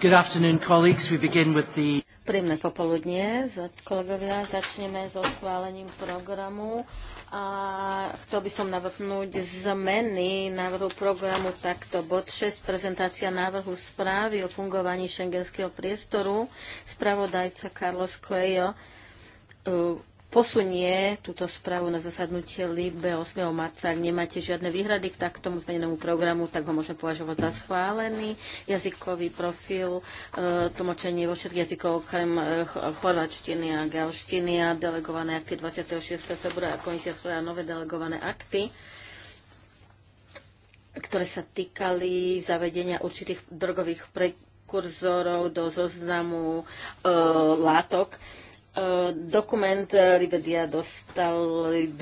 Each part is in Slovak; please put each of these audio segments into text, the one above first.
Good afternoon, colleagues. We begin with the... Príjemné popoludnie, kolegovia. Začneme so schválením programu. A chcel by som navrhnúť zmeny návrhu programu takto. Bod 6, prezentácia návrhu správy o fungovaní šengenského priestoru. Spravodajca Carlos Coelho posunie túto správu na zasadnutie LIBE 8. marca. Ak nemáte žiadne výhrady k tomu zmenenému programu, tak ho môžeme považovať za schválený. Jazykový profil, e, tlmočenie vo všetkých jazykov okrem e, chorvačtiny a galštiny a delegované akty 26. februára komisia svoja nové delegované akty ktoré sa týkali zavedenia určitých drogových prekurzorov do zoznamu e, látok. E, Dokument e, Rivedia dostal 2.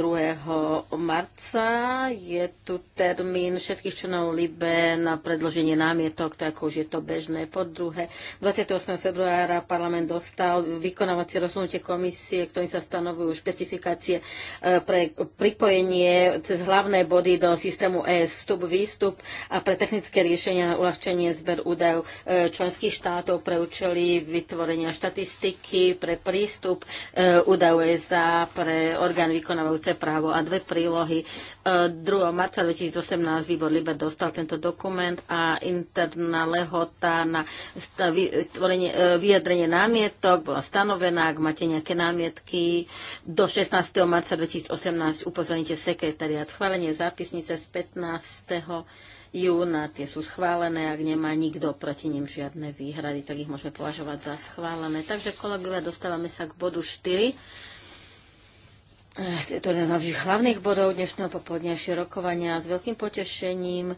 marca. Je tu termín všetkých členov Libe na predloženie námietok, tak už je to bežné. Po druhé, 28. februára parlament dostal vykonávacie rozhodnutie komisie, ktorým sa stanovujú špecifikácie e, pre pripojenie cez hlavné body do systému ES vstup, výstup a pre technické riešenia na uľahčenie zber údajov e, členských štátov pre účely vytvorenia štatistiky pre prístup prístup e, údajov ESA pre orgán vykonávajúce právo a dve prílohy. 2. E, marca 2018 výbor Liber dostal tento dokument a interná lehota na e, vyjadrenie námietok bola stanovená. Ak máte nejaké námietky, do 16. marca 2018 upozornite sekretariat. Schválenie zápisnice z 15 júna. Tie sú schválené, ak nemá nikto proti nim žiadne výhrady, tak ich môžeme považovať za schválené. Takže, kolegovia, dostávame sa k bodu 4. Eh, je to jeden z našich hlavných bodov dnešného popoludnejšie rokovania. S veľkým potešením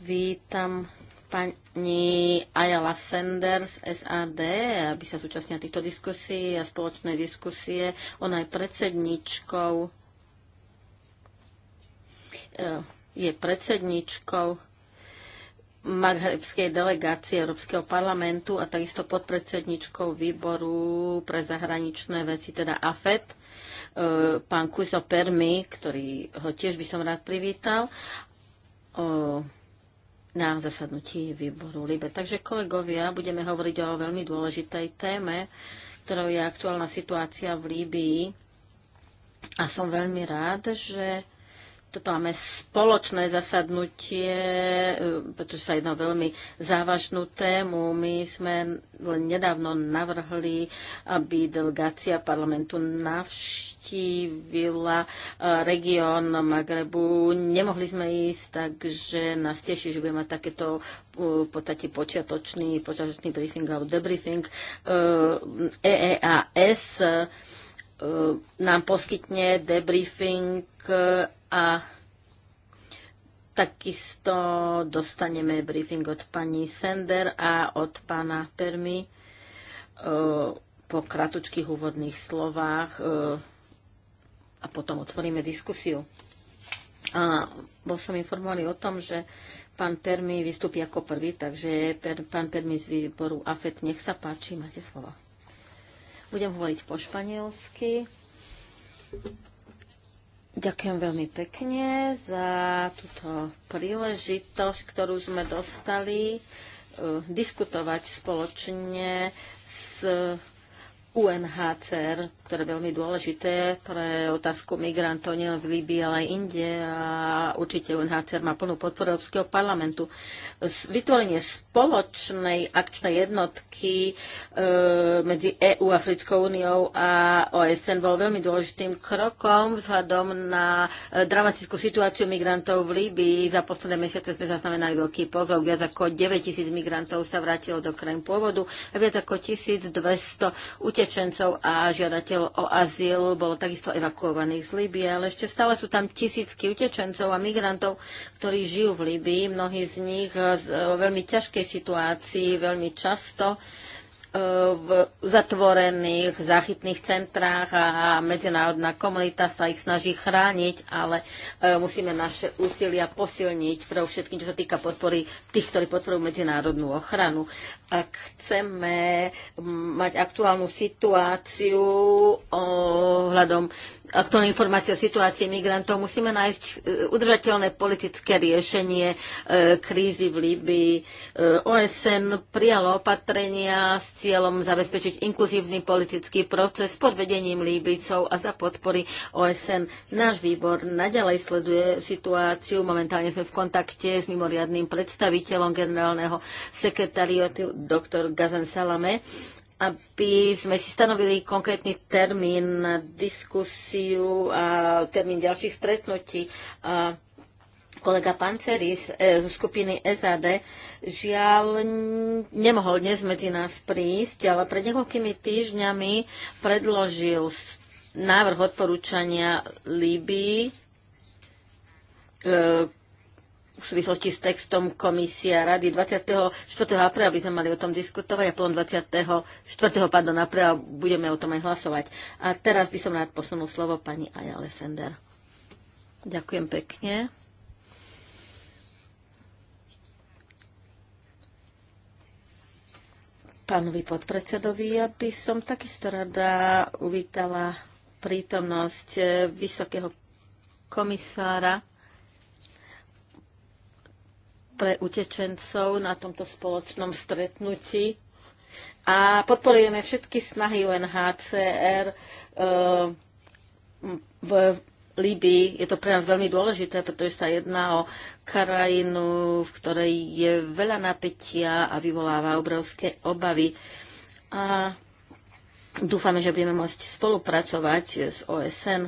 vítam pani Ayala Sanders SAD, aby sa zúčastnila týchto diskusí a spoločnej diskusie. Ona je predsedničkou eh, je predsedničkou magrebskej delegácie Európskeho parlamentu a takisto podpredsedničkou výboru pre zahraničné veci, teda AFET, e, pán Kuso Permi, ktorý ho tiež by som rád privítal e, na zasadnutí výboru LIBE. Takže kolegovia, budeme hovoriť o veľmi dôležitej téme, ktorou je aktuálna situácia v Líbii. A som veľmi rád, že toto máme spoločné zasadnutie, e, pretože sa jedná o veľmi závažnú tému. My sme len nedávno navrhli, aby delegácia parlamentu navštívila e, región Magrebu. Nemohli sme ísť, takže nás teší, že budeme mať takéto e, v podstate počiatočný, počiatočný briefing alebo debriefing EEAS nám poskytne debriefing a takisto dostaneme briefing od pani Sender a od pána Permi e, po kratučkých úvodných slovách e, a potom otvoríme diskusiu. A bol som informovaný o tom, že pán Permi vystúpi ako prvý, takže per, pán Permi z výboru AFET, nech sa páči, máte slovo. Budem hovoriť po španielsky. Ďakujem veľmi pekne za túto príležitosť, ktorú sme dostali eh, diskutovať spoločne s UNHCR, ktoré je veľmi dôležité pre otázku migrantov nielen v Líbii, ale aj inde a určite UNHCR má plnú podporu Európskeho parlamentu. Vytvorenie spoločnej akčnej jednotky e, medzi EU, Africkou úniou a OSN bol veľmi dôležitým krokom vzhľadom na e, dramatickú situáciu migrantov v Líbii. Za posledné mesiace sme zaznamenali veľký pokrok. Viac ako 9 tisíc migrantov sa vrátilo do krajín pôvodu a viac ako 1200 utečených utečencov a žiadateľov o azyl bolo takisto evakuovaných z Líbie, ale ešte stále sú tam tisícky utečencov a migrantov, ktorí žijú v Líbii. Mnohí z nich v eh, veľmi ťažkej situácii, veľmi často E, v zatvorených záchytných centrách a medzinárodná komunita sa ich snaží chrániť, ale e, musíme naše úsilia posilniť pre všetkým, čo sa týka podpory tých, ktorí podporujú medzinárodnú ochranu. Ak chceme mať aktuálnu situáciu ohľadom aktuálne informácie o situácii migrantov, musíme nájsť e, udržateľné politické riešenie e, krízy v Líbii. E, OSN prijalo opatrenia s cieľom zabezpečiť inkluzívny politický proces pod vedením Líbicov a za podpory OSN. Náš výbor naďalej sleduje situáciu. Momentálne sme v kontakte s mimoriadným predstaviteľom generálneho sekretariatu dr. Gazan Salame aby sme si stanovili konkrétny termín na diskusiu a termín ďalších stretnutí. kolega Panceri z e, skupiny SAD žiaľ nemohol dnes medzi nás prísť, ale pred niekoľkými týždňami predložil návrh odporúčania Líbii, e, v súvislosti s textom komisia rady 24. apríla by sme mali o tom diskutovať a potom 24. Pardon, apríla budeme o tom aj hlasovať. A teraz by som rád posunul slovo pani Aja Alessander. Ďakujem pekne. Pánovi podpredsedovi, ja by som takisto rada uvítala prítomnosť eh, vysokého komisára pre utečencov na tomto spoločnom stretnutí a podporujeme všetky snahy UNHCR eh, v Líbii. Je to pre nás veľmi dôležité, pretože sa jedná o krajinu, v ktorej je veľa napätia a vyvoláva obrovské obavy. A dúfame, že budeme môcť spolupracovať s OSN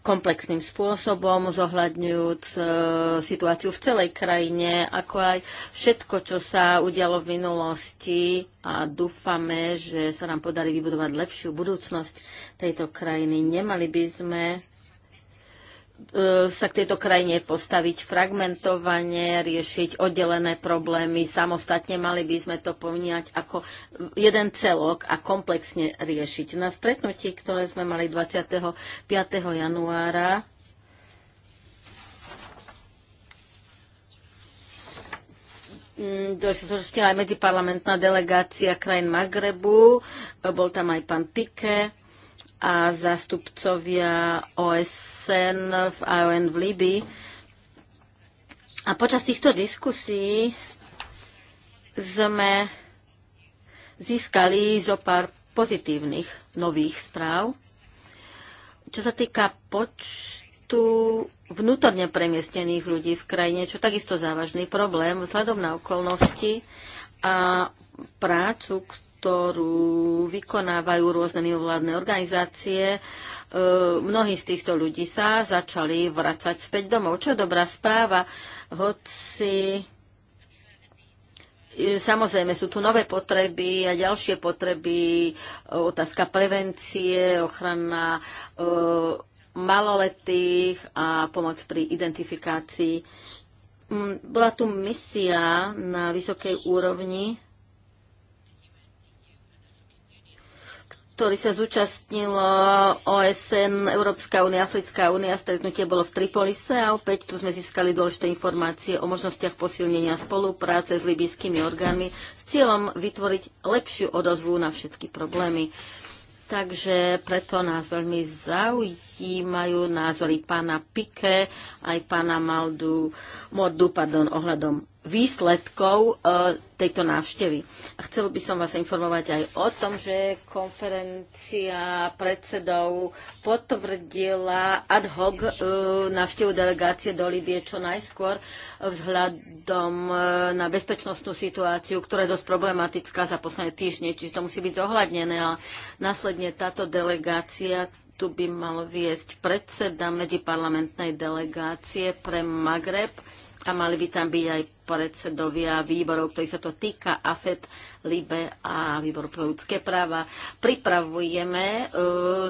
komplexným spôsobom, zohľadňujúc e, situáciu v celej krajine, ako aj všetko, čo sa udialo v minulosti a dúfame, že sa nám podarí vybudovať lepšiu budúcnosť tejto krajiny. Nemali by sme E, sa k tejto krajine postaviť fragmentovane, riešiť oddelené problémy. Samostatne mali by sme to pomíňať ako jeden celok a komplexne riešiť. Na stretnutí, ktoré sme mali 25. januára, mm, Došla aj medziparlamentná delegácia krajín Magrebu, bol tam aj pán Pike, a zástupcovia OSN v AON v Libii. A počas týchto diskusí sme získali zo pár pozitívnych nových správ. Čo sa týka počtu vnútorne premiestnených ľudí v krajine, čo takisto závažný problém vzhľadom na okolnosti a prácu, ktorú vykonávajú rôzne mimovládne organizácie. E, mnohí z týchto ľudí sa začali vracať späť domov, čo je dobrá správa, hoci e, Samozrejme, sú tu nové potreby a ďalšie potreby, e, otázka prevencie, ochrana maloletých a pomoc pri identifikácii. Mm, bola tu misia na vysokej úrovni ktorý sa zúčastnilo eh, OSN, Európska únia, Africká únia. Stretnutie bolo v Tripolise a opäť tu sme získali dôležité informácie o možnostiach posilnenia spolupráce s libijskými orgánmi s cieľom vytvoriť lepšiu odozvu na všetky problémy. Takže preto nás veľmi zaujímajú názory pána Pike aj pána Maldu, Mordu pardon, ohľadom výsledkov e, tejto návštevy. A chcel by som vás informovať aj o tom, že konferencia predsedov potvrdila ad hoc e, návštevu delegácie do Libie čo najskôr vzhľadom e, na bezpečnostnú situáciu, ktorá je dosť problematická za posledné týždne, čiže to musí byť zohľadnené a následne táto delegácia tu by mal viesť predseda medziparlamentnej delegácie pre Magreb, a mali by tam byť aj predsedovia výborov, ktorí sa to týka, AFET, LIBE a Výbor pre ľudské práva. Pripravujeme e,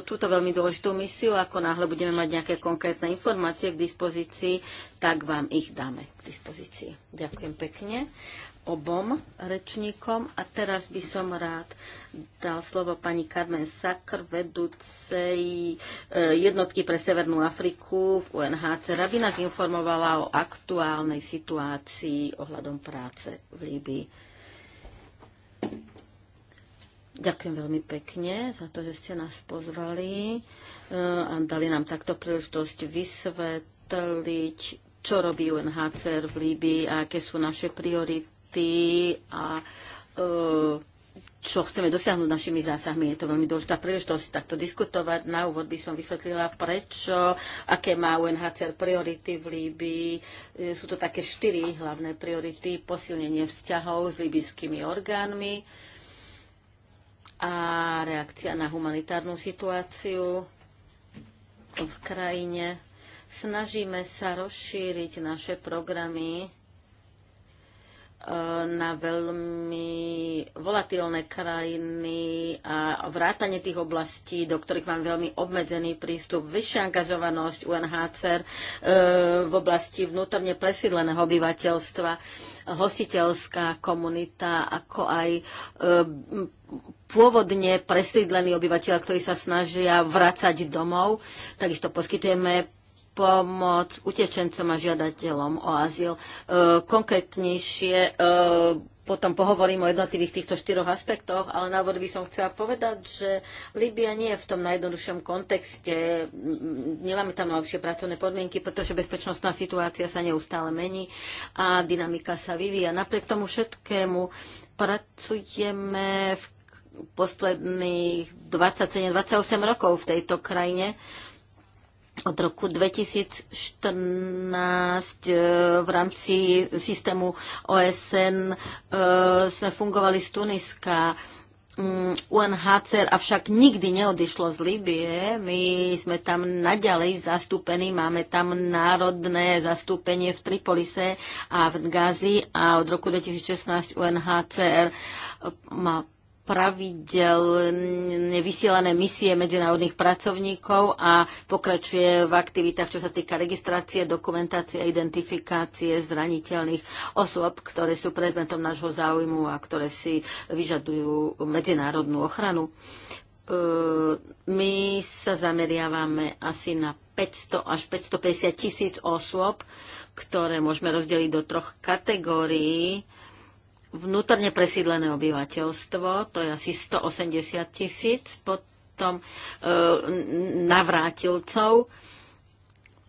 túto veľmi dôležitú misiu. Ako náhle budeme mať nejaké konkrétne informácie k dispozícii, tak vám ich dáme k dispozícii. Ďakujem pekne obom rečníkom a teraz by som rád dal slovo pani Carmen Sakr, vedúcej e, jednotky pre Severnú Afriku v UNHCR, aby nás informovala o aktuálnej situácii ohľadom práce v Líbii. Ďakujem veľmi pekne za to, že ste nás pozvali e, a dali nám takto príležitosť vysvetliť, čo robí UNHCR v Líbii a aké sú naše priority hodnoty a e, čo chceme dosiahnuť našimi zásahmi. Je to veľmi dôležitá príležitosť takto diskutovať. Na úvod by som vysvetlila, prečo, aké má UNHCR priority v Líbii. E, sú to také štyri hlavné priority. Posilnenie vzťahov s líbyskými orgánmi a reakcia na humanitárnu situáciu v krajine. Snažíme sa rozšíriť naše programy na veľmi volatilné krajiny a vrátanie tých oblastí, do ktorých mám veľmi obmedzený prístup, vyššia angažovanosť UNHCR e, v oblasti vnútorne presídleného obyvateľstva, hostiteľská komunita, ako aj e, pôvodne presídlení obyvateľa, ktorí sa snažia vrácať domov. Takisto poskytujeme pomoc utečencom a žiadateľom o azyl. E, konkrétnejšie e, potom pohovorím o jednotlivých týchto štyroch aspektoch, ale na by som chcela povedať, že Libia nie je v tom najjednoduchšom kontexte. Nemáme tam najlepšie pracovné podmienky, pretože bezpečnostná situácia sa neustále mení a dynamika sa vyvíja. Napriek tomu všetkému pracujeme v posledných 27-28 rokov v tejto krajine od roku 2014 e, v rámci systému OSN e, sme fungovali z Tuniska. Mm, UNHCR avšak nikdy neodišlo z Libie. My sme tam naďalej zastúpení, máme tam národné zastúpenie v Tripolise a v Gazi a od roku 2016 UNHCR má pravidelne vysielané misie medzinárodných pracovníkov a pokračuje v aktivitách, čo sa týka registrácie, dokumentácie a identifikácie zraniteľných osôb, ktoré sú predmetom nášho záujmu a ktoré si vyžadujú medzinárodnú ochranu. E, my sa zameriavame asi na 500 až 550 tisíc osôb, ktoré môžeme rozdeliť do troch kategórií vnútorne presídlené obyvateľstvo, to je asi 180 tisíc, potom e, navrátilcov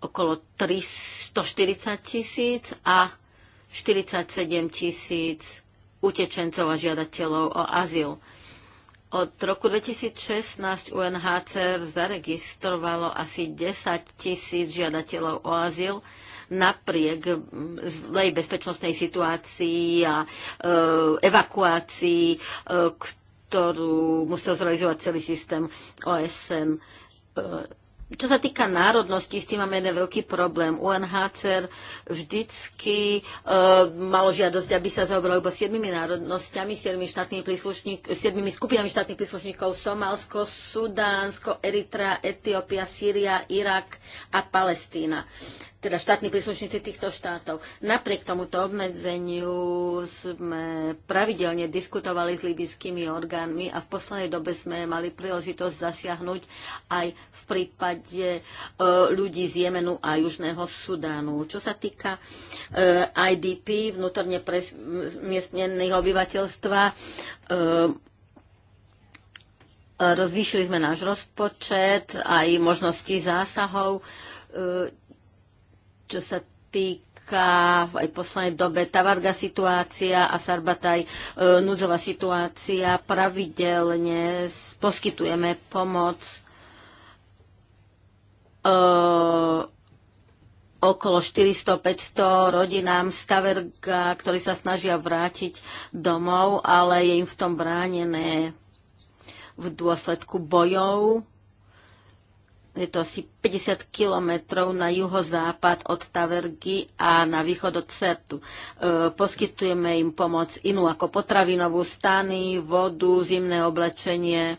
okolo 340 tisíc a 47 tisíc utečencov a žiadateľov o azyl. Od roku 2016 UNHCR zaregistrovalo asi 10 tisíc žiadateľov o azyl, napriek zlej bezpečnostnej situácii a e, evakuácii, e, ktorú musel zrealizovať celý systém OSN. E, čo sa týka národnosti, s tým máme jeden veľký problém. UNHCR vždycky e, malo žiadosť, aby sa zaoberal iba siedmimi národnosťami, siedmimi, štátnymi príslušník, siedmimi skupinami štátnych príslušníkov Somálsko, Sudánsko, Eritrea, Etiópia, Sýria, Irak a Palestína teda štátni príslušníci týchto štátov. Napriek tomuto obmedzeniu sme pravidelne diskutovali s libyskými orgánmi a v poslednej dobe sme mali príležitosť zasiahnuť aj v prípade e, ľudí z Jemenu a Južného Sudánu. Čo sa týka e, IDP, vnútorne presmiestnených obyvateľstva, e, rozvýšili sme náš rozpočet, aj možnosti zásahov čo sa týka v aj poslednej dobe Tavarga situácia a Sarbataj e, núdzová situácia. Pravidelne poskytujeme pomoc e, okolo 400-500 rodinám z Taverga, ktorí sa snažia vrátiť domov, ale je im v tom bránené v dôsledku bojov je to asi 50 kilometrov na juhozápad od Tavergy a na východ od Sertu. E, poskytujeme im pomoc inú ako potravinovú stany, vodu, zimné oblečenie.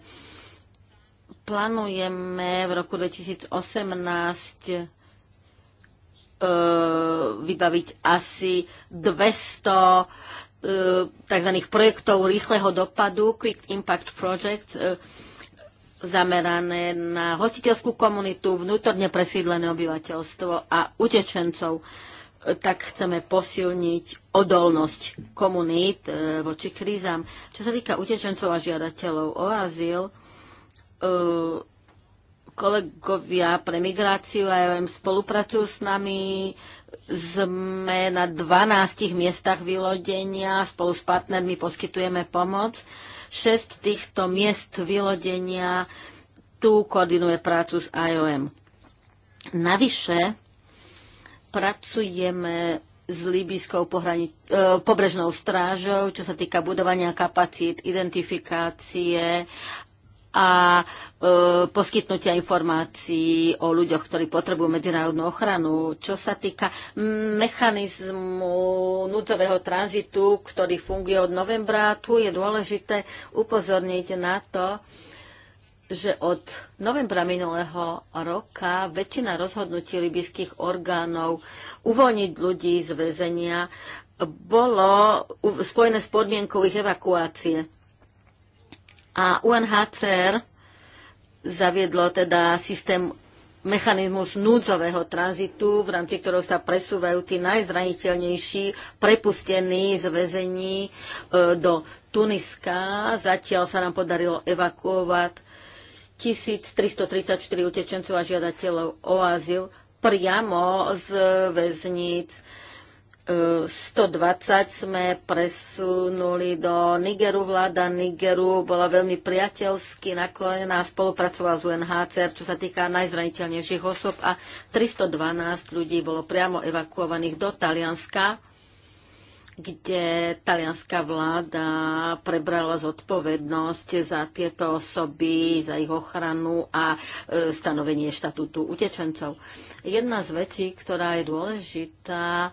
Plánujeme v roku 2018 e, vybaviť asi 200 e, tzv. projektov rýchleho dopadu, Quick Impact Projects, zamerané na hostiteľskú komunitu, vnútorne presídlené obyvateľstvo a utečencov, tak chceme posilniť odolnosť komunít e, voči krízam. Čo sa týka utečencov a žiadateľov o azyl, e, kolegovia pre migráciu a EOM spolupracujú s nami. Sme na 12 miestach vylodenia, spolu s partnermi poskytujeme pomoc Šest týchto miest vylodenia tu koordinuje prácu s IOM. Navyše pracujeme s líbyskou pohrani- e, pobrežnou strážou, čo sa týka budovania kapacít, identifikácie a e, poskytnutia informácií o ľuďoch, ktorí potrebujú medzinárodnú ochranu. Čo sa týka mechanizmu núdzového tranzitu, ktorý funguje od novembra, tu je dôležité upozorniť na to, že od novembra minulého roka väčšina rozhodnutí libyských orgánov uvoľniť ľudí z väzenia bolo spojené s podmienkou ich evakuácie a UNHCR zaviedlo teda systém mechanizmus núdzového tranzitu, v rámci ktorého sa presúvajú tí najzraniteľnejší, prepustení z väzení e, do Tuniska. Zatiaľ sa nám podarilo evakuovať 1334 utečencov a žiadateľov o azyl priamo z väzníc 120 sme presunuli do Nigeru. Vláda Nigeru bola veľmi priateľsky naklonená, spolupracovala s UNHCR, čo sa týka najzraniteľnejších osob a 312 ľudí bolo priamo evakuovaných do Talianska kde talianská vláda prebrala zodpovednosť za tieto osoby, za ich ochranu a e, stanovenie štatútu utečencov. Jedna z vecí, ktorá je dôležitá,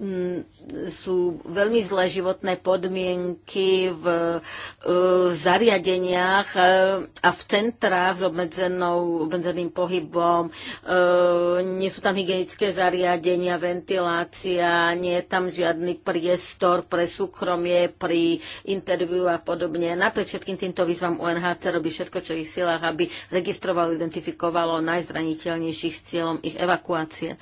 mm, sú veľmi zlé životné podmienky v e, zariadeniach e, a v centrách s obmedzenou, obmedzeným pohybom. Nie sú tam hygienické zariadenia, ventilácia, nie je tam žiadny prí priestor pre súkromie, pri interviu a podobne. Napriek všetkým týmto výzvam UNHC robí všetko, čo ich silách, aby registrovalo, identifikovalo najzraniteľnejších s cieľom ich evakuácie.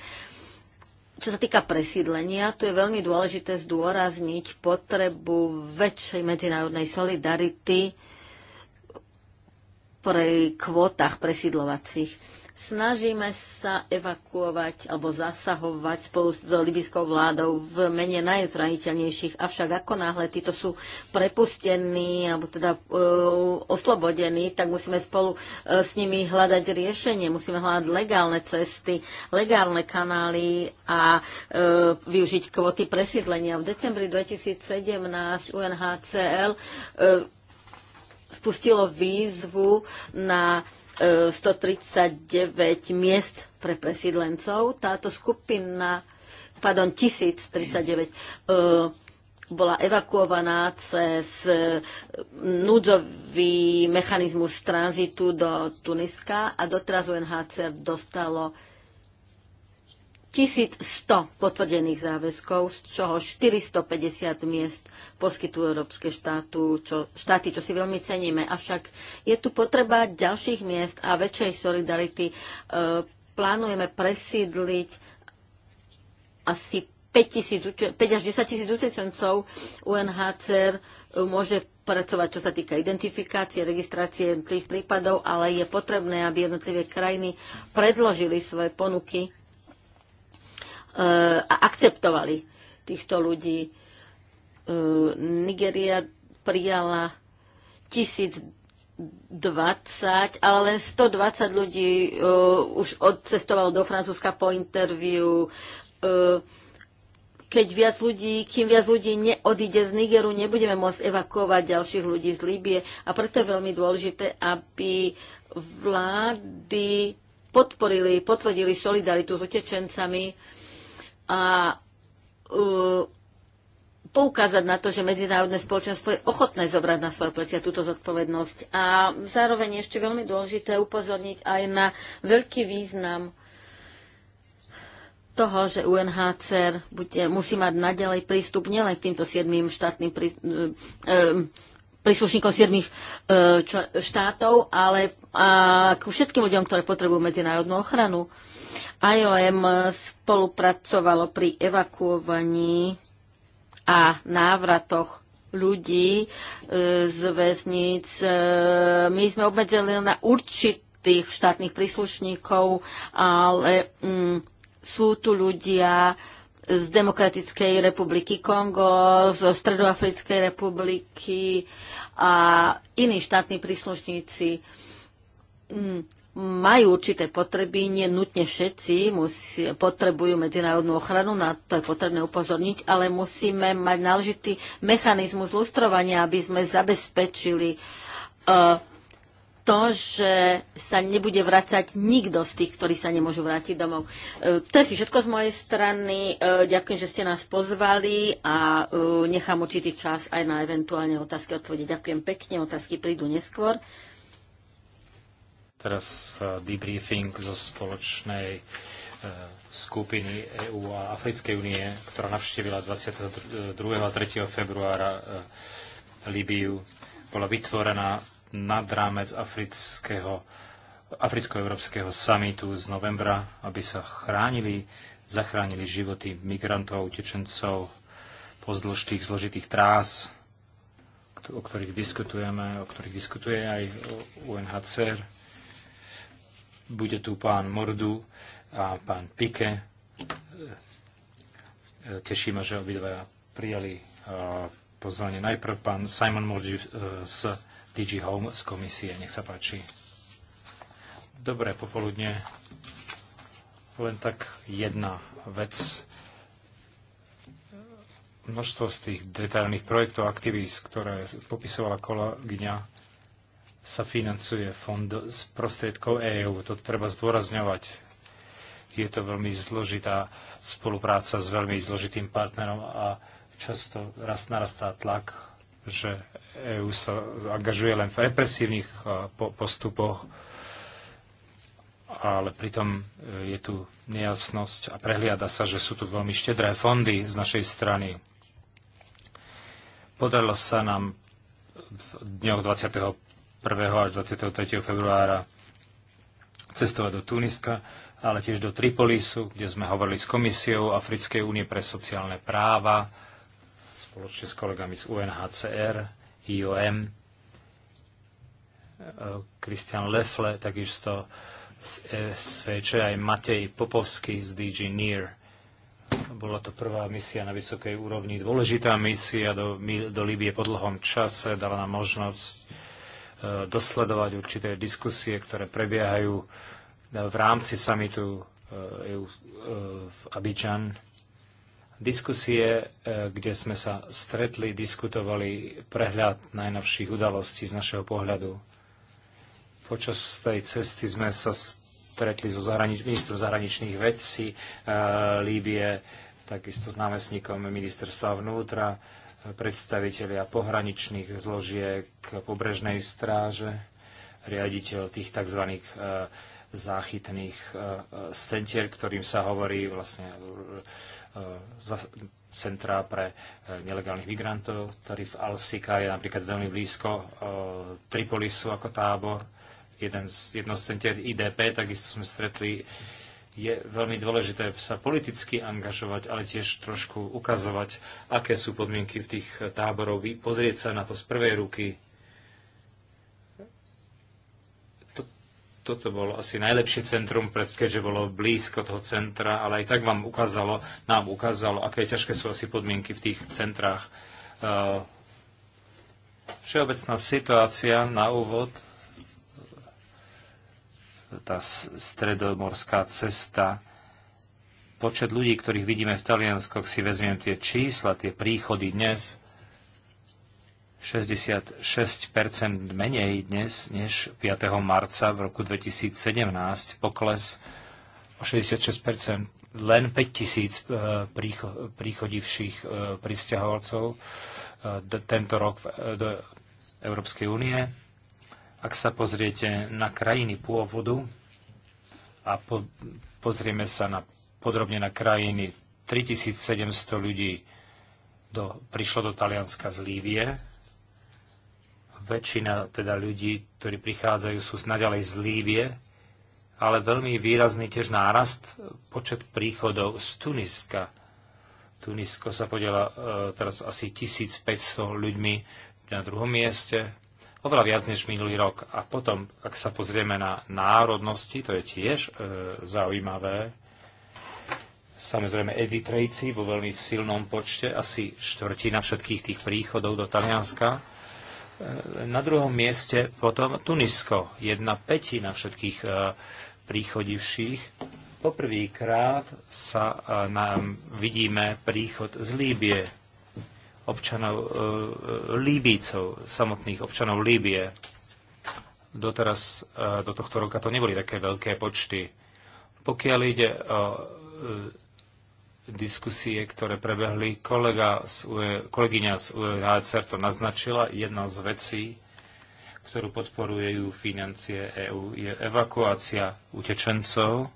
Čo sa týka presídlenia, tu je veľmi dôležité zdôrazniť potrebu väčšej medzinárodnej solidarity pri kvótach presídlovacích Snažíme sa evakuovať alebo zasahovať spolu s libyskou vládou v mene najzraniteľnejších, avšak ako náhle títo sú prepustení alebo teda uh, oslobodení, tak musíme spolu uh, s nimi hľadať riešenie, musíme hľadať legálne cesty, legálne kanály a uh, využiť kvoty presídlenia. V decembri 2017 UNHCL uh, spustilo výzvu na 139 e, miest pre presídlencov. Táto skupina, pardon, 1039 e, bola evakuovaná cez e, núdzový mechanizmus tranzitu do Tuniska a doteraz UNHCR dostalo 1100 potvrdených záväzkov, z čoho 450 miest poskytujú Európske štátu, čo, štáty, čo si veľmi ceníme. Avšak je tu potreba ďalších miest a väčšej solidarity. E, plánujeme presídliť asi 5, 000, 5 až 10 tisíc utečencov UNHCR e, môže pracovať, čo sa týka identifikácie, registrácie jednotlivých prípadov, ale je potrebné, aby jednotlivé krajiny predložili svoje ponuky a akceptovali týchto ľudí. E, Nigeria prijala 1020, ale len 120 ľudí e, už odcestovalo do Francúzska po interviu. E, keď viac ľudí, kým viac ľudí neodíde z Nigeru, nebudeme môcť evakuovať ďalších ľudí z Líbie. A preto je veľmi dôležité, aby vlády podporili, potvrdili solidaritu s utečencami a poukázať na to, že medzinárodné spoločenstvo je ochotné zobrať na svoje plecia túto zodpovednosť. A zároveň je ešte veľmi dôležité upozorniť aj na veľký význam toho, že UNHCR bude, musí mať naďalej prístup nielen k týmto siedmým štátnym prí, e, príslušníkov siedmých e, štátov, ale a k všetkým ľuďom, ktoré potrebujú medzinárodnú ochranu. IOM spolupracovalo pri evakuovaní a návratoch ľudí e, z väzníc. E, my sme obmedzili na určitých štátnych príslušníkov, ale mm, sú tu ľudia, z Demokratickej republiky Kongo, zo Stredoafrickej republiky a iní štátni príslušníci mm, majú určité potreby, nie nutne všetci musí, potrebujú medzinárodnú ochranu, na to je potrebné upozorniť, ale musíme mať náležitý mechanizmus lustrovania, aby sme zabezpečili uh, to, že sa nebude vrácať nikto z tých, ktorí sa nemôžu vrátiť domov. E, to je si všetko z mojej strany. E, ďakujem, že ste nás pozvali a e, nechám určitý čas aj na eventuálne otázky odpovede. Ďakujem pekne, otázky prídu neskôr. Teraz debriefing zo spoločnej skupiny EÚ a Africkej únie, ktorá navštívila 22. a 3. februára Líbiu. Bola vytvorená nad rámec afrického, africko-európskeho samitu z novembra, aby sa chránili, zachránili životy migrantov a utečencov pozdĺž tých zložitých trás, o ktorých diskutujeme, o ktorých diskutuje aj UNHCR. Bude tu pán Mordu a pán Pike. Tešíme, že obidva prijali pozvanie. Najprv pán Simon Mordu e, z DG Home z komisie. Nech sa páči. Dobré popoludne. Len tak jedna vec. Množstvo z tých detailných projektov aktivít, ktoré popisovala kolegyňa, sa financuje fond z prostriedkov EÚ. To treba zdôrazňovať je to veľmi zložitá spolupráca s veľmi zložitým partnerom a často raz narastá tlak že EÚ sa angažuje len v represívnych e, postupoch, ale pritom e, je tu nejasnosť a prehliada sa, že sú tu veľmi štedré fondy z našej strany. Podarilo sa nám v dňoch 21. až 23. februára cestovať do Tuniska, ale tiež do Tripolisu, kde sme hovorili s Komisiou Africkej únie pre sociálne práva, spoločne s kolegami z UNHCR, IOM, Kristian e, Lefle, takisto z SVČ, aj Matej Popovský z DG NIR. Bola to prvá misia na vysokej úrovni, dôležitá misia do, do Líbie po dlhom čase, dala nám možnosť e, dosledovať určité diskusie, ktoré prebiehajú v rámci samitu e, v Abidžan diskusie, e, kde sme sa stretli, diskutovali prehľad najnovších udalostí z našeho pohľadu. Počas tej cesty sme sa stretli so zahranič- ministrom zahraničných vecí e, Líbie, takisto s námestníkom ministerstva vnútra, predstavitelia pohraničných zložiek, pobrežnej stráže, riaditeľ tých tzv. E, záchytných e, centier, e, ktorým sa hovorí vlastne e, E, centra pre e, nelegálnych migrantov, ktorý v Al-Sika je napríklad veľmi blízko e, Tripolisu ako tábor, jeden z, jedno z centier IDP, takisto sme stretli, je veľmi dôležité sa politicky angažovať, ale tiež trošku ukazovať, aké sú podmienky v tých táborov, pozrieť sa na to z prvej ruky, toto bolo asi najlepšie centrum, keďže bolo blízko toho centra, ale aj tak vám ukázalo, nám ukázalo, aké ťažké sú asi podmienky v tých centrách. Eh, všeobecná situácia na úvod, tá stredomorská cesta, počet ľudí, ktorých vidíme v Talianskoch, si vezmem tie čísla, tie príchody dnes, 66 menej dnes než 5. marca v roku 2017, pokles o 66 len 5 tisíc e, príchodivších e, pristahovalcov e, tento rok do Európskej únie. Ak sa pozriete na krajiny pôvodu a po, pozrieme sa na, podrobne na krajiny, 3700 ľudí do, prišlo do Talianska z Lívie, väčšina teda ľudí, ktorí prichádzajú, sú naďalej z Líbie, ale veľmi výrazný tiež nárast počet príchodov z Tuniska. Tunisko sa podiela e, teraz asi 1500 ľuďmi na druhom mieste, oveľa viac než minulý rok. A potom, ak sa pozrieme na národnosti, to je tiež e, zaujímavé, samozrejme Eritrejci vo veľmi silnom počte, asi štvrtina všetkých tých príchodov do Talianska, na druhom mieste potom Tunisko, jedna petina všetkých e, príchodivších. Poprvýkrát sa e, nám vidíme príchod z Líbie, občanov e, Líbícov, samotných občanov Líbie. Doteraz, do tohto roka to neboli také veľké počty. Pokiaľ ide o diskusie, ktoré prebehli. Kolega z UE, kolegyňa z UEHCR to naznačila. Jedna z vecí, ktorú podporujú financie EÚ, je evakuácia utečencov.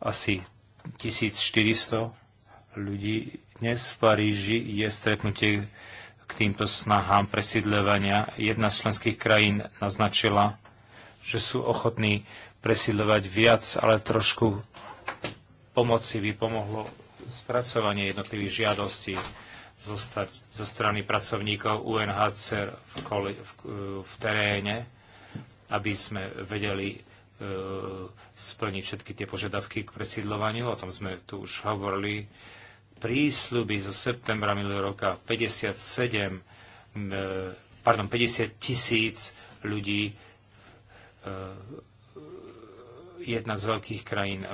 Asi 1400 ľudí. Dnes v Paríži je stretnutie k týmto snahám presídľovania. Jedna z členských krajín naznačila, že sú ochotní presídľovať viac, ale trošku pomoci by pomohlo spracovanie jednotlivých žiadostí zostať zo strany pracovníkov UNHCR v, koli, v, e, v teréne, aby sme vedeli e, splniť všetky tie požiadavky k presídlovaniu. O tom sme tu už hovorili. Prísľuby zo septembra minulého roka 57, e, pardon, 50 tisíc ľudí e, jedna z veľkých krajín e,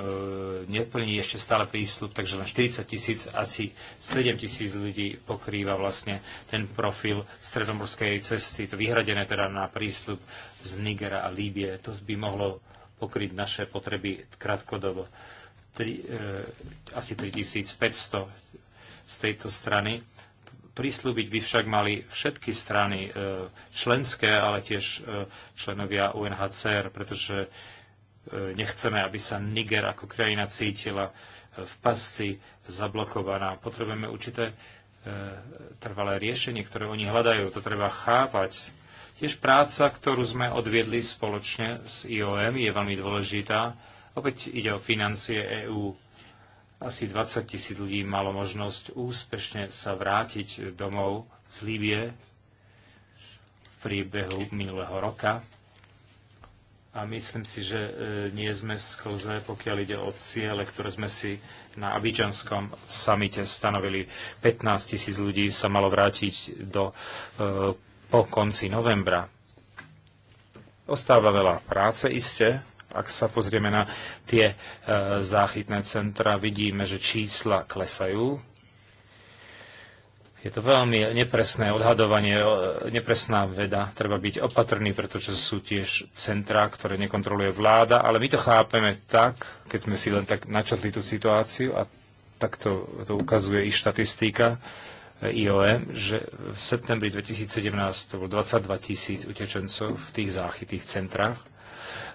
neplní ešte stále prístup, takže len 40 tisíc, asi 7 tisíc ľudí pokrýva vlastne ten profil stredomorskej cesty, to vyhradené teda na prístup z Nigera a Líbie. To by mohlo pokryť naše potreby krátkodobo. Tri, e, asi 3500 z tejto strany. Prísľubiť by však mali všetky strany e, členské, ale tiež e, členovia UNHCR, pretože e, E, nechceme, aby sa Niger ako krajina cítila e, v pasci zablokovaná. Potrebujeme určité e, trvalé riešenie, ktoré oni hľadajú. To treba chápať. Tiež práca, ktorú sme odviedli spoločne s IOM, je veľmi dôležitá. Opäť ide o financie EÚ. Asi 20 tisíc ľudí malo možnosť úspešne sa vrátiť domov z Líbie v priebehu minulého roka a myslím si, že e, nie sme v sklze, pokiaľ ide o ciele, ktoré sme si na Abidžanskom samite stanovili. 15 tisíc ľudí sa malo vrátiť do, e, po konci novembra. Ostáva veľa práce iste. Ak sa pozrieme na tie e, záchytné centra, vidíme, že čísla klesajú je to veľmi nepresné odhadovanie, nepresná veda. Treba byť opatrný, pretože sú tiež centrá, ktoré nekontroluje vláda, ale my to chápeme tak, keď sme si len tak načatli tú situáciu a tak to, to ukazuje i štatistika e, IOM, že v septembri 2017 to bolo 22 tisíc utečencov v tých záchytých centrách.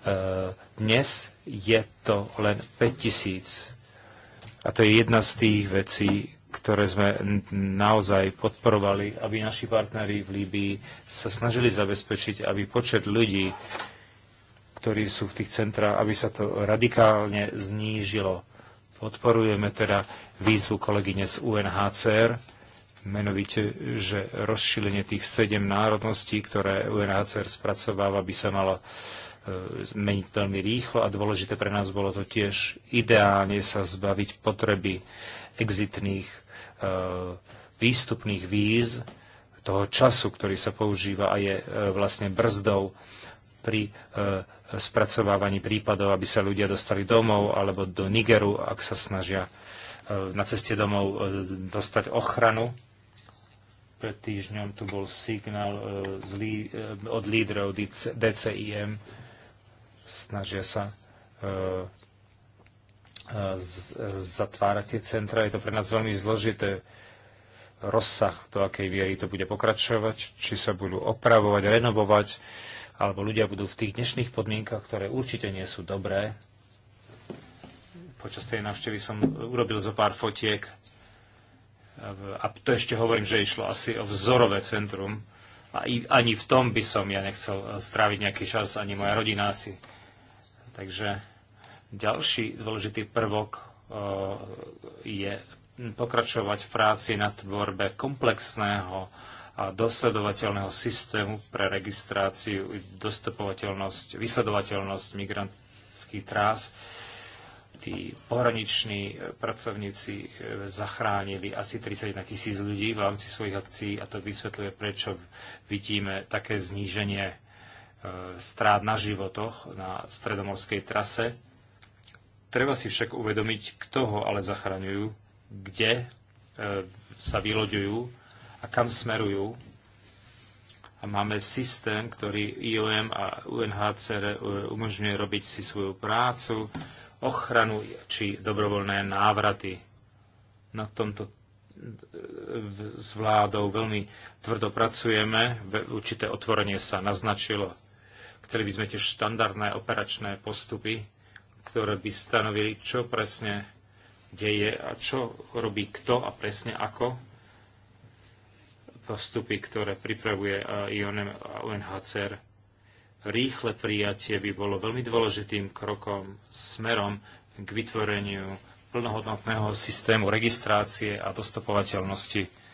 E, dnes je to len 5 tisíc. A to je jedna z tých vecí, ktoré sme naozaj podporovali, aby naši partnery v Líbii sa snažili zabezpečiť, aby počet ľudí, ktorí sú v tých centrách, aby sa to radikálne znížilo. Podporujeme teda výzvu kolegyne z UNHCR, menovite, že rozšírenie tých sedem národností, ktoré UNHCR spracováva, by sa malo e, zmeniť veľmi rýchlo a dôležité pre nás bolo to tiež ideálne sa zbaviť potreby exitných e, výstupných víz, toho času, ktorý sa používa a je e, vlastne brzdou pri e, spracovávaní prípadov, aby sa ľudia dostali domov alebo do Nigeru, ak sa snažia na ceste domov dostať ochranu. Pred týždňom tu bol signál od lídrov DCIM. Snažia sa zatvárať tie centra. Je to pre nás veľmi zložité rozsah, do akej viery to bude pokračovať, či sa budú opravovať, renovovať, alebo ľudia budú v tých dnešných podmienkach, ktoré určite nie sú dobré. Počas tej návštevy som urobil zo pár fotiek a to ešte hovorím, že išlo asi o vzorové centrum a ani v tom by som ja nechcel eh, stráviť nejaký čas, ani moja rodina asi. Takže ďalší dôležitý prvok e, je pokračovať v práci na tvorbe komplexného a dosledovateľného systému pre registráciu, dostupovateľnosť, vysledovateľnosť migrantských trás. Tí pohraniční pracovníci e, zachránili asi 31 tisíc ľudí v rámci svojich akcií a to vysvetľuje, prečo vidíme také zníženie e, strát na životoch na stredomorskej trase Treba si však uvedomiť, kto ho ale zachraňujú, kde e, sa vyloďujú a kam smerujú. A máme systém, ktorý IOM a UNHCR e, umožňuje robiť si svoju prácu, ochranu či dobrovoľné návraty. Na tomto e, s vládou veľmi tvrdo pracujeme, určité otvorenie sa naznačilo. Chceli by sme tiež štandardné operačné postupy, ktoré by stanovili, čo presne deje a čo robí kto a presne ako postupy, ktoré pripravuje IONM a UNHCR. Rýchle prijatie by bolo veľmi dôležitým krokom smerom k vytvoreniu plnohodnotného systému registrácie a dostupovateľnosti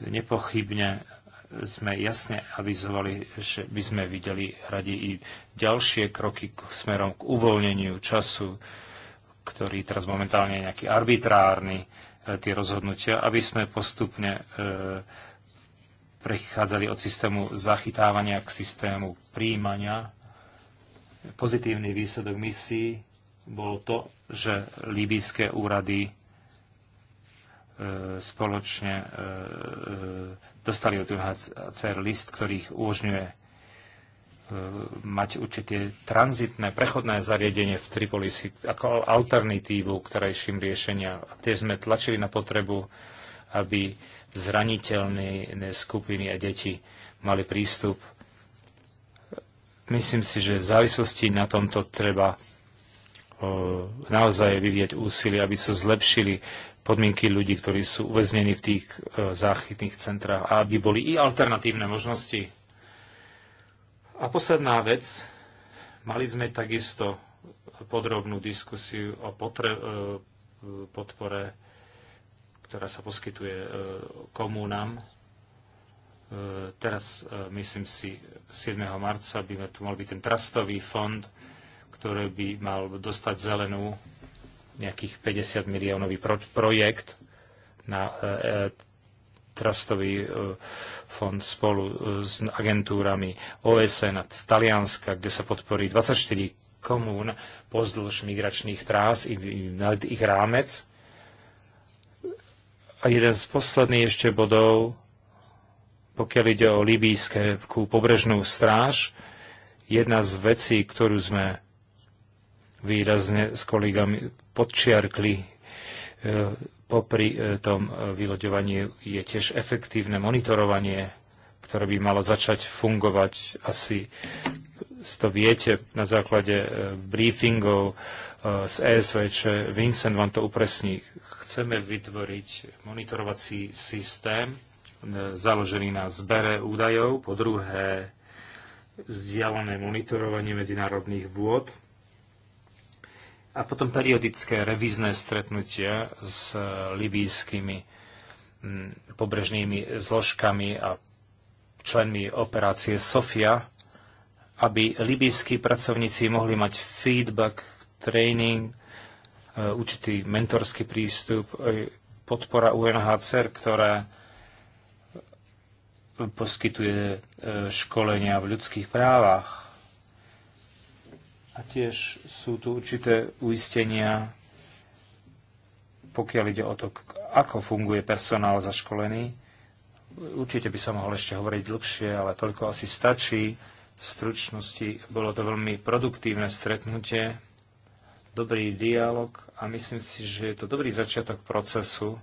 Nepochybne sme jasne avizovali, že by sme videli radi i ďalšie kroky k smerom k uvoľneniu času, ktorý teraz momentálne je nejaký arbitrárny, e, tie rozhodnutia, aby sme postupne e, prechádzali od systému zachytávania k systému príjmania. Pozitívny výsledok misií bolo to, že líbyjské úrady e, spoločne dostali od UNHCR list, ktorý ich umožňuje e, mať určité tranzitné, prechodné zariadenie v Tripolisi ako alternatívu k terajším riešenia. A tiež sme tlačili na potrebu, aby zraniteľné skupiny a deti mali prístup. Myslím si, že v závislosti na tomto treba e, naozaj vyvieť úsilie, aby sa zlepšili podmienky ľudí, ktorí sú uväznení v tých e, záchytných centrách a aby boli i alternatívne možnosti. A posledná vec, mali sme takisto podrobnú diskusiu o potre, e, podpore, ktorá sa poskytuje e, komúnam. Teraz, myslím si, 7. marca by tu mal byť ten trastový fond, ktorý by mal dostať zelenú nejakých 50 miliónový pro- projekt na e, e trustový e, fond spolu e, s agentúrami OSN a Talianska, kde sa podporí 24 komún pozdĺž migračných trás i, na ich rámec. A jeden z posledných ešte bodov, pokiaľ ide o libijskú pobrežnú stráž, jedna z vecí, ktorú sme výrazne s kolegami podčiarkli. E, popri e, tom e, vyloďovaní je tiež efektívne monitorovanie, ktoré by malo začať fungovať asi to viete na základe briefingov z čo Vincent vám to upresní. Chceme vytvoriť monitorovací systém založený na zbere údajov, po druhé vzdialené monitorovanie medzinárodných vôd, a potom periodické revízne stretnutia s eh, libýskými mm, pobrežnými zložkami a členmi operácie SOFIA, aby libýskí pracovníci mohli mať feedback, training, eh, určitý mentorský prístup, eh, podpora UNHCR, ktorá poskytuje školenia v ľudských právach a tiež sú tu určité uistenia, pokiaľ ide o to, ako funguje personál zaškolený. Určite by sa mohol ešte hovoriť dlhšie, ale toľko asi stačí. V stručnosti bolo to veľmi produktívne stretnutie, dobrý dialog a myslím si, že je to dobrý začiatok procesu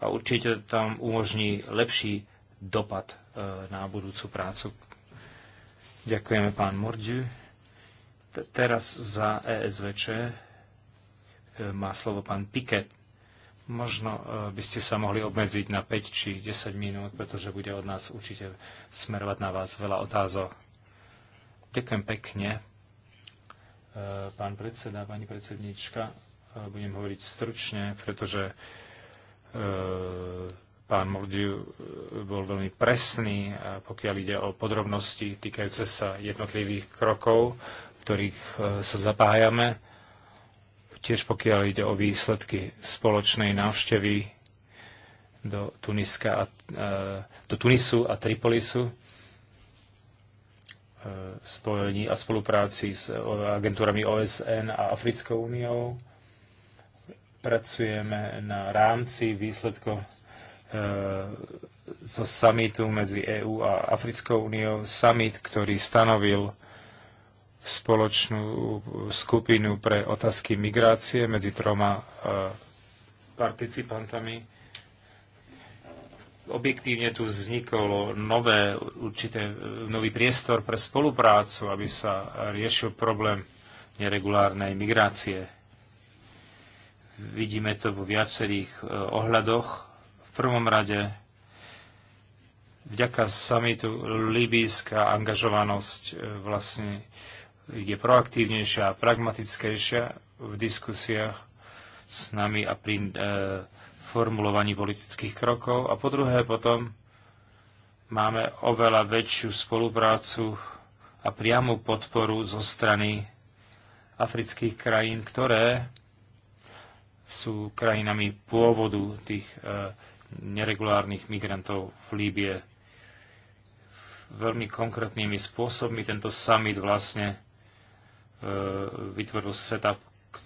a určite tam umožní lepší dopad e, na budúcu prácu. Ďakujeme pán Mordiu. Teraz za ESVČ e, má slovo pán Piket. Možno e, by ste sa mohli obmedziť na 5 či 10 minút, pretože bude od nás určite smerovať na vás veľa otázok. Ďakujem pekne. E, pán predseda, pani predsednička, budem hovoriť stručne, pretože pán Mordiu bol veľmi presný, pokiaľ ide o podrobnosti týkajúce sa jednotlivých krokov ktorých e, sa zapájame. Tiež pokiaľ ide o výsledky spoločnej návštevy do, Tuniska a, e, do Tunisu a Tripolisu e, spojení a spolupráci s agentúrami OSN a Africkou úniou. Pracujeme na rámci výsledkov zo summitu medzi EÚ a Africkou úniou. Summit, ktorý stanovil spoločnú skupinu pre otázky migrácie medzi troma e, participantami. Objektívne tu vznikol nové, určité, nový priestor pre spoluprácu, aby sa riešil problém neregulárnej migrácie. Vidíme to vo viacerých e, ohľadoch. V prvom rade vďaka samitu Libijská angažovanosť e, vlastne je proaktívnejšia a pragmatickejšia v diskusiách s nami a pri e, formulovaní politických krokov. A po druhé potom máme oveľa väčšiu spoluprácu a priamu podporu zo strany afrických krajín, ktoré sú krajinami pôvodu tých e, neregulárnych migrantov v Líbie. Veľmi konkrétnymi spôsobmi tento summit vlastne E, vytvoril setup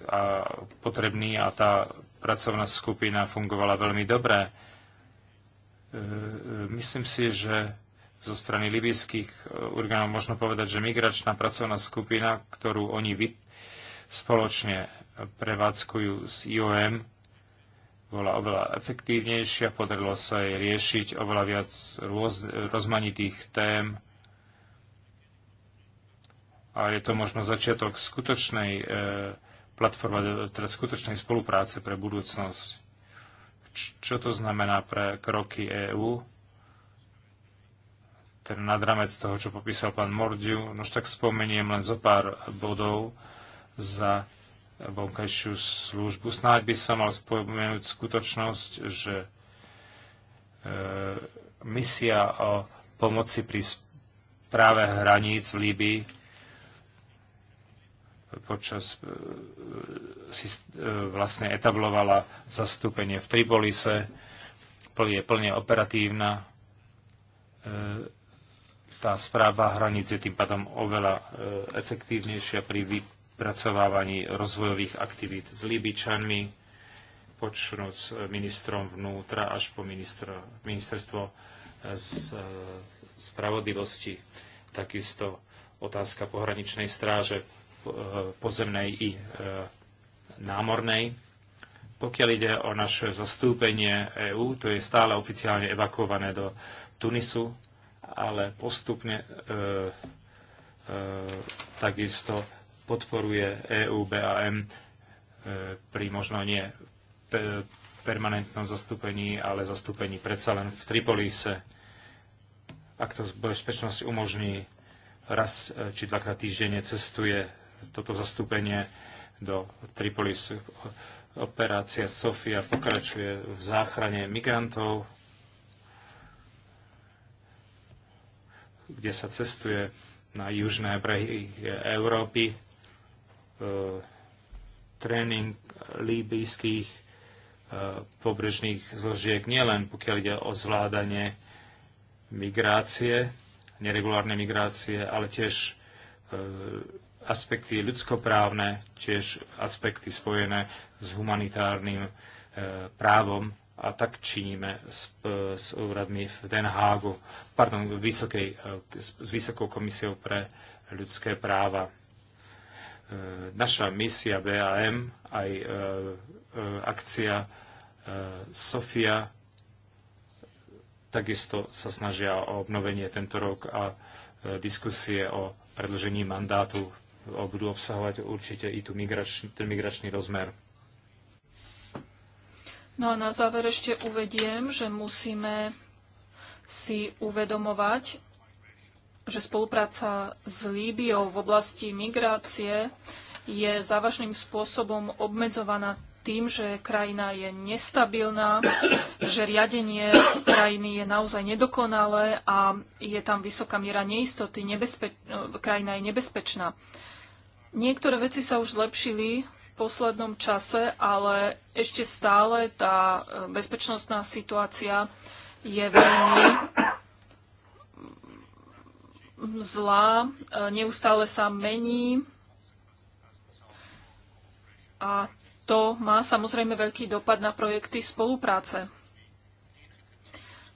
a potrebný a tá pracovná skupina fungovala veľmi dobre. E, e, myslím si, že zo strany libijských orgánov možno povedať, že migračná pracovná skupina, ktorú oni spoločne prevádzkujú s IOM, bola oveľa efektívnejšia, podarilo sa jej riešiť oveľa viac rôz, rozmanitých tém, a je to možno začiatok skutočnej e, platformy, teda skutočnej spolupráce pre budúcnosť. Č- čo to znamená pre kroky EÚ? Ten nadramec toho, čo popísal pán Mordiu, nož tak spomeniem len zo pár bodov za vonkajšiu službu. Snáď by som mal spomenúť skutočnosť, že e, misia o pomoci pri práve hraníc v Líbii počas e, si e, vlastne etablovala zastúpenie v Tripolise, je plne operatívna. E, tá správa hranic je tým pádom oveľa efektívnejšia pri vypracovávaní rozvojových aktivít s Líbičanmi, počnúc ministrom vnútra až po ministerstvo spravodlivosti. Takisto otázka pohraničnej stráže Eh, pozemnej i eh, námornej. Pokiaľ ide o naše zastúpenie EÚ, to je stále oficiálne evakuované do Tunisu, ale postupne e, e, takisto podporuje EÚ BAM e, pri možno nie pe, permanentnom zastúpení, ale zastúpení predsa len v Tripolise. Ak to bezpečnosť umožní, raz či dvakrát týždenne cestuje toto zastúpenie do Tripolis. Operácia Sofia pokračuje v záchrane migrantov, kde sa cestuje na južné brehy Európy. E, tréning líbyjských e, pobrežných zložiek nielen pokiaľ ide o zvládanie migrácie, neregulárnej migrácie, ale tiež e, aspekty ľudskoprávne, tiež aspekty spojené s humanitárnym e, právom a tak činíme s, e, s úradmi v Den Hagu, pardon, vysokej, e, s Vysokou komisiou pre ľudské práva. Naša misia BAM, aj akcia Sofia, takisto sa snažia o obnovenie tento rok a diskusie o predlžení mandátu budú obsahovať určite i tu migračný, ten migračný rozmer. No a na záver ešte uvediem, že musíme si uvedomovať, že spolupráca s Líbiou v oblasti migrácie je závažným spôsobom obmedzovaná tým, že krajina je nestabilná, že riadenie krajiny je naozaj nedokonalé a je tam vysoká miera neistoty, krajina je nebezpečná. Niektoré veci sa už zlepšili v poslednom čase, ale ešte stále tá e, bezpečnostná situácia je veľmi zlá, e, neustále sa mení a to má samozrejme veľký dopad na projekty spolupráce.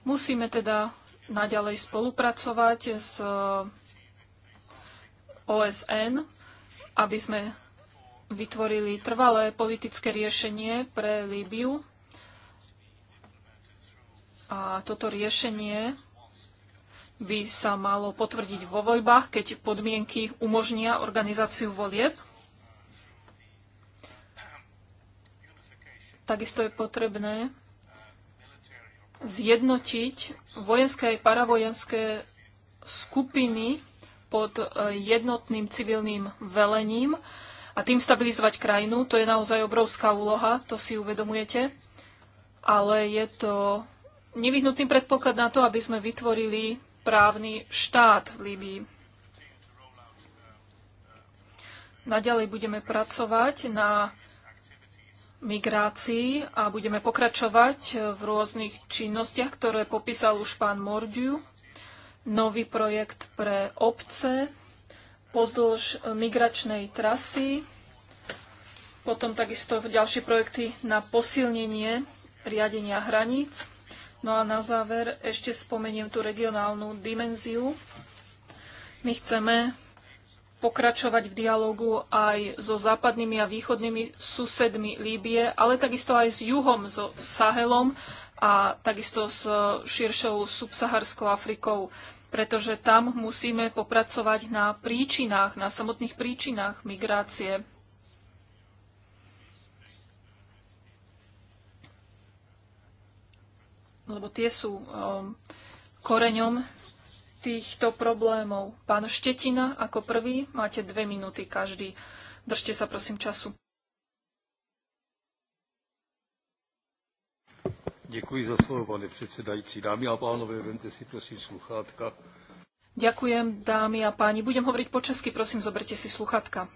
Musíme teda naďalej spolupracovať s OSN aby sme vytvorili trvalé politické riešenie pre Líbiu. A toto riešenie by sa malo potvrdiť vo voľbách, keď podmienky umožnia organizáciu volieb. Takisto je potrebné zjednotiť vojenské aj paravojenské skupiny pod e, jednotným civilným velením a tým stabilizovať krajinu. To je naozaj obrovská úloha, to si uvedomujete. Ale je to nevyhnutný predpoklad na to, aby sme vytvorili právny štát v Líbii. Naďalej budeme pracovať na migrácii a budeme pokračovať v rôznych činnostiach, ktoré popísal už pán Mordiu nový projekt pre obce pozdĺž migračnej trasy, potom takisto ďalšie projekty na posilnenie riadenia hraníc. No a na záver ešte spomeniem tú regionálnu dimenziu. My chceme pokračovať v dialogu aj so západnými a východnými susedmi Líbie, ale takisto aj s juhom, so Sahelom a takisto s širšou subsaharskou Afrikou pretože tam musíme popracovať na príčinách, na samotných príčinách migrácie. Lebo tie sú um, koreňom týchto problémov. Pán Štetina, ako prvý, máte dve minúty každý. Držte sa prosím času. Děkuji za slovo, pane predsedajúci. Dámy a pánové, vente si prosím sluchátka. Ďakujem, dámy a páni. Budem hovoriť po česky, prosím, zoberte si sluchátka.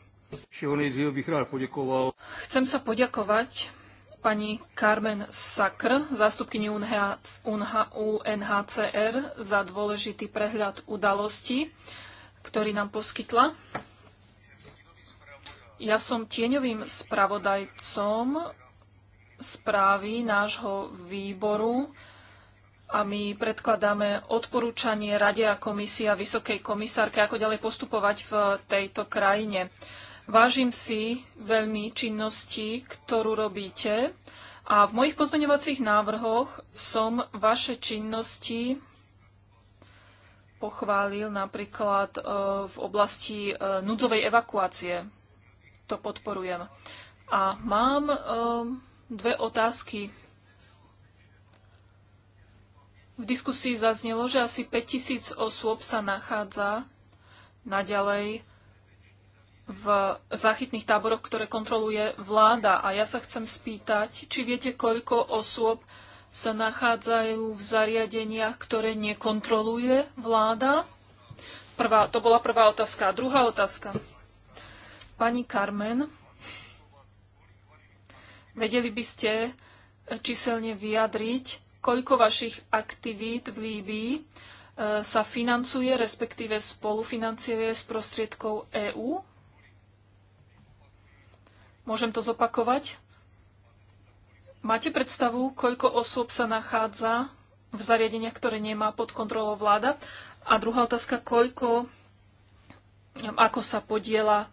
Chcem sa poďakovať pani Carmen Sakr, zástupkyni UNHCR, za dôležitý prehľad udalosti, ktorý nám poskytla. Ja som tieňovým spravodajcom správy nášho výboru a my predkladáme odporúčanie Rade a a Vysokej komisárke, ako ďalej postupovať v tejto krajine. Vážim si veľmi činnosti, ktorú robíte a v mojich pozmeňovacích návrhoch som vaše činnosti pochválil napríklad e, v oblasti e, núdzovej evakuácie. To podporujem. A mám e, dve otázky. V diskusii zaznelo, že asi 5000 osôb sa nachádza naďalej v záchytných táboroch, ktoré kontroluje vláda. A ja sa chcem spýtať, či viete, koľko osôb sa nachádzajú v zariadeniach, ktoré nekontroluje vláda? Prvá, to bola prvá otázka. druhá otázka. Pani Carmen, Vedeli by ste eh, číselne vyjadriť, koľko vašich aktivít v Líbii eh, sa financuje, respektíve spolufinancuje z prostriedkov EÚ? Môžem to zopakovať? Máte predstavu, koľko osôb sa nachádza v zariadeniach, ktoré nemá pod kontrolou vláda? A druhá otázka, koľko, ako sa podiela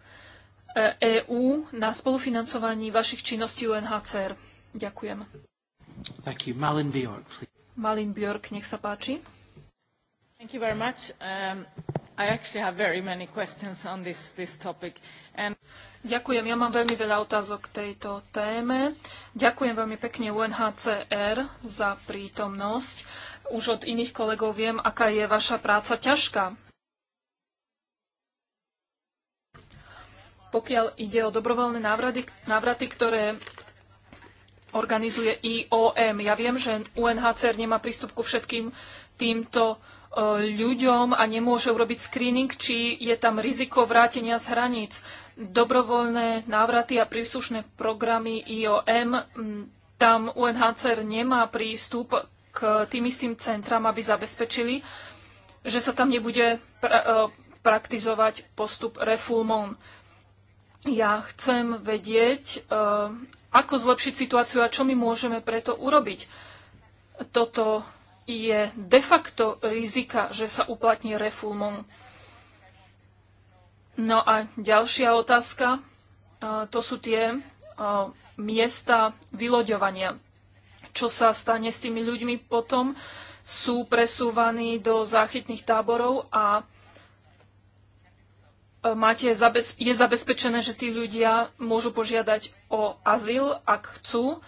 EÚ e na spolufinancovaní vašich činností UNHCR. Ďakujem. Thank you. Malin Bjork, please. Malin Bjork, nech sa páči. Thank you very much. Um, I actually have very many questions on this, this topic. And... Ďakujem, ja mám veľmi veľa otázok k tejto téme. Ďakujem veľmi pekne UNHCR za prítomnosť. Už od iných kolegov viem, aká je vaša práca ťažká pokiaľ ide o dobrovoľné návraty, návraty ktoré organizuje IOM. Ja viem, že UNHCR nemá prístup ku všetkým týmto e, ľuďom a nemôže urobiť screening, či je tam riziko vrátenia z hraníc. Dobrovoľné návraty a príslušné programy IOM, tam UNHCR nemá prístup k tým istým centram, aby zabezpečili, že sa tam nebude pra e, praktizovať postup refulmon. Ja chcem vedieť, eh, ako zlepšiť situáciu a čo my môžeme preto urobiť. Toto je de facto rizika, že sa uplatní refulmon. No a ďalšia otázka, eh, to sú tie eh, miesta vyloďovania. Čo sa stane s tými ľuďmi potom? Sú presúvaní do záchytných táborov a E, máte, je zabezpečené, že tí ľudia môžu požiadať o azyl, ak chcú.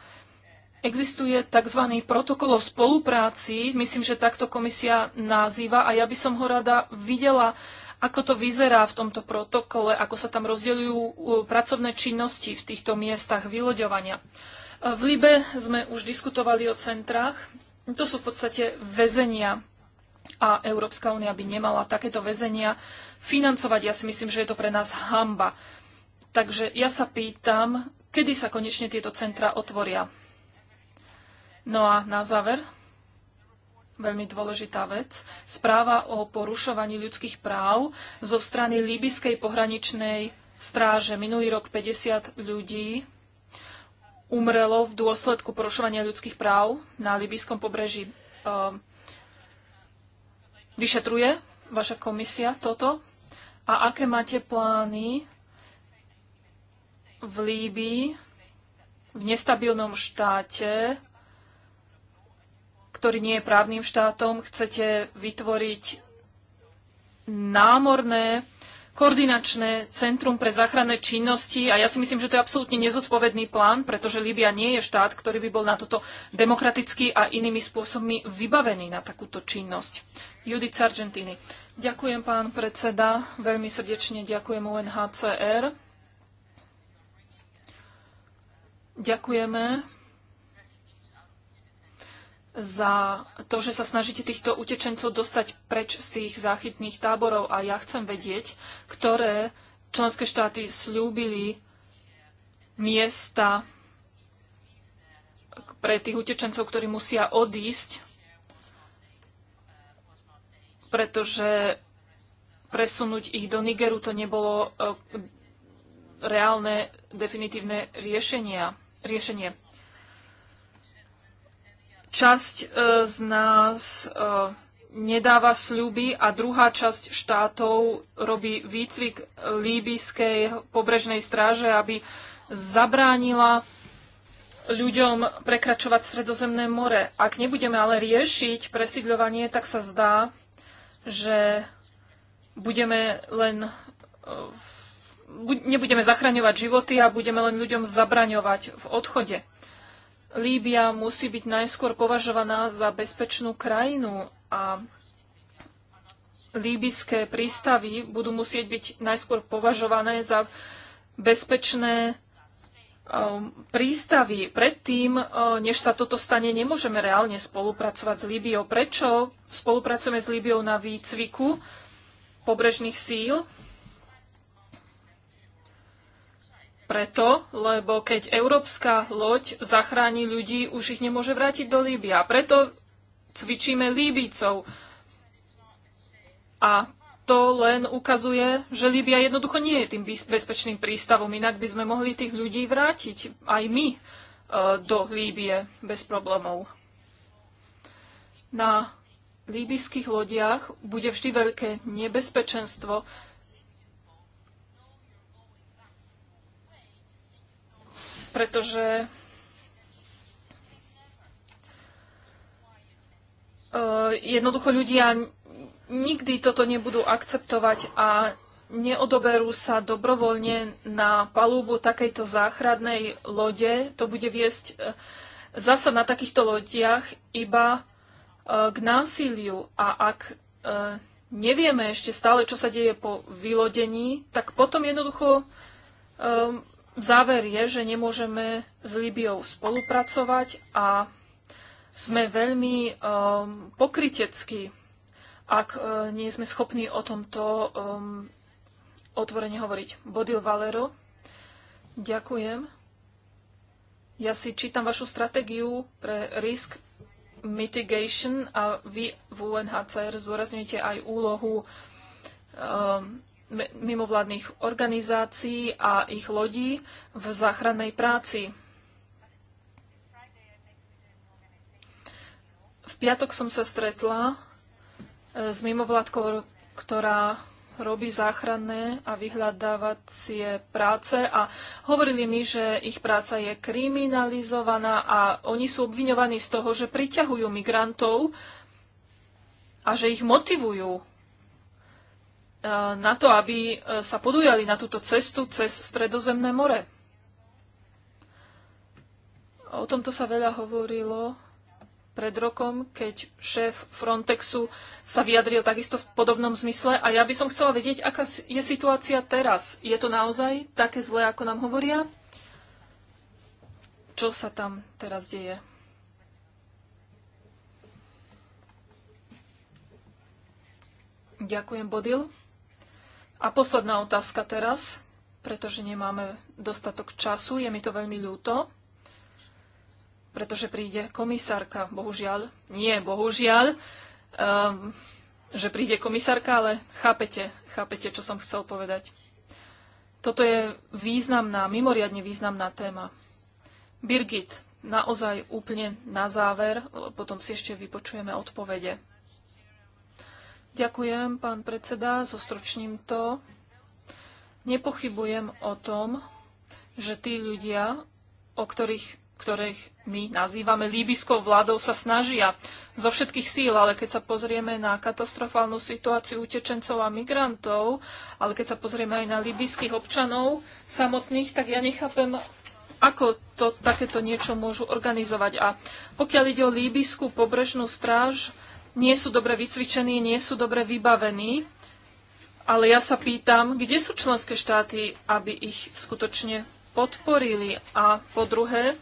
Existuje tzv. protokol o spolupráci, myslím, že takto komisia nazýva a ja by som ho rada videla, ako to vyzerá v tomto protokole, ako sa tam rozdeľujú e, pracovné činnosti v týchto miestach vyloďovania. E, v Libe sme už diskutovali o centrách. To sú v podstate väzenia a Európska únia by nemala takéto väzenia financovať. Ja si myslím, že je to pre nás hamba. Takže ja sa pýtam, kedy sa konečne tieto centra otvoria. No a na záver, veľmi dôležitá vec, správa o porušovaní ľudských práv zo strany líbyskej pohraničnej stráže. Minulý rok 50 ľudí umrelo v dôsledku porušovania ľudských práv na líbyskom pobreží. Ehm, Vyšetruje vaša komisia toto? A aké máte plány v Líbii, v nestabilnom štáte, ktorý nie je právnym štátom, chcete vytvoriť námorné koordinačné centrum pre záchranné činnosti a ja si myslím, že to je absolútne nezodpovedný plán, pretože Líbia nie je štát, ktorý by bol na toto demokraticky a inými spôsobmi vybavený na takúto činnosť. Judith Sargentini. Ďakujem, pán predseda. Veľmi srdečne ďakujem UNHCR. Ďakujeme za to, že sa snažíte týchto utečencov dostať preč z tých záchytných táborov a ja chcem vedieť, ktoré členské štáty slúbili miesta pre tých utečencov, ktorí musia odísť, pretože presunúť ich do Nigeru to nebolo e, reálne definitívne riešenie. Časť e, z nás e, nedáva sľuby a druhá časť štátov robí výcvik líbyskej pobrežnej stráže, aby zabránila ľuďom prekračovať Stredozemné more. Ak nebudeme ale riešiť presídľovanie, tak sa zdá, že budeme len e, nebudeme zachraňovať životy a budeme len ľuďom zabraňovať v odchode. Líbia musí byť najskôr považovaná za bezpečnú krajinu a líbyské prístavy budú musieť byť najskôr považované za bezpečné um, prístavy. Predtým, uh, než sa toto stane, nemôžeme reálne spolupracovať s Líbiou. Prečo spolupracujeme s Líbiou na výcviku pobrežných síl? preto, lebo keď európska loď zachráni ľudí, už ich nemôže vrátiť do Líbia. Preto cvičíme Líbicov. A to len ukazuje, že Líbia jednoducho nie je tým bezpečným prístavom. Inak by sme mohli tých ľudí vrátiť aj my e, do Líbie bez problémov. Na líbyských lodiach bude vždy veľké nebezpečenstvo, pretože e, jednoducho ľudia nikdy toto nebudú akceptovať a neodoberú sa dobrovoľne na palúbu takejto záchradnej lode. To bude viesť e, zasa na takýchto lodiach iba e, k násiliu. A ak nevieme ešte stále, čo sa deje po vylodení, tak potom jednoducho záver je, že nemôžeme s Líbiou spolupracovať a sme veľmi um, pokriteckí, ak uh, nie sme schopní o tomto um, otvorene hovoriť. Bodil Valero, ďakujem. Ja si čítam vašu stratégiu pre risk mitigation a vy v UNHCR zdôrazňujete aj úlohu um, mimovládnych organizácií a ich lodí v záchrannej práci. V piatok som sa stretla e, s mimovládkou, ktorá robí záchranné a vyhľadávacie práce a hovorili mi, že ich práca je kriminalizovaná a oni sú obviňovaní z toho, že priťahujú migrantov a že ich motivujú Eh, na to, aby eh, sa podujali na túto cestu cez Stredozemné more. O tomto sa veľa hovorilo pred rokom, keď šéf Frontexu sa vyjadril takisto v podobnom zmysle. A ja by som chcela vedieť, aká je situácia teraz. Je to naozaj také zlé, ako nám hovoria? Čo sa tam teraz deje? Ďakujem, Bodil. A posledná otázka teraz, pretože nemáme dostatok času, je mi to veľmi ľúto, pretože príde komisárka, bohužiaľ, nie, bohužiaľ, um, že príde komisárka, ale chápete, chápete, čo som chcel povedať. Toto je významná, mimoriadne významná téma. Birgit, naozaj úplne na záver, potom si ešte vypočujeme odpovede. Ďakujem, pán predseda, zostročním to. Nepochybujem o tom, že tí ľudia, o ktorých, ktorých my nazývame líbyskou vládou, sa snažia zo všetkých síl, ale keď sa pozrieme na katastrofálnu situáciu utečencov a migrantov, ale keď sa pozrieme aj na líbyských občanov samotných, tak ja nechápem, ako to takéto niečo môžu organizovať. A pokiaľ ide o líbyskú pobrežnú stráž, nie sú dobre vycvičení, nie sú dobre vybavení. Ale ja sa pýtam, kde sú členské štáty, aby ich skutočne podporili? A po druhé,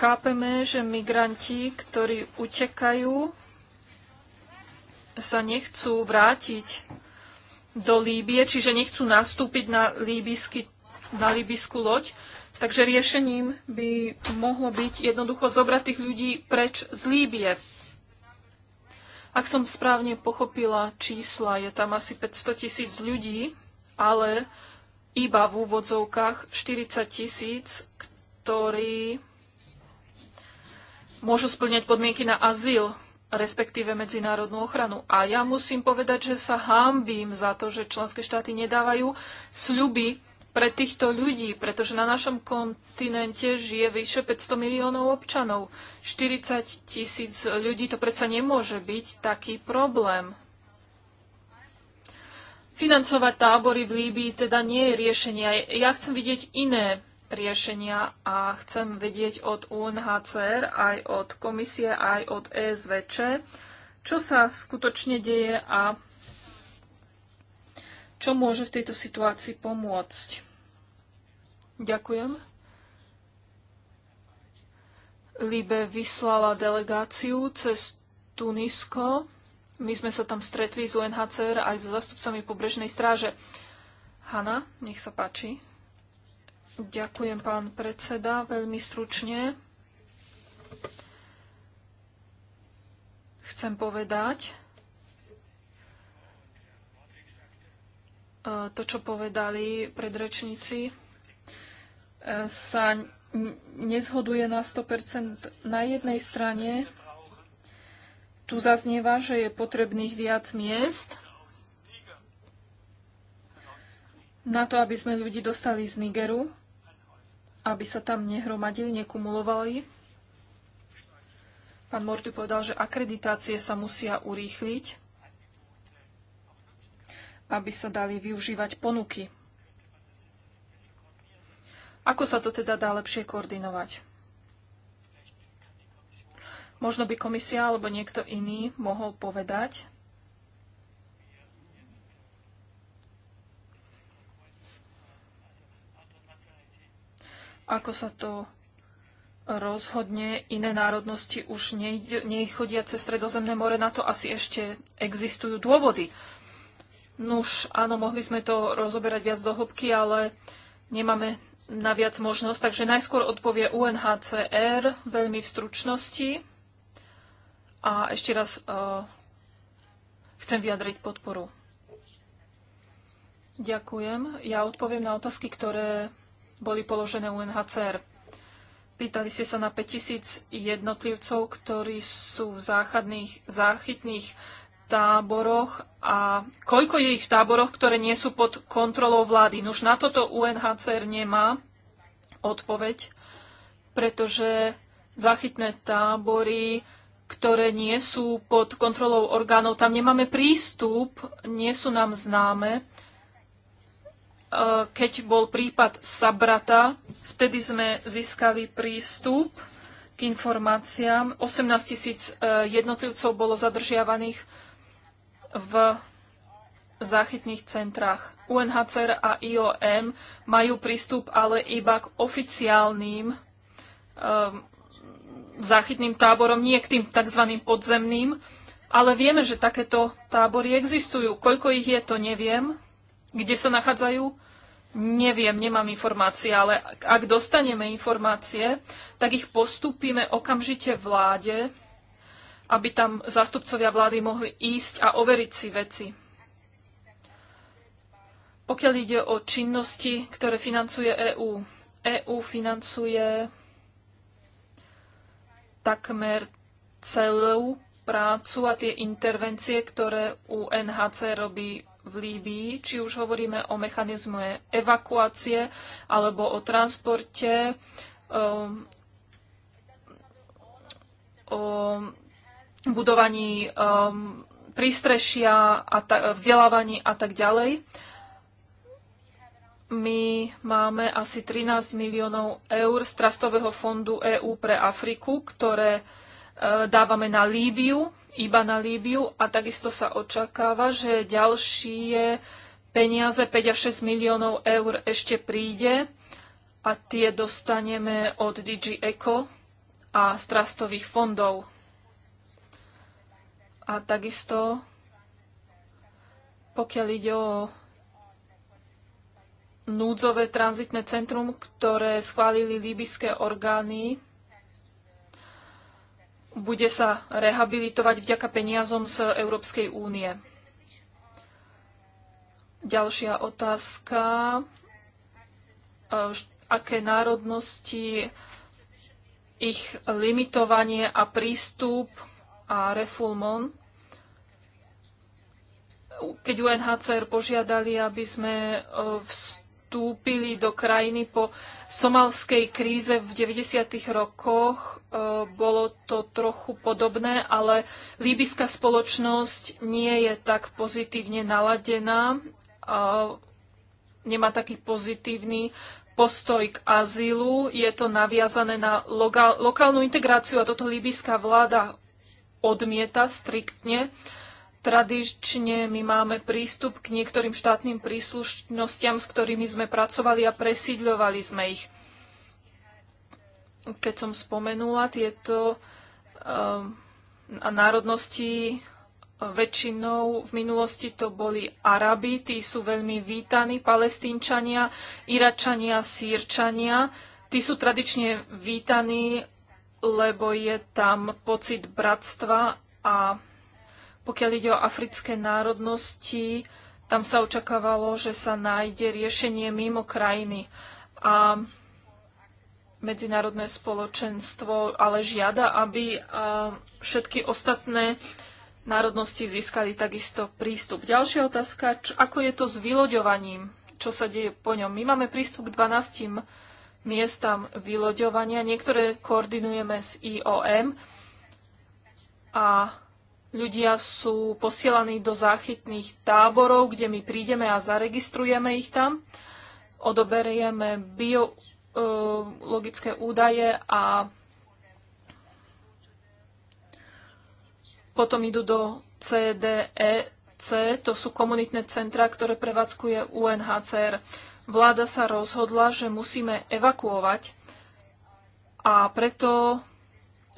chápeme, že migranti, ktorí utekajú, sa nechcú vrátiť do Líbie, čiže nechcú nastúpiť na líbysky, na loď, Takže riešením by mohlo byť jednoducho zobrať tých ľudí preč z Líbie. Ak som správne pochopila čísla, je tam asi 500 tisíc ľudí, ale iba v úvodzovkách 40 tisíc, ktorí môžu splňať podmienky na azyl, respektíve medzinárodnú ochranu. A ja musím povedať, že sa hambím za to, že členské štáty nedávajú sľuby pre týchto ľudí, pretože na našom kontinente žije vyše 500 miliónov občanov. 40 tisíc ľudí to predsa nemôže byť taký problém. Financovať tábory v Líbii teda nie je riešenie. Ja chcem vidieť iné riešenia a chcem vedieť od UNHCR, aj od komisie, aj od ESVČ, čo sa skutočne deje a čo môže v tejto situácii pomôcť. Ďakujem. Libe vyslala delegáciu cez Tunisko. My sme sa tam stretli z UNHCR aj so zastupcami pobrežnej stráže. Hanna, nech sa páči. Ďakujem, pán predseda, veľmi stručne. Chcem povedať, to, čo povedali predrečníci, e, sa nezhoduje na 100%. Na jednej strane tu zaznieva, že je potrebných viac miest na to, aby sme ľudí dostali z Nigeru, aby sa tam nehromadili, nekumulovali. Pán Mortu povedal, že akreditácie sa musia urýchliť aby sa dali využívať ponuky. Ako sa to teda dá lepšie koordinovať? Možno by komisia alebo niekto iný mohol povedať, ako sa to rozhodne. Iné národnosti už nechodia cez Stredozemné more. Na to asi ešte existujú dôvody už áno, mohli sme to rozoberať viac do hĺbky, ale nemáme na viac možnosť. Takže najskôr odpovie UNHCR veľmi v stručnosti. A ešte raz uh, chcem vyjadriť podporu. Ďakujem. Ja odpoviem na otázky, ktoré boli položené UNHCR. Pýtali ste sa na 5000 jednotlivcov, ktorí sú v záchytných táboroch a koľko je ich v táboroch, ktoré nie sú pod kontrolou vlády. Už na toto UNHCR nemá odpoveď, pretože zachytné tábory, ktoré nie sú pod kontrolou orgánov, tam nemáme prístup, nie sú nám známe. E, keď bol prípad Sabrata, vtedy sme získali prístup k informáciám. 18 tisíc e, jednotlivcov bolo zadržiavaných v záchytných centrách. UNHCR a IOM majú prístup ale iba k oficiálnym um, záchytným táborom, nie k tým tzv. podzemným, ale vieme, že takéto tábory existujú. Koľko ich je, to neviem. Kde sa nachádzajú? Neviem, nemám informácie, ale ak dostaneme informácie, tak ich postupíme okamžite vláde, aby tam zástupcovia vlády mohli ísť a overiť si veci. Pokiaľ ide o činnosti, ktoré financuje EÚ, EÚ financuje takmer celú prácu a tie intervencie, ktoré UNHC robí v Líbii, či už hovoríme o mechanizme evakuácie alebo o transporte, um, o budovaní um, prístrešia a ta- vzdelávaní a tak ďalej. My máme asi 13 miliónov eur z Trastového fondu EÚ pre Afriku, ktoré uh, dávame na Líbiu, iba na Líbiu a takisto sa očakáva, že ďalšie peniaze 5 až 6 miliónov eur ešte príde a tie dostaneme od DG Eco a strastových fondov. A takisto, pokiaľ ide o núdzové tranzitné centrum, ktoré schválili líbyské orgány, bude sa rehabilitovať vďaka peniazom z Európskej únie. Ďalšia otázka. Ehm, aké národnosti, ich limitovanie a prístup a refulmont keď UNHCR požiadali, aby sme e, vstúpili do krajiny po somalskej kríze v 90. rokoch. E, bolo to trochu podobné, ale líbyská spoločnosť nie je tak pozitívne naladená. Nemá taký pozitívny postoj k azylu. Je to naviazané na lokálnu integráciu a toto líbyská vláda odmieta striktne. Uh, Tradične my máme prístup k niektorým štátnym príslušnostiam, s ktorými sme pracovali a presídľovali sme ich. Keď som spomenula tieto uh, národnosti, eh, väčšinou v minulosti to boli Arabi, tí sú veľmi vítaní, palestínčania, iračania, sírčania. Tí sú tradične vítaní, lebo je tam pocit bratstva a pokiaľ ide o africké národnosti, tam sa očakávalo, že sa nájde riešenie mimo krajiny. A medzinárodné spoločenstvo ale žiada, aby všetky ostatné národnosti získali takisto prístup. Ďalšia otázka, čo, ako je to s vyloďovaním? Čo sa deje po ňom? My máme prístup k 12 miestam vyloďovania. Niektoré koordinujeme s IOM a Ľudia sú posielaní do záchytných táborov, kde my prídeme a zaregistrujeme ich tam. Odoberieme biologické e, údaje a potom idú do CDEC, e to sú komunitné centra, ktoré prevádzkuje UNHCR. Vláda sa rozhodla, že musíme evakuovať a preto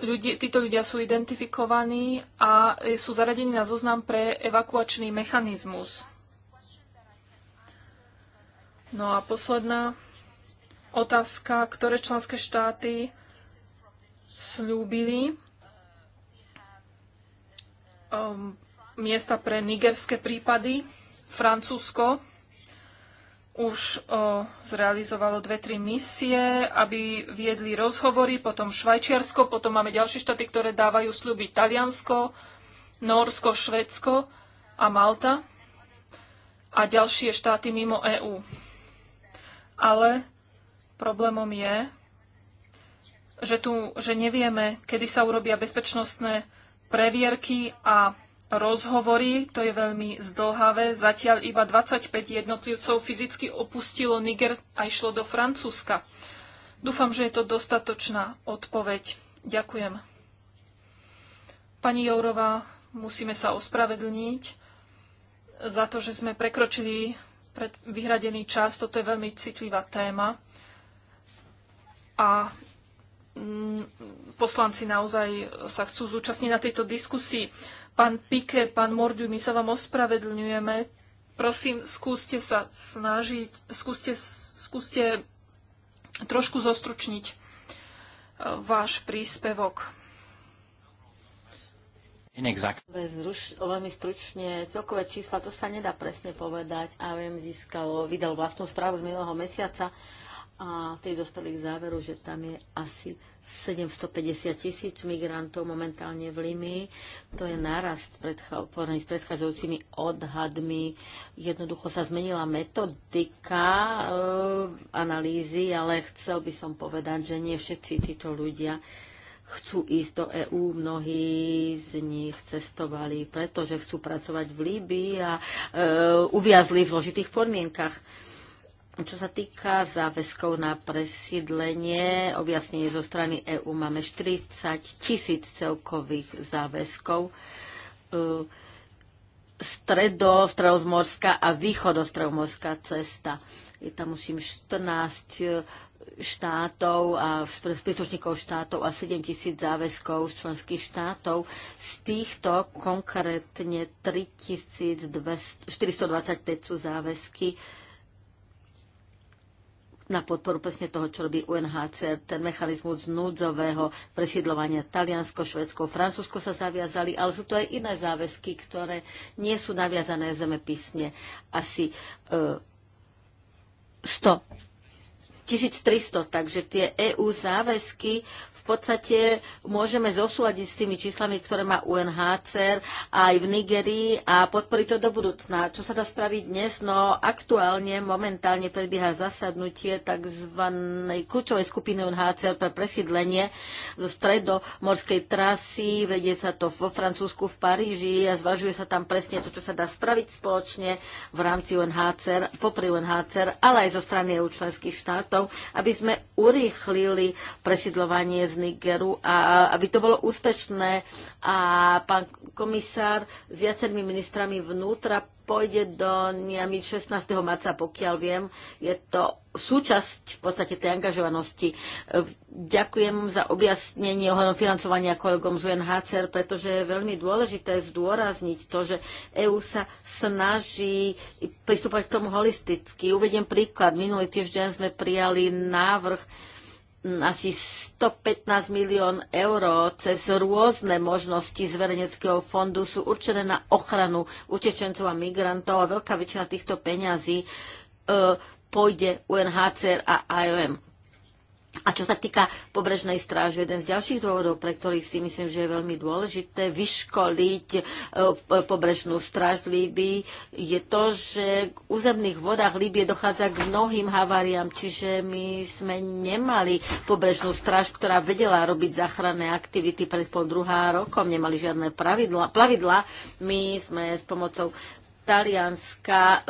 ľudí, títo ľudia sú identifikovaní a sú zaradení na zoznam pre evakuačný mechanizmus. No a posledná otázka, ktoré členské štáty slúbili um, miesta pre nigerské prípady, Francúzsko, už o, zrealizovalo dve-tri misie, aby viedli rozhovory, potom Švajčiarsko, potom máme ďalšie štáty, ktoré dávajú sľuby Taliansko, Norsko, Švedsko a Malta a ďalšie štáty mimo EÚ. Ale problémom je, že, tu, že nevieme, kedy sa urobia bezpečnostné previerky a rozhovory, to je veľmi zdlhavé. Zatiaľ iba 25 jednotlivcov fyzicky opustilo Niger a išlo do Francúzska. Dúfam, že je to dostatočná odpoveď. Ďakujem. Pani Jourová, musíme sa ospravedlniť za to, že sme prekročili pred vyhradený čas. Toto je veľmi citlivá téma. A mm, poslanci naozaj sa chcú zúčastniť na tejto diskusii. Pán Pike, pán Mordiu, my sa vám ospravedlňujeme. Prosím, skúste sa snažiť, skúste, skúste trošku zostručniť e, váš príspevok. Veľmi stručne, celkové čísla, to sa nedá presne povedať. AVM získalo, vydal vlastnú správu z minulého mesiaca a tej dostali k záveru, že tam je asi 750 tisíc migrantov momentálne v Limy, To je nárast porovnaný s predchádzajúcimi odhadmi. Jednoducho sa zmenila metodika e, analýzy, ale chcel by som povedať, že nie všetci títo ľudia chcú ísť do EÚ, mnohí z nich cestovali, pretože chcú pracovať v Líbii a e, uviazli v zložitých podmienkach čo sa týka záväzkov na presídlenie, objasnenie zo strany EÚ máme 40 tisíc celkových záväzkov. E, stredo, stredozmorská a východostredomorská cesta. Je tam musím 14 e, štátov a príslušníkov štátov a 7 tisíc záväzkov z členských štátov. Z týchto konkrétne 425 sú záväzky na podporu presne toho, čo robí UNHCR, ten mechanizmus núdzového presídlovania. Taliansko, Švedsko, Francúzsko sa zaviazali, ale sú to aj iné záväzky, ktoré nie sú naviazané zemepisne. Asi e, 100 1300, takže tie EU záväzky v podstate môžeme zosúľadiť s tými číslami, ktoré má UNHCR aj v Nigerii a podporiť to do budúcna. Čo sa dá spraviť dnes? No aktuálne, momentálne prebieha zasadnutie tzv. kľúčovej skupiny UNHCR pre presídlenie zo stredomorskej trasy. Vedie sa to vo Francúzsku, v Paríži a zvažuje sa tam presne to, čo sa dá spraviť spoločne v rámci UNHCR, popri UNHCR, ale aj zo strany EU členských štátov, aby sme urýchlili presidlovanie z Nigeru a aby to bolo úspešné. A pán komisár s viacerými ministrami vnútra pôjde do Niami 16. marca, pokiaľ viem. Je to súčasť v podstate tej angažovanosti. Ďakujem za objasnenie ohľadom financovania kolegom z UNHCR, pretože je veľmi dôležité zdôrazniť to, že EÚ sa snaží pristúpať k tomu holisticky. Uvediem príklad. Minulý týždeň sme prijali návrh asi 115 milión eur cez rôzne možnosti z Vereneckého fondu sú určené na ochranu utečencov a migrantov a veľká väčšina týchto peňazí e, pôjde UNHCR a IOM. A čo sa týka pobrežnej stráže, jeden z ďalších dôvodov, pre ktorých si myslím, že je veľmi dôležité vyškoliť e, pobrežnú stráž v Líbii, je to, že k územných vodách Líbie dochádza k mnohým haváriám, čiže my sme nemali pobrežnú stráž, ktorá vedela robiť záchranné aktivity pred pol druhá rokom, nemali žiadne pravidla, plavidla. My sme s pomocou Talianska,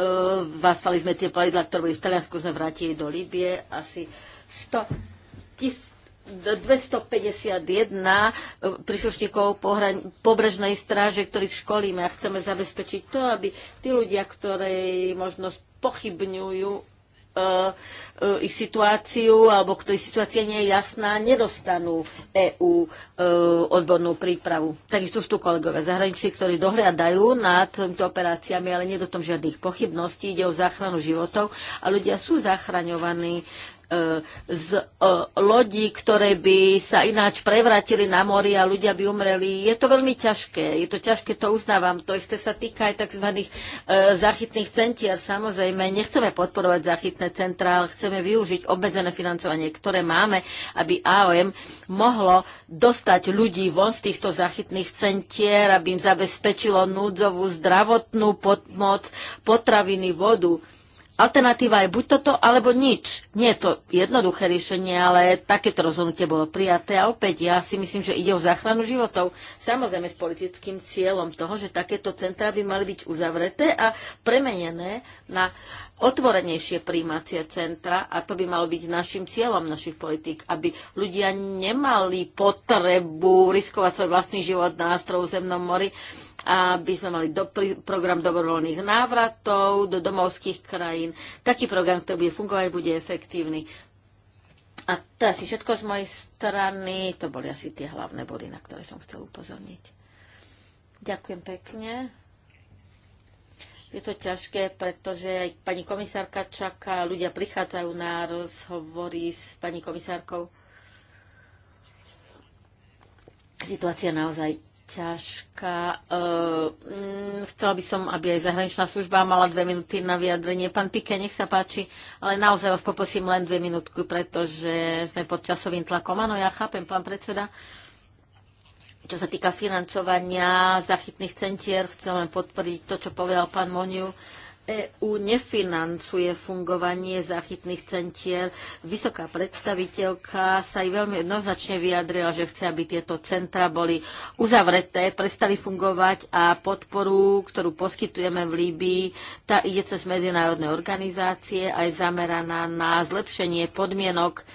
e, sme tie plavidla, ktoré boli v Taliansku, sme vrátili do Líbie asi 100 251 eh, príslušníkov pobrežnej stráže, ktorých školíme a chceme zabezpečiť to, aby tí ľudia, ktorí možno pochybňujú eh, eh, ich situáciu, alebo ktorej situácia nie je jasná, nedostanú EU odbornú prípravu. Takisto sú tu kolegové zahraničí, ktorí dohľadajú nad týmito operáciami, ale nie do tom žiadnych pochybností. Ide o záchranu životov a ľudia sú zachraňovaní E, z e, lodí, ktoré by sa ináč prevratili na mori a ľudia by umreli. Je to veľmi ťažké, je to ťažké, to uznávam. To isté sa týka aj tzv. E, záchytných centier. Samozrejme, nechceme podporovať záchytné centrá, ale chceme využiť obmedzené financovanie, ktoré máme, aby AOM mohlo dostať ľudí von z týchto záchytných centier, aby im zabezpečilo núdzovú zdravotnú pomoc, potraviny, vodu Alternatíva je buď toto, alebo nič. Nie je to jednoduché riešenie, ale takéto rozhodnutie bolo prijaté a opäť ja si myslím, že ide o záchranu životov. Samozrejme s politickým cieľom toho, že takéto centrá by mali byť uzavreté a premenené na otvorenejšie príjmacie centra a to by malo byť našim cieľom našich politík, aby ľudia nemali potrebu riskovať svoj vlastný život na ostrovu Zemnom mori, aby sme mali do, program dobrovoľných návratov do domovských krajín. Taký program, ktorý bude fungovať, bude efektívny. A to asi všetko z mojej strany. To boli asi tie hlavné body, na ktoré som chcel upozorniť. Ďakujem pekne. Je to ťažké, pretože aj pani komisárka čaká, ľudia prichádzajú na rozhovory s pani komisárkou. Situácia naozaj ťažká. Ehm, chcela by som, aby aj zahraničná služba mala dve minúty na vyjadrenie. Pán Pike, nech sa páči, ale naozaj vás poprosím len dve minútku, pretože sme pod časovým tlakom. Áno, ja chápem, pán predseda. Ehm, čo sa týka financovania zachytných centier, chcem len podporiť to, čo povedal pán Moniu. EU nefinancuje fungovanie záchytných centier. Vysoká predstaviteľka sa aj veľmi jednoznačne vyjadrila, že chce, aby tieto centra boli uzavreté, prestali fungovať a podporu, ktorú poskytujeme v Líbii, tá ide cez medzinárodné organizácie a je zameraná na zlepšenie podmienok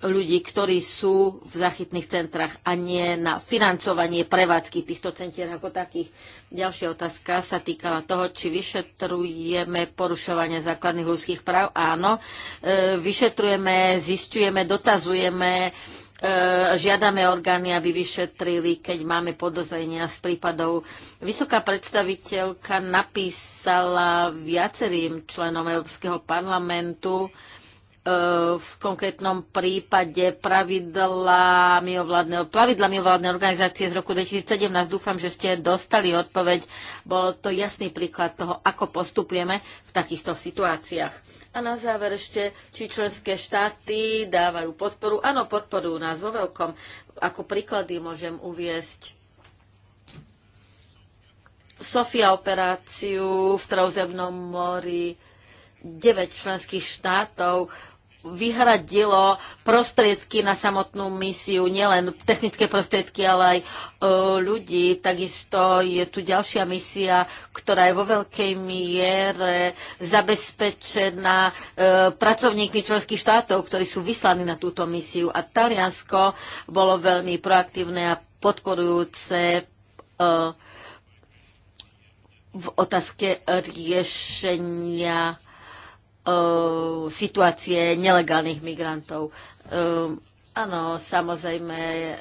ľudí, ktorí sú v zachytných centrách a nie na financovanie prevádzky týchto centier ako takých. Ďalšia otázka sa týkala toho, či vyšetrujeme porušovanie základných ľudských práv. Áno, e, vyšetrujeme, zistujeme, dotazujeme, e, žiadame orgány, aby vyšetrili, keď máme podozrenia z prípadov. Vysoká predstaviteľka napísala viacerým členom Európskeho parlamentu, E, v konkrétnom prípade pravidla mimovládne, pravidla mimovládne organizácie z roku 2017. Dúfam, že ste dostali odpoveď. Bol to jasný príklad toho, ako postupujeme v takýchto situáciách. A na záver ešte, či členské štáty dávajú podporu. Áno, podporujú nás vo veľkom. Ako príklady môžem uviesť Sofia operáciu v Strauzemnom mori, 9 členských štátov vyhradilo prostriedky na samotnú misiu, nielen technické prostriedky, ale aj e, ľudí. Takisto je tu ďalšia misia, ktorá je vo veľkej miere zabezpečená e, pracovníkmi členských štátov, ktorí sú vyslaní na túto misiu. A Taliansko bolo veľmi proaktívne a podporujúce e, v otázke riešenia E, situácie nelegálnych migrantov. E, Áno, samozrejme, e,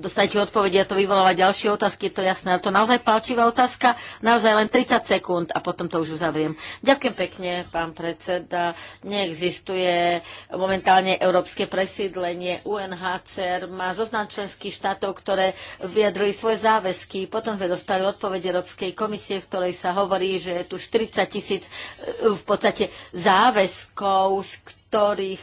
dostanete odpovede a to vyvoláva ďalšie otázky, je to jasné, ale to naozaj palčivá otázka, naozaj len 30 sekúnd a potom to už uzavriem. Ďakujem pekne, pán predseda. Neexistuje momentálne európske presídlenie. UNHCR má zoznam členských štátov, ktoré vyjadrili svoje záväzky. Potom sme dostali odpoveď Európskej komisie, v ktorej sa hovorí, že je tu 40 tisíc e, v podstate záväzkov, z ktorých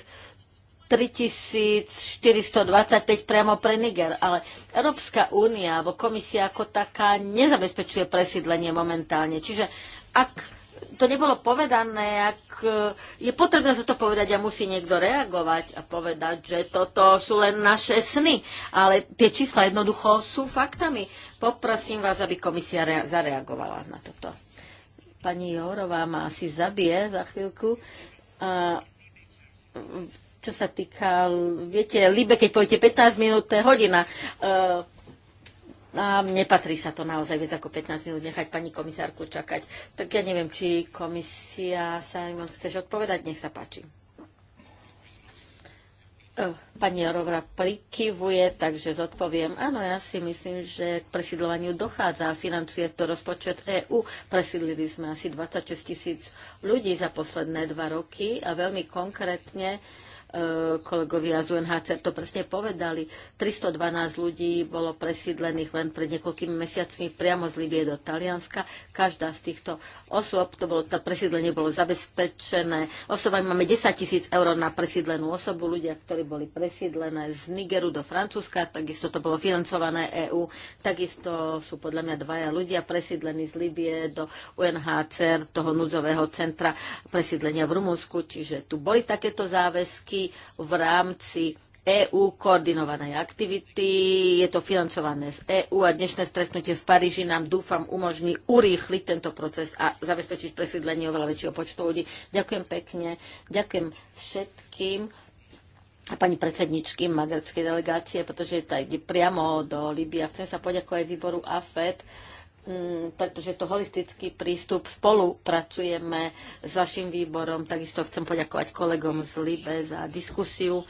3425 priamo pre Niger, ale Európska únia alebo komisia ako taká nezabezpečuje presídlenie momentálne. Čiže ak to nebolo povedané, ak e, je potrebné sa to povedať a musí niekto reagovať a povedať, že toto sú len naše sny, ale tie čísla jednoducho sú faktami. Poprosím vás, aby komisia zareagovala na toto. Pani Jorová ma asi zabije za chvíľku. A čo sa týka, viete, líbe, keď poviete 15 minút, to je hodina. E, a nepatrí sa to naozaj viac ako 15 minút nechať pani komisárku čakať. Tak ja neviem, či komisia sa im chceš odpovedať, nech sa páči. E, pani Jorovra prikyvuje, takže zodpoviem. Áno, ja si myslím, že k presídlovaniu dochádza a financuje to rozpočet EÚ. Presídlili sme asi 26 tisíc ľudí za posledné dva roky a veľmi konkrétne uh, kolegovia z UNHCR to presne povedali. 312 ľudí bolo presídlených len pred niekoľkými mesiacmi priamo z Libie do Talianska. Každá z týchto osôb, to bolo, to presídlenie bolo zabezpečené. Osobami máme 10 tisíc eur na presídlenú osobu. Ľudia, ktorí boli presídlené z Nigeru do Francúzska, takisto to bolo financované EÚ. Takisto sú podľa mňa dvaja ľudia presídlení z Libie do UNHCR, toho núdzového centra presídlenia v Rumunsku. Čiže tu boli takéto záväzky v rámci EÚ koordinovanej aktivity. Je to financované z EÚ a dnešné stretnutie v Paríži nám dúfam umožní urýchliť tento proces a zabezpečiť presídlenie oveľa väčšieho počtu ľudí. Ďakujem pekne. Ďakujem všetkým a pani predsedničky magrebskej delegácie, pretože je tady priamo do Libia. Chcem sa poďakovať výboru AFED Mm, pretože to holistický prístup spolupracujeme s vašim výborom. Takisto chcem poďakovať kolegom z Libe za diskusiu.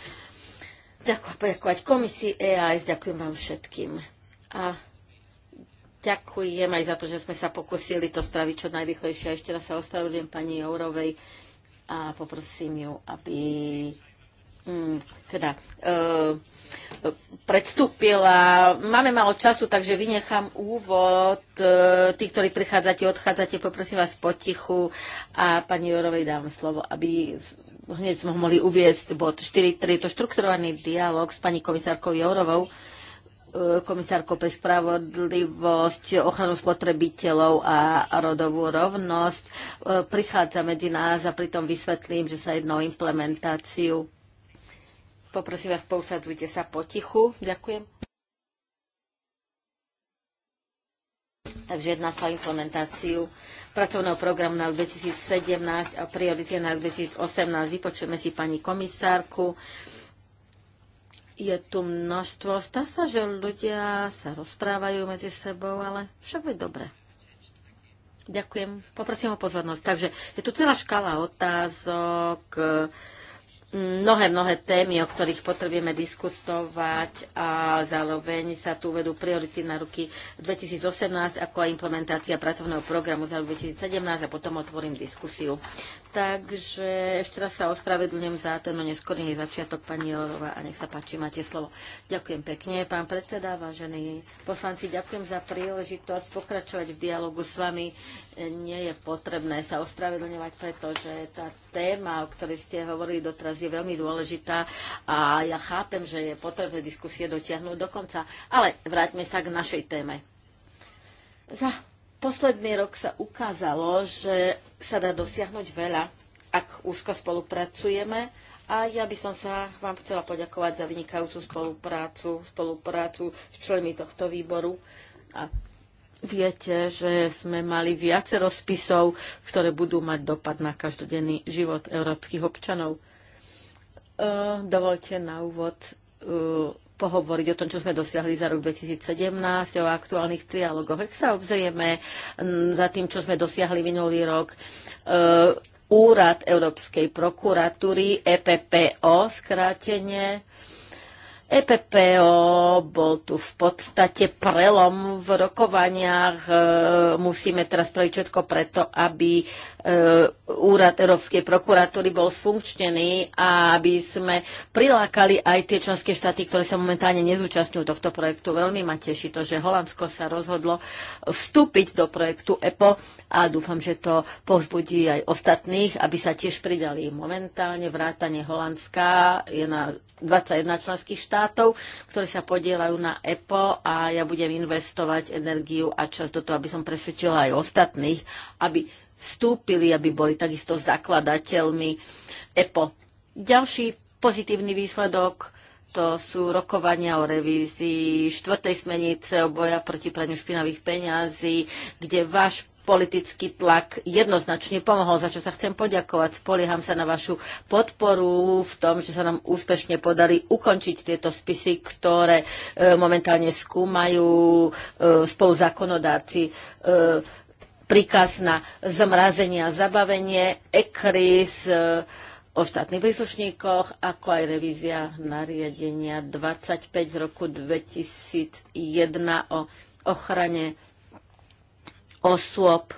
Ďakujem poďakovať komisii EAS, ďakujem vám všetkým. A ďakujem aj za to, že sme sa pokusili to spraviť čo najrychlejšie. A ešte raz sa ospravedlňujem pani Jourovej a poprosím ju, aby Mm, teda e, predstúpila. Máme malo času, takže vynechám úvod. E, tí, ktorí prichádzate, odchádzate, poprosím vás potichu a pani Jorovej dám slovo, aby hneď sme mohli uviezť bod 4.3. To štrukturovaný dialog s pani komisárkou Jorovou e, komisárkou pre spravodlivosť, ochranu spotrebiteľov a rodovú rovnosť. Prichádza medzi nás a pritom vysvetlím, že sa jedná o implementáciu Poprosím vás, pousadujte sa potichu. Ďakujem. Takže jedná sa o implementáciu pracovného programu na 2017 a priority na 2018. Vypočujeme si pani komisárku. Je tu množstvo. Stá sa, že ľudia sa rozprávajú medzi sebou, ale však je dobre. Ďakujem. Poprosím o pozornosť. Takže je tu celá škala otázok mnohé, mnohé témy, o ktorých potrebujeme diskutovať a zároveň sa tu vedú priority na roky 2018, ako aj implementácia pracovného programu za rok 2017 a potom otvorím diskusiu. Takže ešte raz sa ospravedlňujem za ten neskorý začiatok, pani Jorová, a nech sa páči, máte slovo. Ďakujem pekne, pán predseda, vážení poslanci, ďakujem za príležitosť pokračovať v dialogu s vami nie je potrebné sa ospravedlňovať, pretože tá téma, o ktorej ste hovorili doteraz, je veľmi dôležitá a ja chápem, že je potrebné diskusie dotiahnuť do konca. Ale vráťme sa k našej téme. Za posledný rok sa ukázalo, že sa dá dosiahnuť veľa, ak úzko spolupracujeme a ja by som sa vám chcela poďakovať za vynikajúcu spoluprácu, spoluprácu s členmi tohto výboru a Viete, že sme mali viacero spisov, ktoré budú mať dopad na každodenný život európskych občanov. E, dovolte na úvod e, pohovoriť o tom, čo sme dosiahli za rok 2017, o aktuálnych trialogoch. Ak sa obzrieme za tým, čo sme dosiahli minulý rok, e, Úrad Európskej prokuratúry, EPPO, skrátenie, EPPO bol tu v podstate prelom v rokovaniach. E, musíme teraz spraviť všetko preto, aby e, úrad Európskej prokuratúry bol sfunkčnený a aby sme prilákali aj tie členské štáty, ktoré sa momentálne nezúčastňujú tohto projektu. Veľmi ma teší to, že Holandsko sa rozhodlo vstúpiť do projektu EPO a dúfam, že to povzbudí aj ostatných, aby sa tiež pridali momentálne. Vrátanie Holandska je na 21 členských štátov štátov, ktoré sa podielajú na EPO a ja budem investovať energiu a čas do toho, aby som presvedčila aj ostatných, aby vstúpili, aby boli takisto zakladateľmi EPO. Ďalší pozitívny výsledok to sú rokovania o revízii štvrtej smenice o boja proti praniu špinavých peňazí, kde váš politický tlak jednoznačne pomohol, za čo sa chcem poďakovať. Spolieham sa na vašu podporu v tom, že sa nám úspešne podali ukončiť tieto spisy, ktoré e, momentálne skúmajú e, spolu zákonodáci. E, príkaz na zmrazenie a zabavenie, ECRIS o štátnych príslušníkoch, ako aj revízia nariadenia 25 z roku 2001 o ochrane osôb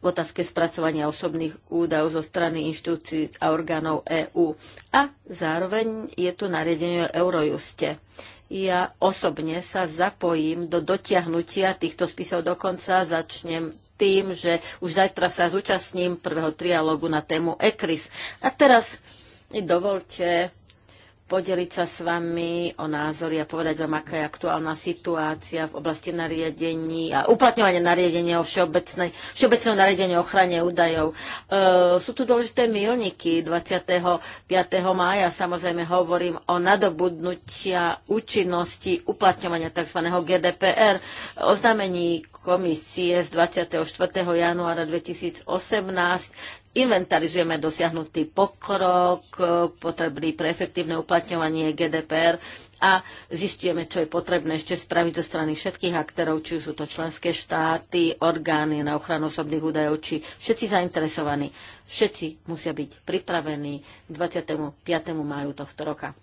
v otázke spracovania osobných údajov zo strany inštitúcií a orgánov EÚ. A zároveň je tu nariadenie o Eurojuste. Ja osobne sa zapojím do dotiahnutia týchto spisov dokonca. Začnem tým, že už zajtra sa zúčastním prvého trialógu na tému ECRIS. A teraz dovolte podeliť sa s vami o názory a povedať vám, aká je aktuálna situácia v oblasti nariadení a uplatňovania nariadenia o všeobecnej, všeobecného nariadenia o ochrane údajov. E, sú tu dôležité milníky. 25. mája samozrejme hovorím o nadobudnutia účinnosti uplatňovania tzv. GDPR, oznámení komisie z 24. januára 2018 inventarizujeme dosiahnutý pokrok e, potrebný pre efektívne uplatňovanie GDPR a zistíme, čo je potrebné ešte spraviť zo strany všetkých aktérov, či sú to členské štáty, orgány na ochranu osobných údajov, či všetci zainteresovaní. Všetci musia byť pripravení k 25. maju tohto roka.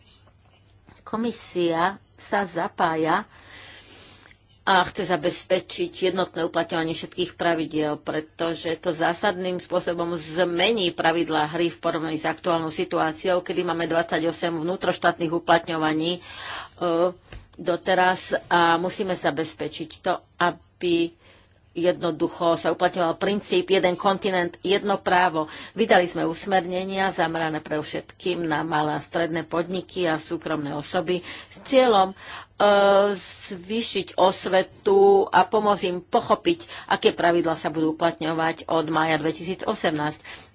Komisia sa zapája a chce zabezpečiť jednotné uplatňovanie všetkých pravidiel, pretože to zásadným spôsobom zmení pravidlá hry v porovnaní s aktuálnou situáciou, kedy máme 28 vnútroštátnych uplatňovaní e, doteraz a musíme zabezpečiť to, aby jednoducho sa uplatňoval princíp jeden kontinent, jedno právo. Vydali sme usmernenia zamerané pre všetkým na malé a stredné podniky a súkromné osoby s cieľom zvýšiť osvetu a pomôcť im pochopiť, aké pravidla sa budú uplatňovať od mája 2018.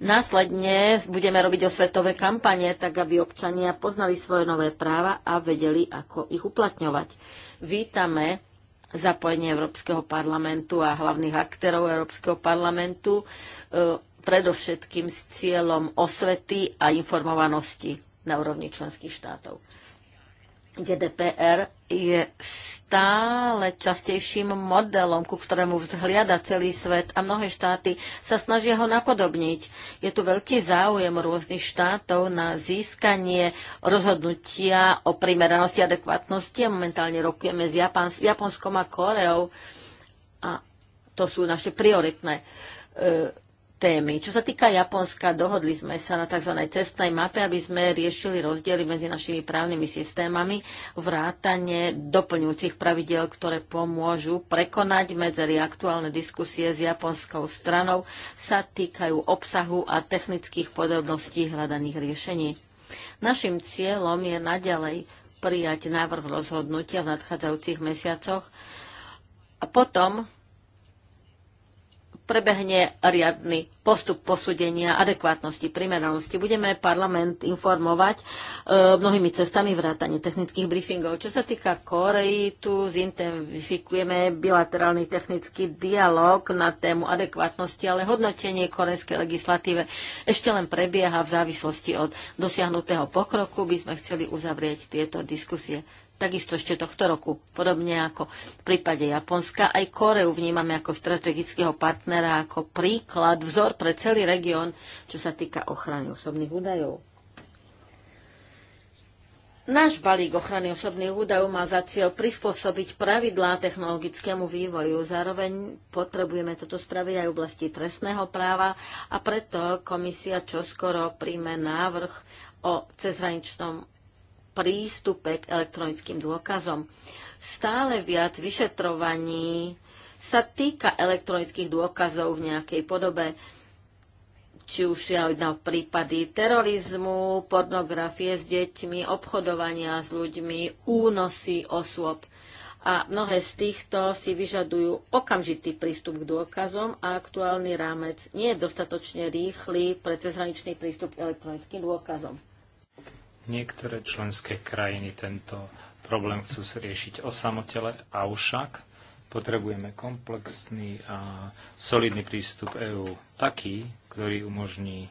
Následne budeme robiť osvetové kampanie, tak aby občania poznali svoje nové práva a vedeli, ako ich uplatňovať. Vítame zapojenie Európskeho parlamentu a hlavných aktérov Európskeho parlamentu, e, predovšetkým s cieľom osvety a informovanosti na úrovni členských štátov. GDPR je stále častejším modelom, ku ktorému vzhliada celý svet a mnohé štáty sa snažia ho napodobniť. Je tu veľký záujem rôznych štátov na získanie rozhodnutia o primeranosti a adekvátnosti a momentálne rokujeme s Japans- Japonskom a Koreou a to sú naše prioritné e, témy. Čo sa týka Japonska, dohodli sme sa na tzv. cestnej mape, aby sme riešili rozdiely medzi našimi právnymi systémami, vrátanie doplňujúcich pravidel, ktoré pomôžu prekonať medzery aktuálne diskusie s japonskou stranou, sa týkajú obsahu a technických podobností hľadaných riešení. Našim cieľom je naďalej prijať návrh rozhodnutia v nadchádzajúcich mesiacoch a potom prebehne riadny postup posúdenia adekvátnosti, primeranosti. Budeme parlament informovať e, mnohými cestami vrátane technických briefingov. Čo sa týka Korei, tu zintenzifikujeme bilaterálny technický dialog na tému adekvátnosti, ale hodnotenie korejskej legislatíve ešte len prebieha v závislosti od dosiahnutého pokroku. By sme chceli uzavrieť tieto diskusie takisto ešte tohto roku. Podobne ako v prípade Japonska, aj Koreu vnímame ako strategického partnera, ako príklad, vzor pre celý región, čo sa týka ochrany osobných údajov. Náš balík ochrany osobných údajov má za cieľ prispôsobiť pravidlá technologickému vývoju. Zároveň potrebujeme toto spraviť aj v oblasti trestného práva a preto komisia čoskoro príjme návrh o cezhraničnom prístupe k elektronickým dôkazom. Stále viac vyšetrovaní sa týka elektronických dôkazov v nejakej podobe, či už ja na prípady terorizmu, pornografie s deťmi, obchodovania s ľuďmi, únosy osôb. A mnohé z týchto si vyžadujú okamžitý prístup k dôkazom a aktuálny rámec nie je dostatočne rýchly pre cezhraničný prístup k elektronickým dôkazom. Niektoré členské krajiny tento problém chcú riešiť osamotele, avšak potrebujeme komplexný a solidný prístup EÚ, taký, ktorý umožní e,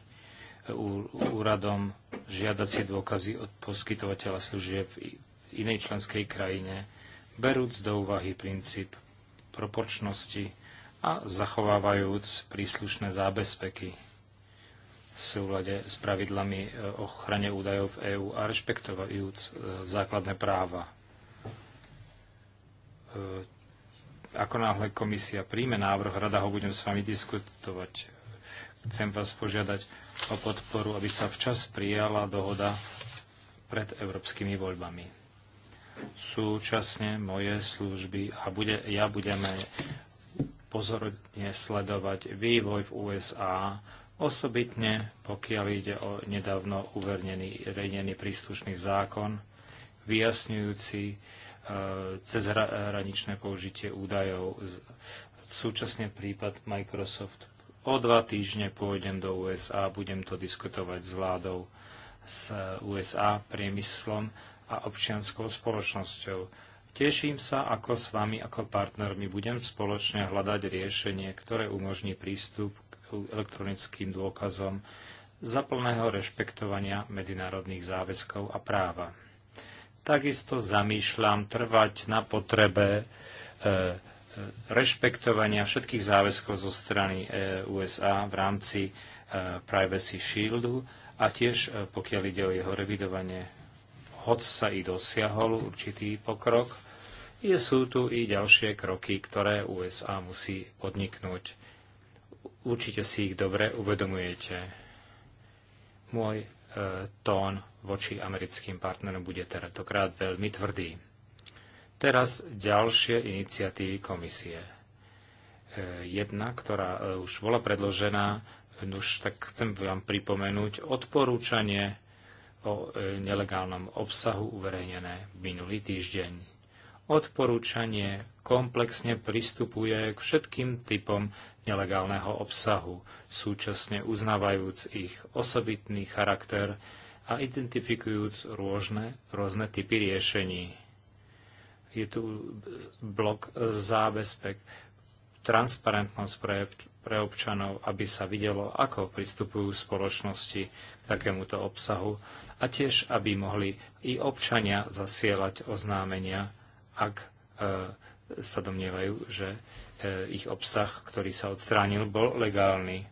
úradom žiadacie dôkazy od poskytovateľa služieb v inej členskej krajine, berúc do úvahy princíp proporčnosti a zachovávajúc príslušné zábezpeky v súlade s pravidlami e, ochrane údajov v EÚ a rešpektovajúc e, základné práva. E, ako náhle komisia príjme návrh, rada ho budem s vami diskutovať. Chcem vás požiadať o podporu, aby sa včas prijala dohoda pred európskymi voľbami. Súčasne moje služby a bude, ja budeme pozorne sledovať vývoj v USA Osobitne, pokiaľ ide o nedávno uvernený rejnený príslušný zákon, vyjasňujúci e, cezhraničné použitie údajov. Súčasne prípad Microsoft. O dva týždne pôjdem do USA, budem to diskutovať s vládou, s USA, priemyslom a občianskou spoločnosťou. Teším sa, ako s vami, ako partnermi budem spoločne hľadať riešenie, ktoré umožní prístup elektronickým dôkazom za plného rešpektovania medzinárodných záväzkov a práva. Takisto zamýšľam trvať na potrebe e, e, rešpektovania všetkých záväzkov zo strany e, USA v rámci Privacy Shieldu a tiež pokiaľ ide o jeho revidovanie, hoď sa i dosiahol určitý pokrok, je, sú tu i ďalšie kroky, ktoré USA musí podniknúť. Určite si ich dobre uvedomujete. Môj e, tón voči americkým partnerom bude tentokrát veľmi tvrdý. Teraz ďalšie iniciatívy komisie. E, jedna, ktorá e, už bola predložená, už tak chcem vám pripomenúť odporúčanie o e, nelegálnom obsahu uverejnené minulý týždeň Odporúčanie komplexne pristupuje k všetkým typom nelegálneho obsahu, súčasne uznávajúc ich osobitný charakter a identifikujúc rôzne, rôzne typy riešení. Je tu blok zábezpek, transparentnosť pre, pre občanov, aby sa videlo, ako pristupujú spoločnosti k takémuto obsahu a tiež, aby mohli i občania zasielať oznámenia ak e, sa domnievajú, že e, ich obsah, ktorý sa odstránil, bol legálny.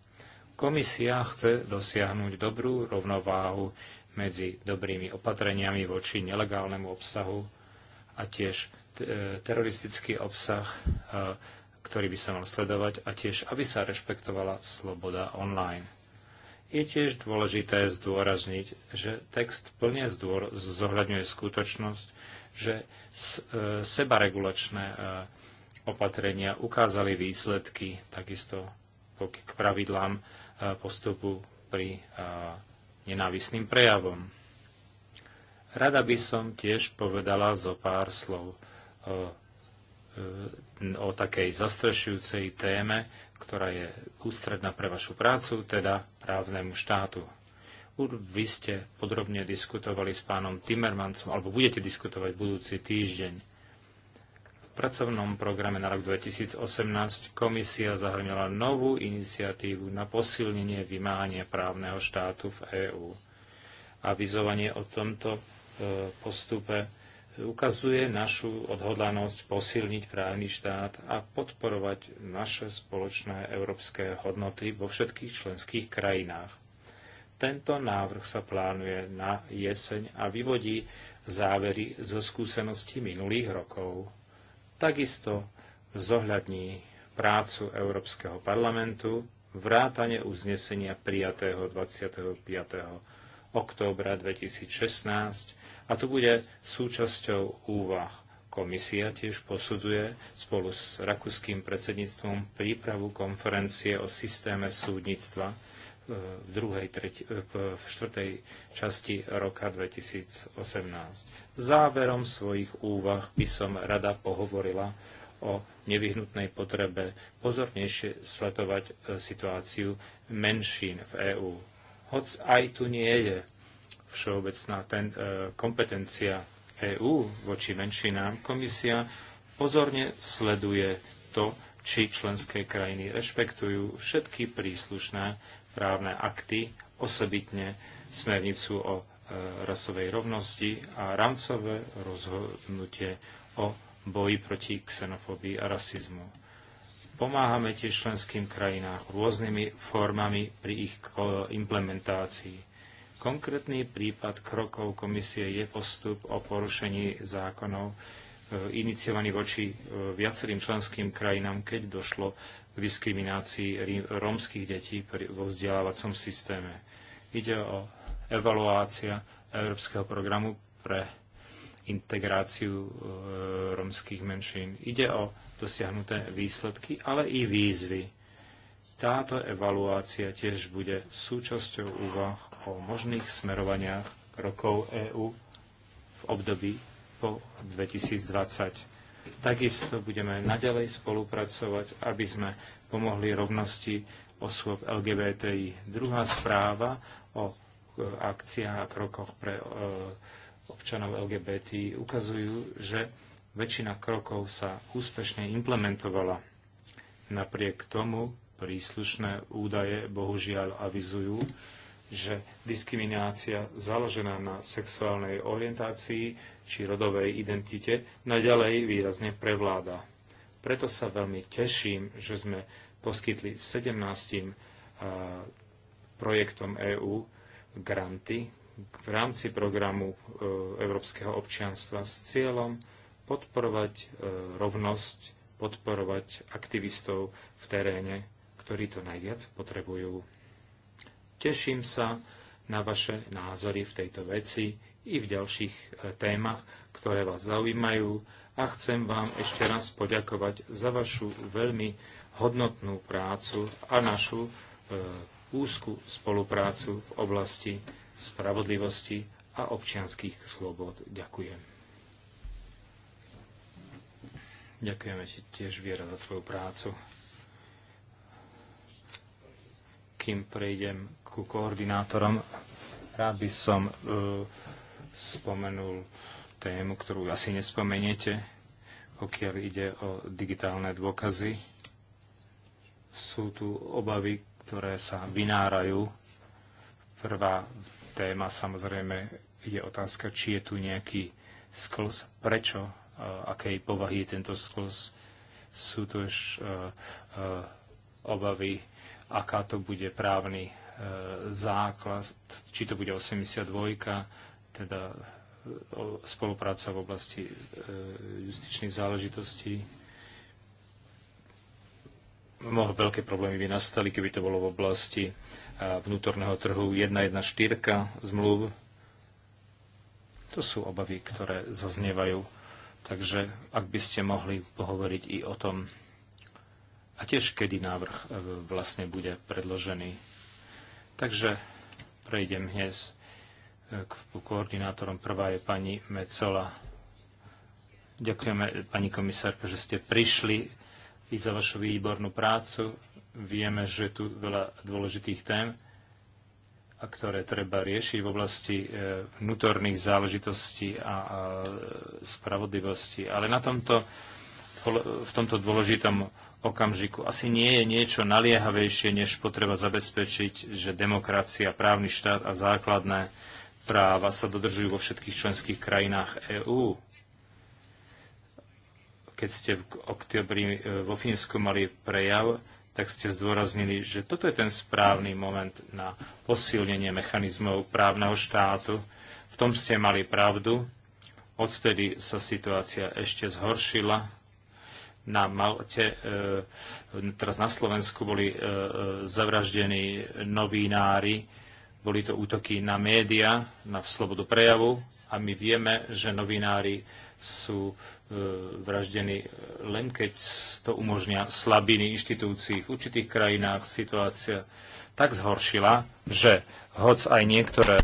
Komisia chce dosiahnuť dobrú rovnováhu medzi dobrými opatreniami voči nelegálnemu obsahu a tiež e, teroristický obsah, ktorý by sa mal sledovať a tiež, aby sa rešpektovala sloboda online. Je tiež dôležité zdôrazniť, že text plne zohľadňuje skutočnosť, že e, sebaregulačné e, opatrenia ukázali výsledky takisto k pravidlám e, postupu pri nenávisným prejavom. Rada by som tiež povedala zo pár slov o, o takej zastrešujúcej téme, ktorá je ústredná pre vašu prácu, teda právnemu štátu. Vy ste podrobne diskutovali s pánom Timmermansom, alebo budete diskutovať budúci týždeň. V pracovnom programe na rok 2018 komisia zahrňala novú iniciatívu na posilnenie vymáhania právneho štátu v EÚ. Avizovanie o tomto e, postupe ukazuje našu odhodlanosť posilniť právny štát a podporovať naše spoločné európske hodnoty vo všetkých členských krajinách. Tento návrh sa plánuje na jeseň a vyvodí závery zo skúseností minulých rokov. Takisto zohľadní prácu Európskeho parlamentu, vrátane uznesenia prijatého 25. októbra 2016 a to bude súčasťou úvah. Komisia tiež posudzuje spolu s rakúským predsedníctvom prípravu konferencie o systéme súdnictva v druhej, treti, v štvrtej časti roka 2018. Záverom svojich úvah by som rada pohovorila o nevyhnutnej potrebe pozornejšie sledovať e, situáciu menšín v EÚ. Hoc aj tu nie je všeobecná ten, e, kompetencia EÚ voči menšinám, komisia pozorne sleduje to, či členské krajiny rešpektujú všetky príslušné právne akty, osobitne smernicu o e, rasovej rovnosti a rámcové rozhodnutie o boji proti xenofóbii a rasizmu. Pomáhame tiež členským krajinách rôznymi formami pri ich implementácii. Konkrétny prípad krokov komisie je postup o porušení zákonov e, iniciovaný voči e, viacerým členským krajinám, keď došlo k diskriminácii rómskych detí vo vzdelávacom systéme. Ide o evaluácia Európskeho programu pre integráciu e, rómskych menšín. Ide o dosiahnuté výsledky, ale i výzvy. Táto evaluácia tiež bude súčasťou úvah o možných smerovaniach krokov EÚ v období po 2020. Takisto budeme naďalej spolupracovať, aby sme pomohli rovnosti osôb LGBTI. Druhá správa o e, akciách a krokoch pre e, občanov LGBTI ukazujú, že väčšina krokov sa úspešne implementovala. Napriek tomu príslušné údaje bohužiaľ avizujú, že diskriminácia založená na sexuálnej orientácii či rodovej identite naďalej výrazne prevláda. Preto sa veľmi teším, že sme poskytli 17 projektom EÚ granty v rámci programu e, Európskeho občianstva s cieľom podporovať e, rovnosť, podporovať aktivistov v teréne, ktorí to najviac potrebujú. Teším sa na vaše názory v tejto veci i v ďalších e, témach, ktoré vás zaujímajú a chcem vám ešte raz poďakovať za vašu veľmi hodnotnú prácu a našu e, úzku spoluprácu v oblasti spravodlivosti a občianských slobod. Ďakujem. Ďakujeme ti tiež, Viera, za tvoju prácu. Kým prejdem ku koordinátorom, rád by som uh, spomenul tému, ktorú asi nespomeniete, pokiaľ ide o digitálne dôkazy. Sú tu obavy, ktoré sa vynárajú. Prvá téma samozrejme je otázka, či je tu nejaký sklz, prečo, akej povahy je tento sklz. Sú tu už e, e, obavy, aká to bude právny e, základ, či to bude 82, teda spolupráca v oblasti e, justičných záležitostí. Mnoho veľké problémy by nastali, keby to bolo v oblasti e, vnútorného trhu 1.1.4 zmluv. To sú obavy, ktoré zaznievajú. Takže ak by ste mohli pohovoriť i o tom, a tiež kedy návrh e, vlastne bude predložený. Takže prejdem hneď k koordinátorom. Prvá je pani Mecola. Ďakujeme, pani komisárka, že ste prišli i za vašu výbornú prácu. Vieme, že tu veľa dôležitých tém, a ktoré treba riešiť v oblasti e, vnútorných záležitostí a spravodlivosti. Ale na tomto, v tomto dôležitom okamžiku asi nie je niečo naliehavejšie, než potreba zabezpečiť, že demokracia, právny štát a základné práva sa dodržujú vo všetkých členských krajinách EÚ. Keď ste v oktobri e, vo Fínsku mali prejav, tak ste zdôraznili, že toto je ten správny moment na posilnenie mechanizmov právneho štátu. V tom ste mali pravdu. Odvtedy sa situácia ešte zhoršila. Na Malte, e, teraz na Slovensku boli e, zavraždení novinári, boli to útoky na média, na slobodu prejavu a my vieme, že novinári sú e, vraždení len keď to umožnia slabiny inštitúcií. V určitých krajinách situácia tak zhoršila, že hoc aj niektoré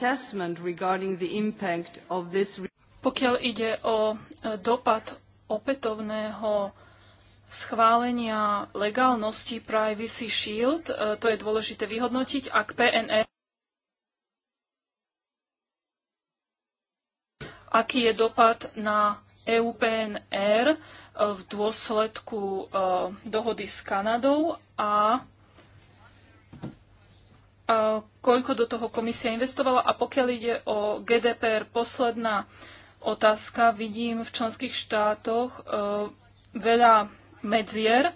assessment regarding the impact of this pokiaľ ide o e, dopad opätovného schválenia legálnosti Privacy Shield, e, to je dôležité vyhodnotiť, ak PNR aký je dopad na EUPNR e, v dôsledku dohody s Kanadou a koľko do toho komisia investovala. A pokiaľ ide o GDPR, posledná otázka, vidím v členských štátoch e, veľa medzier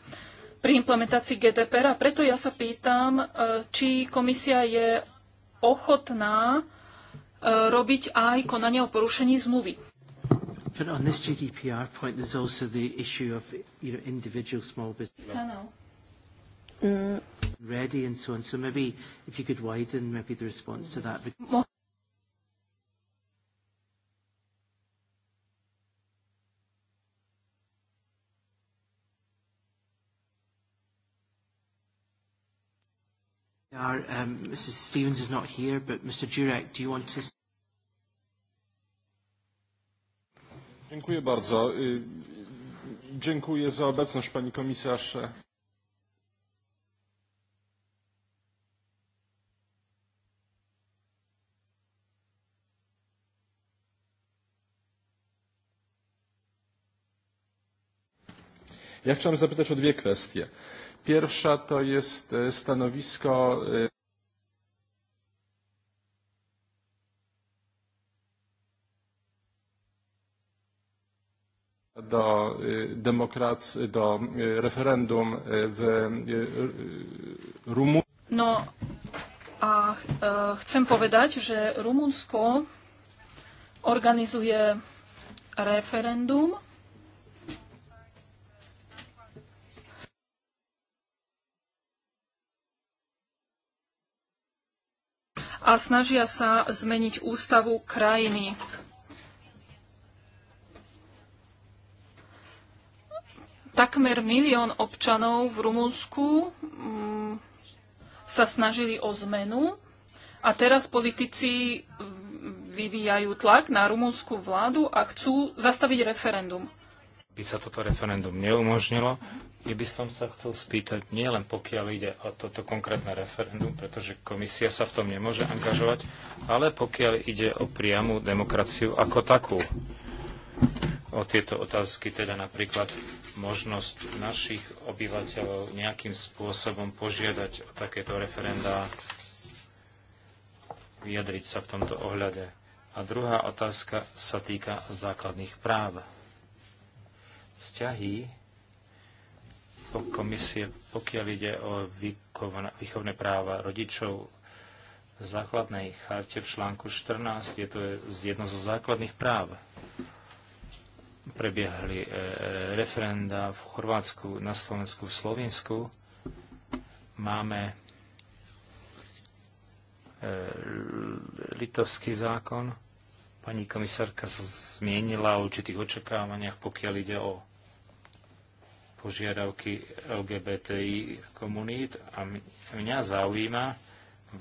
pri implementácii GDPR a preto ja sa pýtam, e, či komisia je ochotná e, robiť aj konanie o porušení zmluvy. But on this GDPR point, there's also the issue of you know, individual small business. No, no. Mm. Ready and so on. So maybe if you could widen maybe the response to that. Our, um, Mrs. Stevens is not here, but Mr. Jurek, do you want to? Dziękuję bardzo. Dziękuję za obecność pani komisarz. Ja chciałem zapytać o dwie kwestie. Pierwsza to jest e, stanowisko e, do, e, demokracji do referendum w Rumunii. No a chcę powiedzieć, że Rumunsko organizuje referendum a snažia sa zmeniť ústavu krajiny. Takmer milión občanov v Rumunsku mm, sa snažili o zmenu a teraz politici mm, vyvíjajú tlak na rumunskú vládu a chcú zastaviť referendum. By sa toto referendum neumožnilo, ja by som sa chcel spýtať, nielen pokiaľ ide o toto konkrétne referendum, pretože komisia sa v tom nemôže angažovať, ale pokiaľ ide o priamu demokraciu ako takú. O tieto otázky, teda napríklad možnosť našich obyvateľov nejakým spôsobom požiadať o takéto referendá, vyjadriť sa v tomto ohľade. A druhá otázka sa týka základných práv. Vzťahy komisie, pokiaľ ide o výchovné práva rodičov v základnej charte v článku 14, je to jedno zo základných práv. Prebiehali e, referenda v Chorvátsku, na Slovensku, v Slovensku. Máme e, litovský zákon. Pani komisárka sa zmienila o určitých očakávaniach, pokiaľ ide o požiadavky LGBTI komunít a mňa zaujíma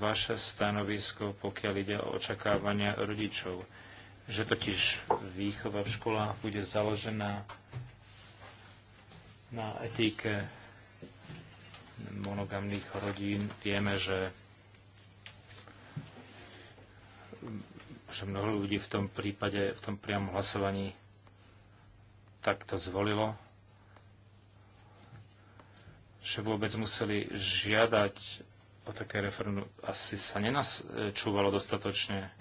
vaše stanovisko, pokiaľ ide o očakávania rodičov. Že totiž výchova v školách bude založená na etike monogamných rodín. Vieme, že, že mnoho ľudí v tom prípade, v tom priamom hlasovaní takto zvolilo že vôbec museli žiadať o také referendum, asi sa nenasčúvalo dostatočne.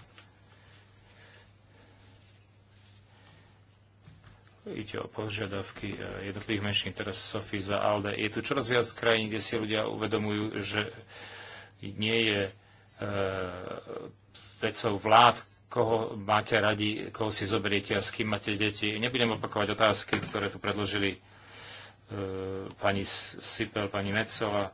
Ide o požiadavky e, jednotlivých menšín, teraz Sofie za Alde. Je tu čoraz viac krajín, kde si ľudia uvedomujú, že nie je e, vecou vlád, koho máte radi, koho si zoberiete a s kým máte deti. Nebudem opakovať otázky, ktoré tu predložili E, pani Sipel, pani Mecova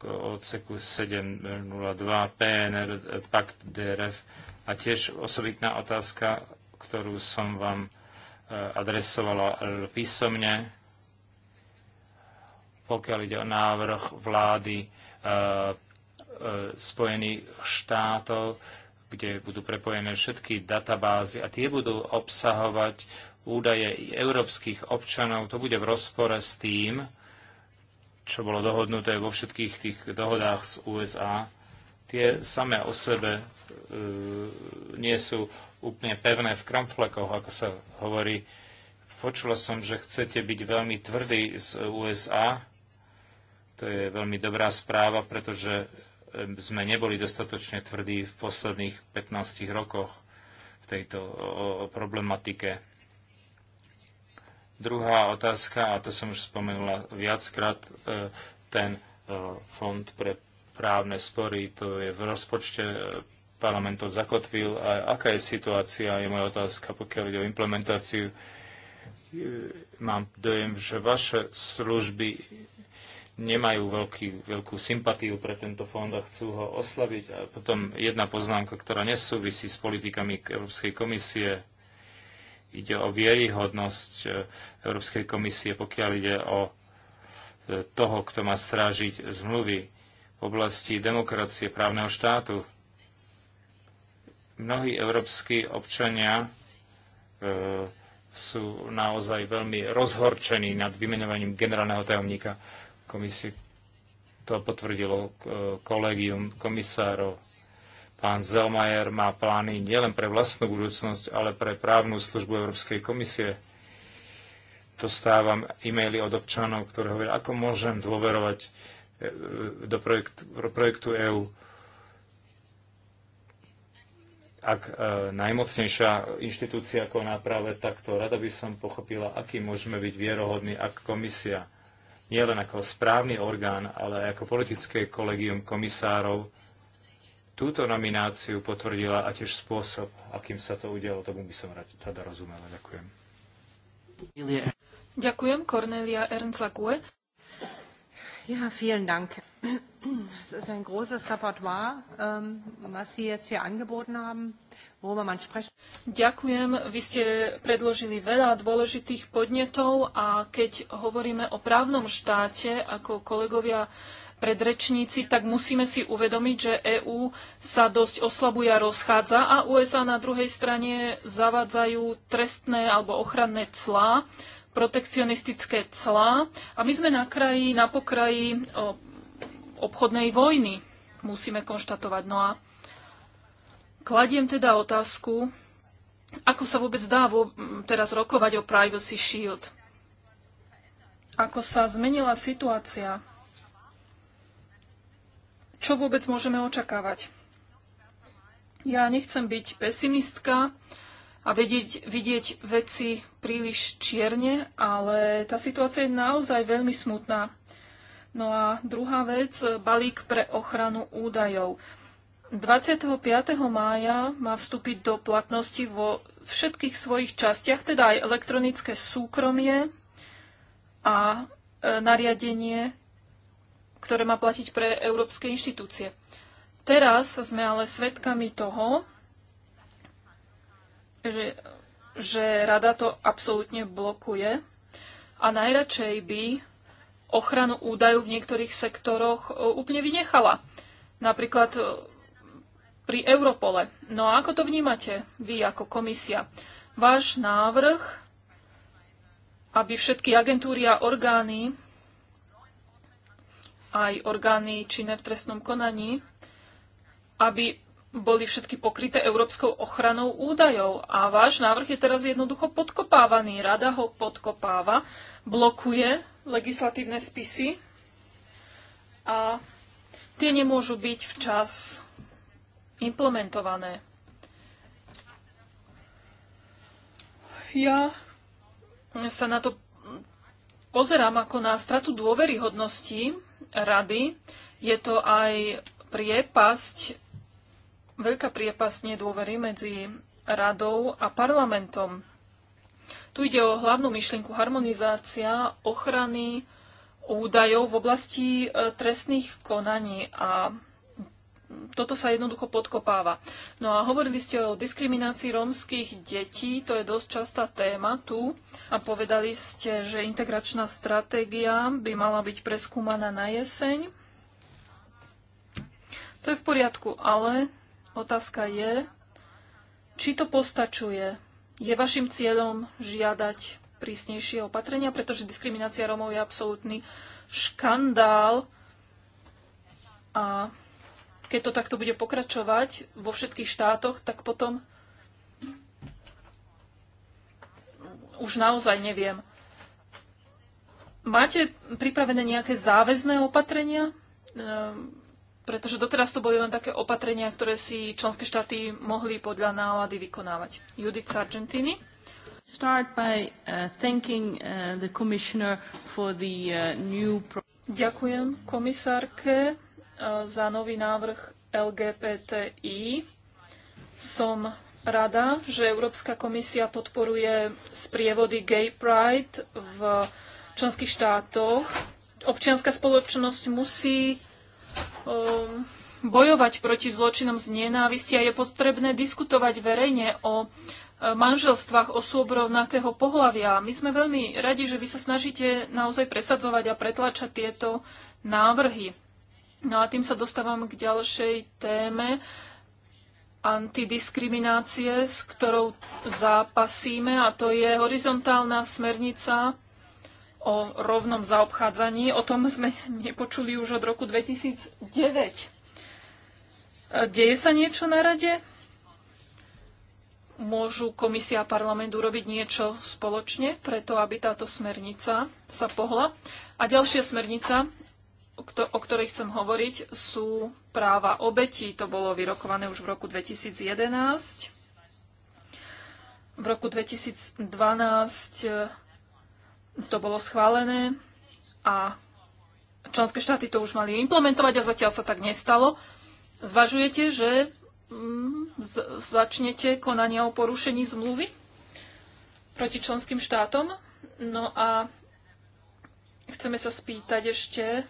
k odseku 702 PNR, e, pakt DRF a tiež osobitná otázka, ktorú som vám e, adresovala písomne, pokiaľ ide o návrh vlády e, e, Spojených štátov, kde budú prepojené všetky databázy a tie budú obsahovať údaje európskych občanov, to bude v rozpore s tým, čo bolo dohodnuté vo všetkých tých dohodách z USA. Tie samé o sebe e, nie sú úplne pevné v kramflekoch, ako sa hovorí. Počula som, že chcete byť veľmi tvrdý z USA. To je veľmi dobrá správa, pretože e, sme neboli dostatočne tvrdí v posledných 15 rokoch v tejto o, o problematike Druhá otázka, a to som už spomenula viackrát, e, ten e, fond pre právne spory, to je v rozpočte e, parlament to zakotvil. A aká je situácia, je moja otázka, pokiaľ ide o implementáciu. Mám dojem, že vaše služby nemajú veľký, veľkú sympatiu pre tento fond a chcú ho oslaviť. A potom jedna poznámka, ktorá nesúvisí s politikami Európskej komisie ide o vieryhodnosť e, Európskej komisie, pokiaľ ide o e, toho, kto má strážiť zmluvy v oblasti demokracie, právneho štátu. Mnohí európsky občania e, sú naozaj veľmi rozhorčení nad vymenovaním generálneho tajomníka komisie. To potvrdilo e, kolegium komisárov Pán Zelmajer má plány nielen pre vlastnú budúcnosť, ale pre právnu službu Európskej komisie. Dostávam e-maily od občanov, ktorí hovoria, ako môžem dôverovať e, do projektu, projektu EÚ, ak e, najmocnejšia inštitúcia náprave, tak takto, rada by som pochopila, aký môžeme byť vierohodní, ak komisia, nielen ako správny orgán, ale aj ako politické kolegium komisárov, túto nomináciu potvrdila a tiež spôsob, akým sa to udialo, tomu by som rada teda rozumela. Ďakujem. Ďakujem, Cornelia Ernst Lakue. Ja, vielen Dank. Es ist ein großes Repertoire, ähm, was Sie jetzt hier angeboten haben. Ďakujem. Vy ste predložili veľa dôležitých podnetov a keď hovoríme o právnom štáte, ako kolegovia predrečníci, tak musíme si uvedomiť, že EÚ sa dosť oslabuje a rozchádza a USA na druhej strane zavádzajú trestné alebo ochranné clá, protekcionistické clá a my sme na kraji, na pokraji obchodnej vojny, musíme konštatovať. No a kladiem teda otázku, ako sa vôbec dá vo, teraz rokovať o Privacy Shield? Ako sa zmenila situácia? čo vôbec môžeme očakávať. Ja nechcem byť pesimistka a vedieť, vidieť veci príliš čierne, ale tá situácia je naozaj veľmi smutná. No a druhá vec, balík pre ochranu údajov. 25. mája má vstúpiť do platnosti vo všetkých svojich častiach, teda aj elektronické súkromie a e, nariadenie ktoré má platiť pre európske inštitúcie. Teraz sme ale svedkami toho, že, že rada to absolútne blokuje a najradšej by ochranu údajov v niektorých sektoroch e, úplne vynechala. Napríklad e, pri Europole. No a ako to vnímate vy ako komisia? Váš návrh, aby všetky agentúry a orgány aj orgány činné v trestnom konaní, aby boli všetky pokryté európskou ochranou údajov. A váš návrh je teraz jednoducho podkopávaný. Rada ho podkopáva, blokuje legislatívne spisy a tie nemôžu byť včas implementované. Ja sa na to pozerám ako na stratu dôveryhodnosti rady. Je to aj priepasť, veľká priepasť nedôvery medzi radou a parlamentom. Tu ide o hlavnú myšlienku harmonizácia ochrany údajov v oblasti e, trestných konaní a toto sa jednoducho podkopáva. No a hovorili ste o diskriminácii rómskych detí, to je dosť častá téma tu. A povedali ste, že integračná stratégia by mala byť preskúmaná na jeseň. To je v poriadku, ale otázka je, či to postačuje. Je vašim cieľom žiadať prísnejšie opatrenia, pretože diskriminácia Rómov je absolútny škandál a keď to takto bude pokračovať vo všetkých štátoch, tak potom už naozaj neviem. Máte pripravené nejaké záväzné opatrenia? Ehm, pretože doteraz to boli len také opatrenia, ktoré si členské štáty mohli podľa nálady vykonávať. Judith Sargentini. Uh, uh, uh, Ďakujem komisárke za nový návrh LGBTI. Som rada, že Európska komisia podporuje sprievody Gay Pride v členských štátoch. Občianská spoločnosť musí um, bojovať proti zločinom z nenávisti a je potrebné diskutovať verejne o e, manželstvách osôb rovnakého pohľavia. My sme veľmi radi, že vy sa snažíte naozaj presadzovať a pretlačať tieto návrhy. No a tým sa dostávam k ďalšej téme antidiskriminácie, s ktorou zápasíme, a to je horizontálna smernica o rovnom zaobchádzaní. O tom sme nepočuli už od roku 2009. Deje sa niečo na rade? Môžu komisia a parlament urobiť niečo spoločne, preto aby táto smernica sa pohla. A ďalšia smernica o ktorých chcem hovoriť, sú práva obetí. To bolo vyrokované už v roku 2011. V roku 2012 eh, to bolo schválené a členské štáty to už mali implementovať a zatiaľ sa tak nestalo. Zvažujete, že mm, začnete konania o porušení zmluvy proti členským štátom? No a chceme sa spýtať ešte,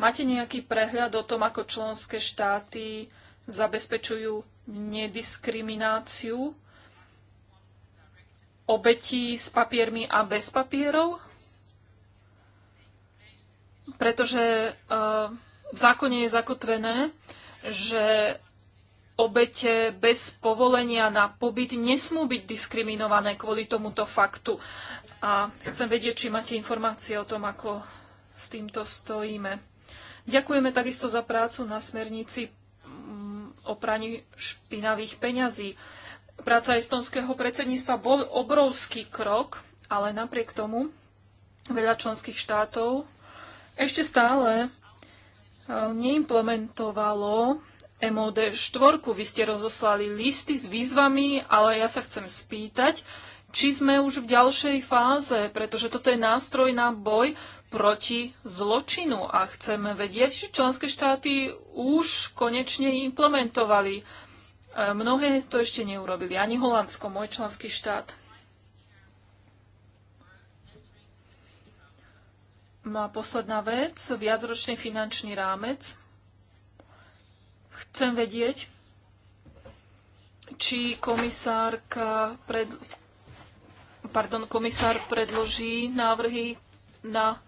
Máte nejaký prehľad o tom, ako členské štáty zabezpečujú nediskrimináciu obetí s papiermi a bez papierov? Pretože e, v zákone je zakotvené, že obete bez povolenia na pobyt nesmú byť diskriminované kvôli tomuto faktu. A chcem vedieť, či máte informácie o tom, ako s týmto stojíme. Ďakujeme takisto za prácu na smernici mm, o praní špinavých peňazí. Práca estonského predsedníctva bol obrovský krok, ale napriek tomu veľa členských štátov ešte stále eh, neimplementovalo MOD 4. Vy ste rozoslali listy s výzvami, ale ja sa chcem spýtať, či sme už v ďalšej fáze, pretože toto je nástroj na boj proti zločinu a chceme vedieť, či členské štáty už konečne implementovali. E, mnohé to ešte neurobili, ani Holandsko, môj členský štát. No a posledná vec, viacročný finančný rámec. Chcem vedieť, či komisárka pred, pardon, komisár predloží návrhy na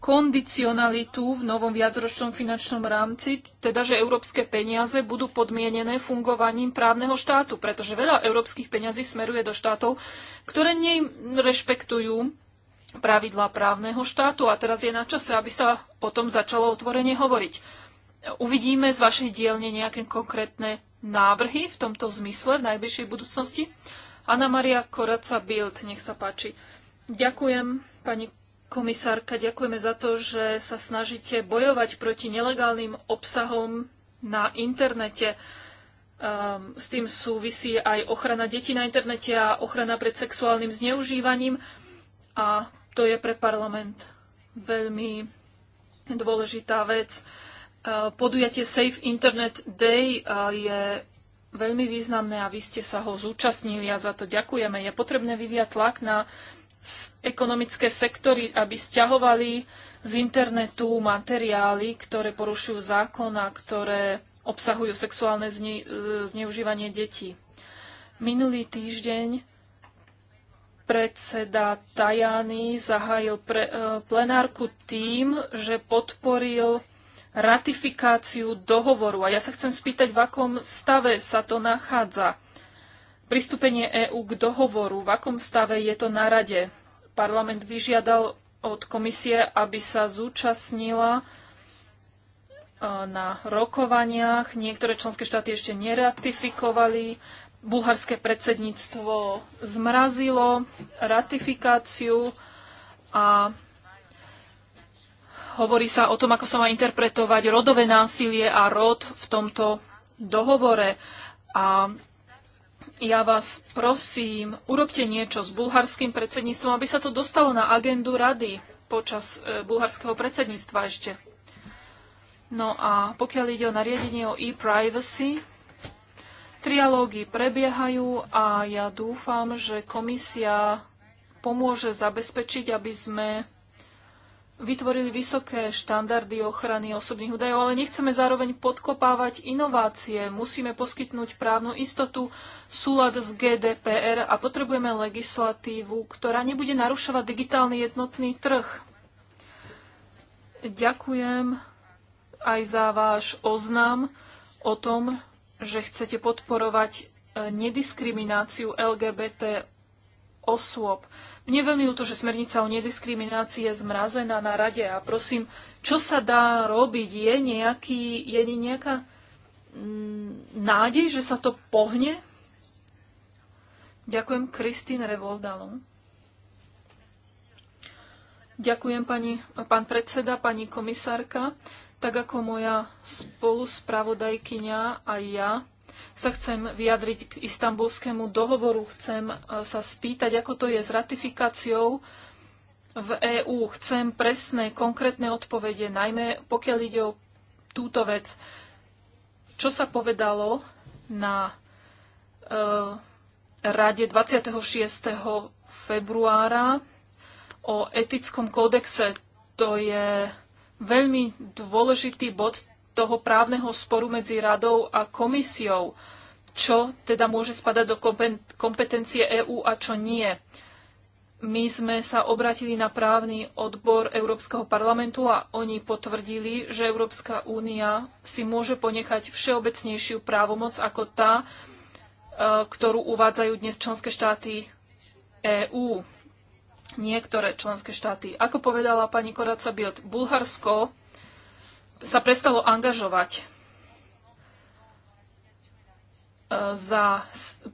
kondicionalitu v novom viacročnom finančnom rámci, teda že európske peniaze budú podmienené fungovaním právneho štátu, pretože veľa európskych peniazí smeruje do štátov, ktoré rešpektujú pravidlá právneho štátu a teraz je na čase, aby sa o tom začalo otvorene hovoriť. Uvidíme z vašej dielne nejaké konkrétne návrhy v tomto zmysle v najbližšej budúcnosti. Anna Maria Koraca Bild, nech sa páči. Ďakujem, pani komisárka, ďakujeme za to, že sa snažíte bojovať proti nelegálnym obsahom na internete. Ehm, s tým súvisí aj ochrana detí na internete a ochrana pred sexuálnym zneužívaním. A to je pre parlament veľmi dôležitá vec. Ehm, podujatie Safe Internet Day je veľmi významné a vy ste sa ho zúčastnili a za to ďakujeme. Je potrebné vyviať tlak na ekonomické sektory, aby stiahovali z internetu materiály, ktoré porušujú zákon a ktoré obsahujú sexuálne zne, e, zneužívanie detí. Minulý týždeň predseda Tajany zahájil pre, e, plenárku tým, že podporil ratifikáciu dohovoru. A ja sa chcem spýtať, v akom stave sa to nachádza pristúpenie EÚ k dohovoru, v akom stave je to na rade. Parlament vyžiadal od komisie, aby sa zúčastnila e, na rokovaniach. Niektoré členské štáty ešte neratifikovali. Bulharské predsedníctvo zmrazilo ratifikáciu a hovorí sa o tom, ako sa má interpretovať rodové násilie a rod v tomto dohovore. A ja vás prosím, urobte niečo s bulharským predsedníctvom, aby sa to dostalo na agendu rady počas e, bulharského predsedníctva ešte. No a pokiaľ ide o nariadenie o e-privacy, trialógy prebiehajú a ja dúfam, že komisia pomôže zabezpečiť, aby sme vytvorili vysoké štandardy ochrany osobných údajov, ale nechceme zároveň podkopávať inovácie. Musíme poskytnúť právnu istotu, súlad s GDPR a potrebujeme legislatívu, ktorá nebude narušovať digitálny jednotný trh. Ďakujem aj za váš oznam o tom, že chcete podporovať eh, nediskrimináciu LGBT osôb. Mne veľmi ľúto, že smernica o nediskriminácii je zmrazená na rade a prosím, čo sa dá robiť? Je, nejaký, je nejaká mm, nádej, že sa to pohne? Ďakujem Kristýn Revoldalom. Ďakujem pani, pán predseda, pani komisárka. Tak ako moja spoluspravodajkyňa a ja, sa chcem vyjadriť k istambulskému dohovoru. Chcem e, sa spýtať, ako to je s ratifikáciou v EÚ. Chcem presné, konkrétne odpovede, najmä pokiaľ ide o túto vec. Čo sa povedalo na uh, rade 26. februára o etickom kódexe? To je veľmi dôležitý bod toho právneho sporu medzi radou a komisiou, čo teda môže spadať do kompetencie EÚ a čo nie. My sme sa obratili na právny odbor Európskeho parlamentu a oni potvrdili, že Európska únia si môže ponechať všeobecnejšiu právomoc ako tá, e, ktorú uvádzajú dnes členské štáty EÚ niektoré členské štáty. Ako povedala pani Koraca Bild, Bulharsko sa prestalo angažovať e, za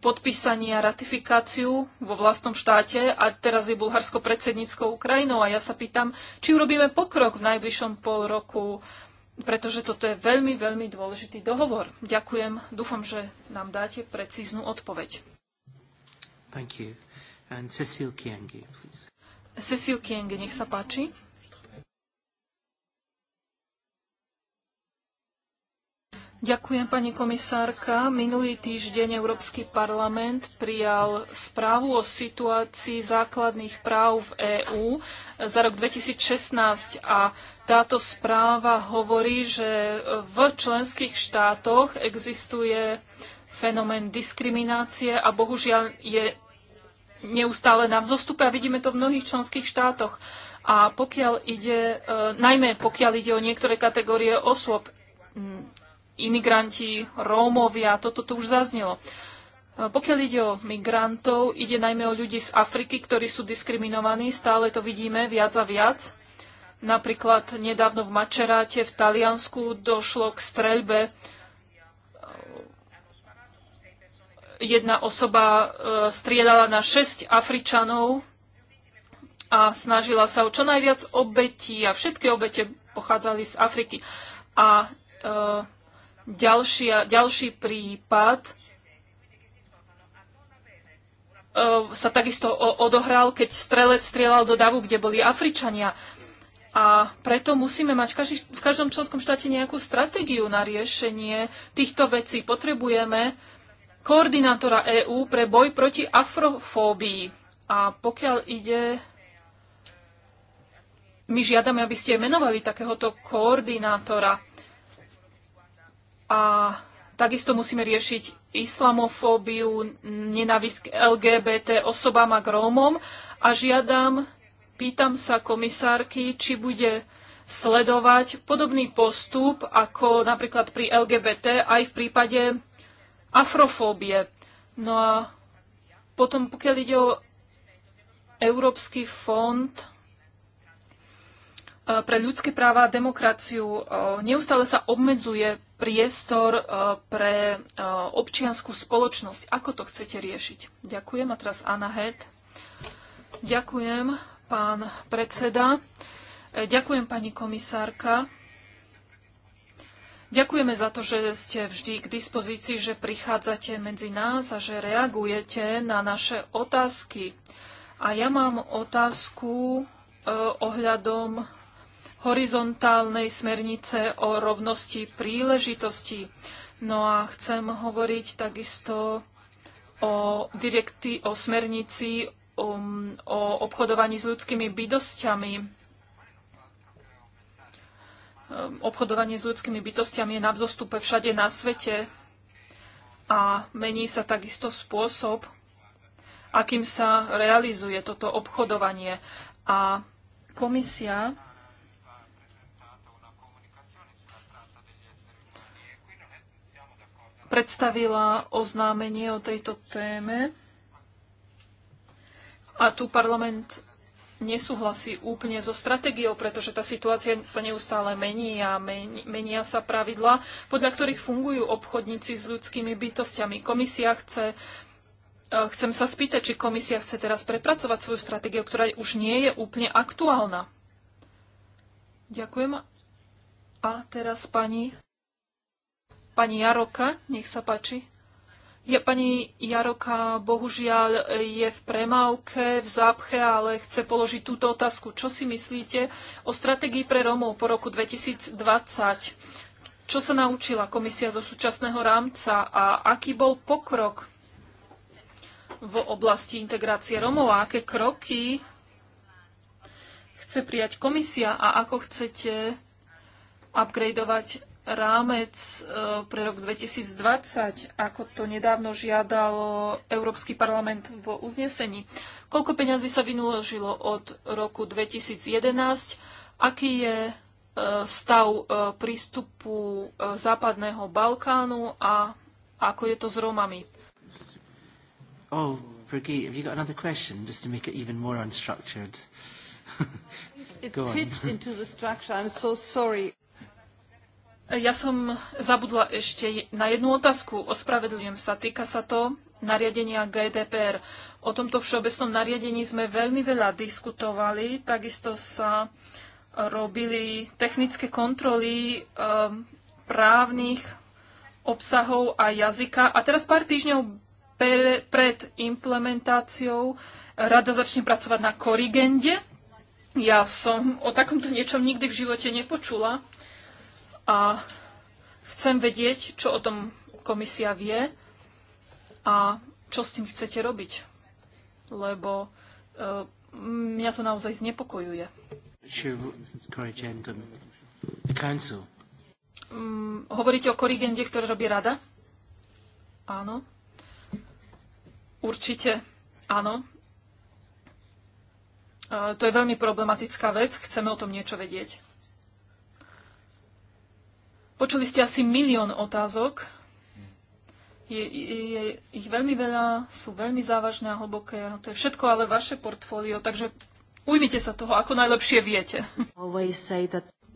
podpísanie a ratifikáciu vo vlastnom štáte a teraz je Bulharsko predsedníckou ukrajinou a ja sa pýtam, či urobíme pokrok v najbližšom pol roku, pretože toto je veľmi, veľmi dôležitý dohovor. Ďakujem, dúfam, že nám dáte precíznu odpoveď. Thank you. And Cecil Kiengi, please. Cecil nech sa páči. Ďakujem, pani komisárka. Minulý týždeň Európsky parlament prijal správu o situácii základných práv v EÚ za rok 2016 a táto správa hovorí, že v členských štátoch existuje fenomén diskriminácie a bohužiaľ je neustále na vzostupe a vidíme to v mnohých členských štátoch. A pokiaľ ide, e, najmä pokiaľ ide o niektoré kategórie osôb, imigranti, Rómovia, toto tu už zaznelo. E, pokiaľ ide o migrantov, ide najmä o ľudí z Afriky, ktorí sú diskriminovaní, stále to vidíme viac a viac. Napríklad nedávno v Mačeráte v Taliansku došlo k streľbe. E, jedna osoba e, striedala na šesť Afričanov a snažila sa o čo najviac obetí a všetky obete pochádzali z Afriky. A Ďalšia, ďalší prípad e, sa takisto odohral, keď strelec strieľal do davu, kde boli Afričania. A preto musíme mať v každom členskom štáte nejakú stratégiu na riešenie týchto vecí. Potrebujeme koordinátora EÚ pre boj proti afrofóbii. A pokiaľ ide. My žiadame, aby ste menovali takéhoto koordinátora. A takisto musíme riešiť islamofóbiu, nenávisť LGBT osobám a k Rómom. A žiadam, pýtam sa komisárky, či bude sledovať podobný postup ako napríklad pri LGBT aj v prípade afrofóbie. No a potom, pokiaľ ide o Európsky fond eh, pre ľudské práva a demokraciu, eh, neustále sa obmedzuje priestor eh, pre eh, občianskú spoločnosť. Ako to chcete riešiť? Ďakujem. A teraz Anna Het. Ďakujem, pán predseda. Eh, ďakujem, pani komisárka. Ďakujeme za to, že ste vždy k dispozícii, že prichádzate medzi nás a že reagujete na naše otázky. A ja mám otázku ohľadom horizontálnej smernice o rovnosti príležitosti. No a chcem hovoriť takisto o, direkty, o smernici o, um, o obchodovaní s ľudskými bytostiami. Um, obchodovanie s ľudskými bytostiami je na vzostupe všade na svete a mení sa takisto spôsob, akým sa realizuje toto obchodovanie. A komisia predstavila oznámenie o tejto téme a tu parlament nesúhlasí úplne so stratégiou, pretože tá situácia sa neustále mení a menia sa pravidla, podľa ktorých fungujú obchodníci s ľudskými bytostiami. Komisia chce e, Chcem sa spýtať, či komisia chce teraz prepracovať svoju stratégiu, ktorá už nie je úplne aktuálna. Ďakujem. A teraz pani Pani Jaroka, nech sa páči. Ja, pani Jaroka bohužiaľ je v premávke, v zápche, ale chce položiť túto otázku. Čo si myslíte o strategii pre Rómov po roku 2020? Čo sa naučila komisia zo súčasného rámca a aký bol pokrok v oblasti integrácie Rómov a aké kroky chce prijať komisia a ako chcete upgradovať rámec e, pre rok 2020, ako to nedávno žiadalo Európsky parlament vo uznesení. Koľko peňazí sa vynúložilo od roku 2011? Aký je e, stav e, prístupu Západného Balkánu a ako je to s Rómami? Oh, Brigitte, have you got another question just to make it even more unstructured? it fits into the structure. I'm so sorry. Ja som zabudla ešte na jednu otázku. Ospravedlňujem sa. Týka sa to nariadenia GDPR. O tomto všeobecnom nariadení sme veľmi veľa diskutovali. Takisto sa robili technické kontroly ehm, právnych obsahov a jazyka. A teraz pár týždňov pred implementáciou rada začne pracovať na korigende. Ja som o takomto niečom nikdy v živote nepočula a chcem vedieť, čo o tom komisia vie a čo s tým chcete robiť. Lebo uh, mňa to naozaj znepokojuje. Um, hovoríte o korigende, ktoré robí rada? Áno. Určite áno. Uh, to je veľmi problematická vec, chceme o tom niečo vedieť. Počuli ste asi milión otázok. Je, je, je ich veľmi veľa, sú veľmi závažné a hlboké. To je všetko ale vaše portfólio, takže ujmite sa toho, ako najlepšie viete.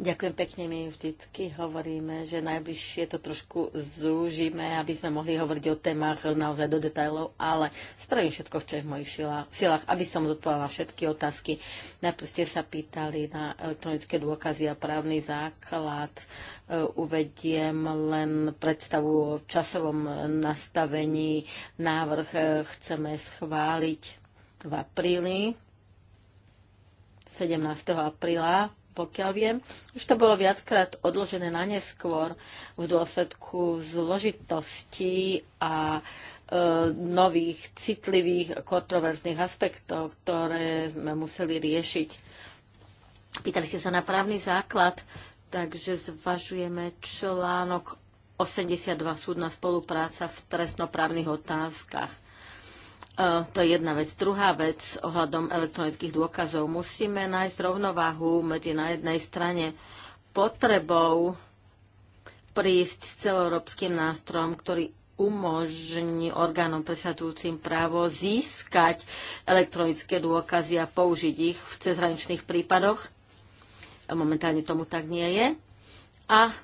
Ďakujem pekne, my vždycky hovoríme, že najbližšie to trošku zúžime, aby sme mohli hovoriť o témach naozaj do detajlov, ale spravím všetko, čo je v mojich silách, aby som zodpovedala všetky otázky. Najprv ste sa pýtali na elektronické dôkazy a právny základ. E, uvediem len predstavu o časovom nastavení. Návrh e, chceme schváliť v apríli 17. apríla, pokiaľ viem. Už to bolo viackrát odložené na neskôr v dôsledku zložitosti a e, nových, citlivých, kontroverzných aspektov, ktoré sme museli riešiť. Pýtali ste sa na právny základ, takže zvažujeme článok 82 súdna spolupráca v trestnoprávnych otázkach E, to je jedna vec. Druhá vec ohľadom elektronických dôkazov. Musíme nájsť rovnováhu medzi na jednej strane potrebou prísť s celoeurópskym nástrojom, ktorý umožní orgánom presadzujúcim právo získať elektronické dôkazy a použiť ich v cezhraničných prípadoch. E, momentálne tomu tak nie je. A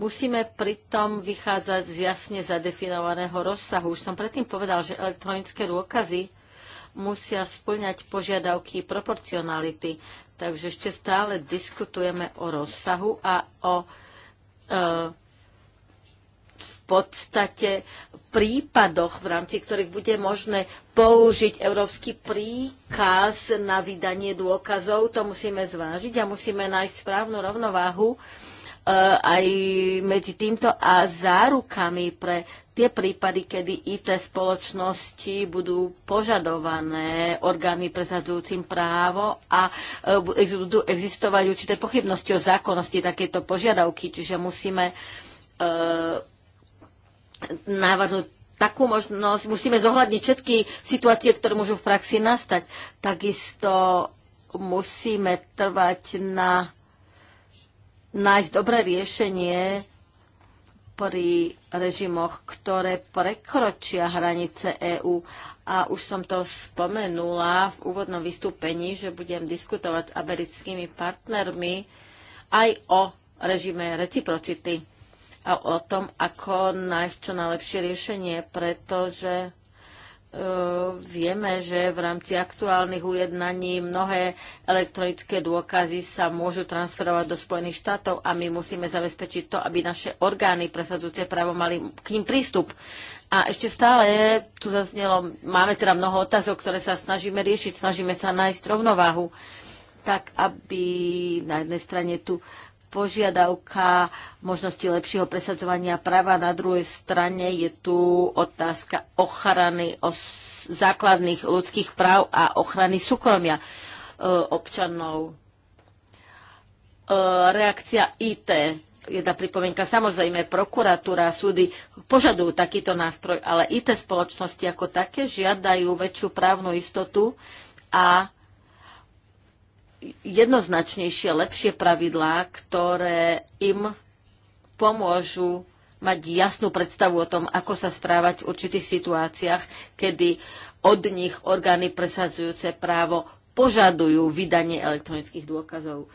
Musíme pritom vychádzať z jasne zadefinovaného rozsahu. Už som predtým povedal, že elektronické dôkazy musia splňať požiadavky proporcionality. Takže ešte stále diskutujeme o rozsahu a o e, v podstate prípadoch, v rámci ktorých bude možné použiť európsky príkaz na vydanie dôkazov. To musíme zvážiť a musíme nájsť správnu rovnováhu e, Eh, aj medzi týmto a zárukami pre tie prípady, kedy IT spoločnosti budú požadované orgány presadzujúcim právo a eh, budú existovať určité pochybnosti o zákonnosti takéto požiadavky, čiže musíme eh, návrhnúť takú možnosť, musíme zohľadniť všetky situácie, ktoré môžu v praxi nastať. Takisto musíme trvať na nájsť dobré riešenie pri režimoch, ktoré prekročia hranice EÚ. A už som to spomenula v úvodnom vystúpení, že budem diskutovať s americkými partnermi aj o režime reciprocity a o tom, ako nájsť čo najlepšie riešenie, pretože Ehm, vieme, že v rámci aktuálnych ujednaní mnohé elektronické dôkazy sa môžu transferovať do Spojených štátov a my musíme zabezpečiť to, aby naše orgány presadzujúce právo mali k ním prístup. A ešte stále tu zaznelo, máme teda mnoho otázok, ktoré sa snažíme riešiť, snažíme sa nájsť rovnováhu, tak aby na jednej strane tu požiadavka možnosti lepšieho presadzovania práva. Na druhej strane je tu otázka ochrany os- základných ľudských práv a ochrany súkromia e, občanov. E, reakcia IT. Jedna pripomienka, samozrejme, prokuratúra a súdy požadujú takýto nástroj, ale IT spoločnosti ako také žiadajú väčšiu právnu istotu a jednoznačnejšie, lepšie pravidlá, ktoré im pomôžu mať jasnú predstavu o tom, ako sa správať v určitých situáciách, kedy od nich orgány presadzujúce právo požadujú vydanie elektronických dôkazov.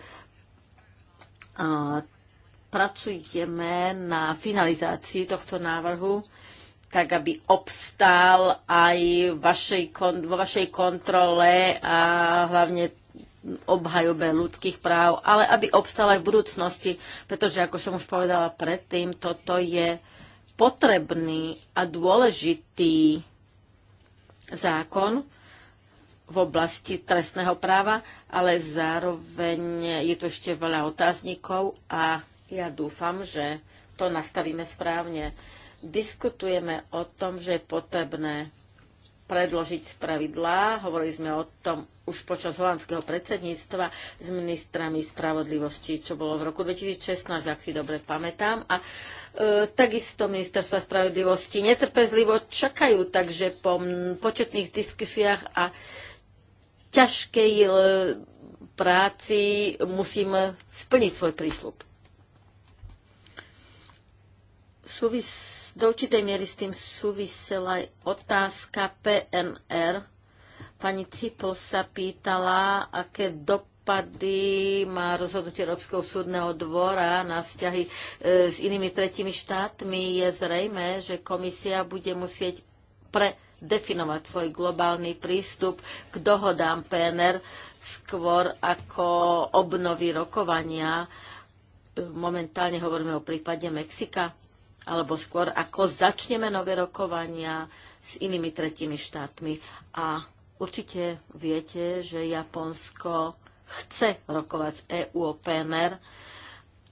Pracujeme na finalizácii tohto návrhu, tak aby obstál aj vašej, vo vašej kontrole a hlavne obhajobe ľudských práv, ale aby obstala aj v budúcnosti, pretože, ako som už povedala predtým, toto je potrebný a dôležitý zákon v oblasti trestného práva, ale zároveň je to ešte veľa otáznikov a ja dúfam, že to nastavíme správne. Diskutujeme o tom, že je potrebné predložiť pravidlá. Hovorili sme o tom už počas holandského predsedníctva s ministrami spravodlivosti, čo bolo v roku 2016, ak si dobre pamätám. A e, takisto ministerstva spravodlivosti netrpezlivo čakajú, takže po m, početných diskusiách a ťažkej e, práci musím splniť svoj prísľub. Súvis do určitej miery s tým súvisela aj otázka PNR. Pani Cipol sa pýtala, aké dopady má rozhodnutie Európskeho súdneho dvora na vzťahy e, s inými tretími štátmi. Je zrejme, že komisia bude musieť predefinovať svoj globálny prístup k dohodám PNR skôr ako obnovy rokovania. E, momentálne hovoríme o prípade Mexika alebo skôr ako začneme nové rokovania s inými tretími štátmi. A určite viete, že Japonsko chce rokovať s EU o PNR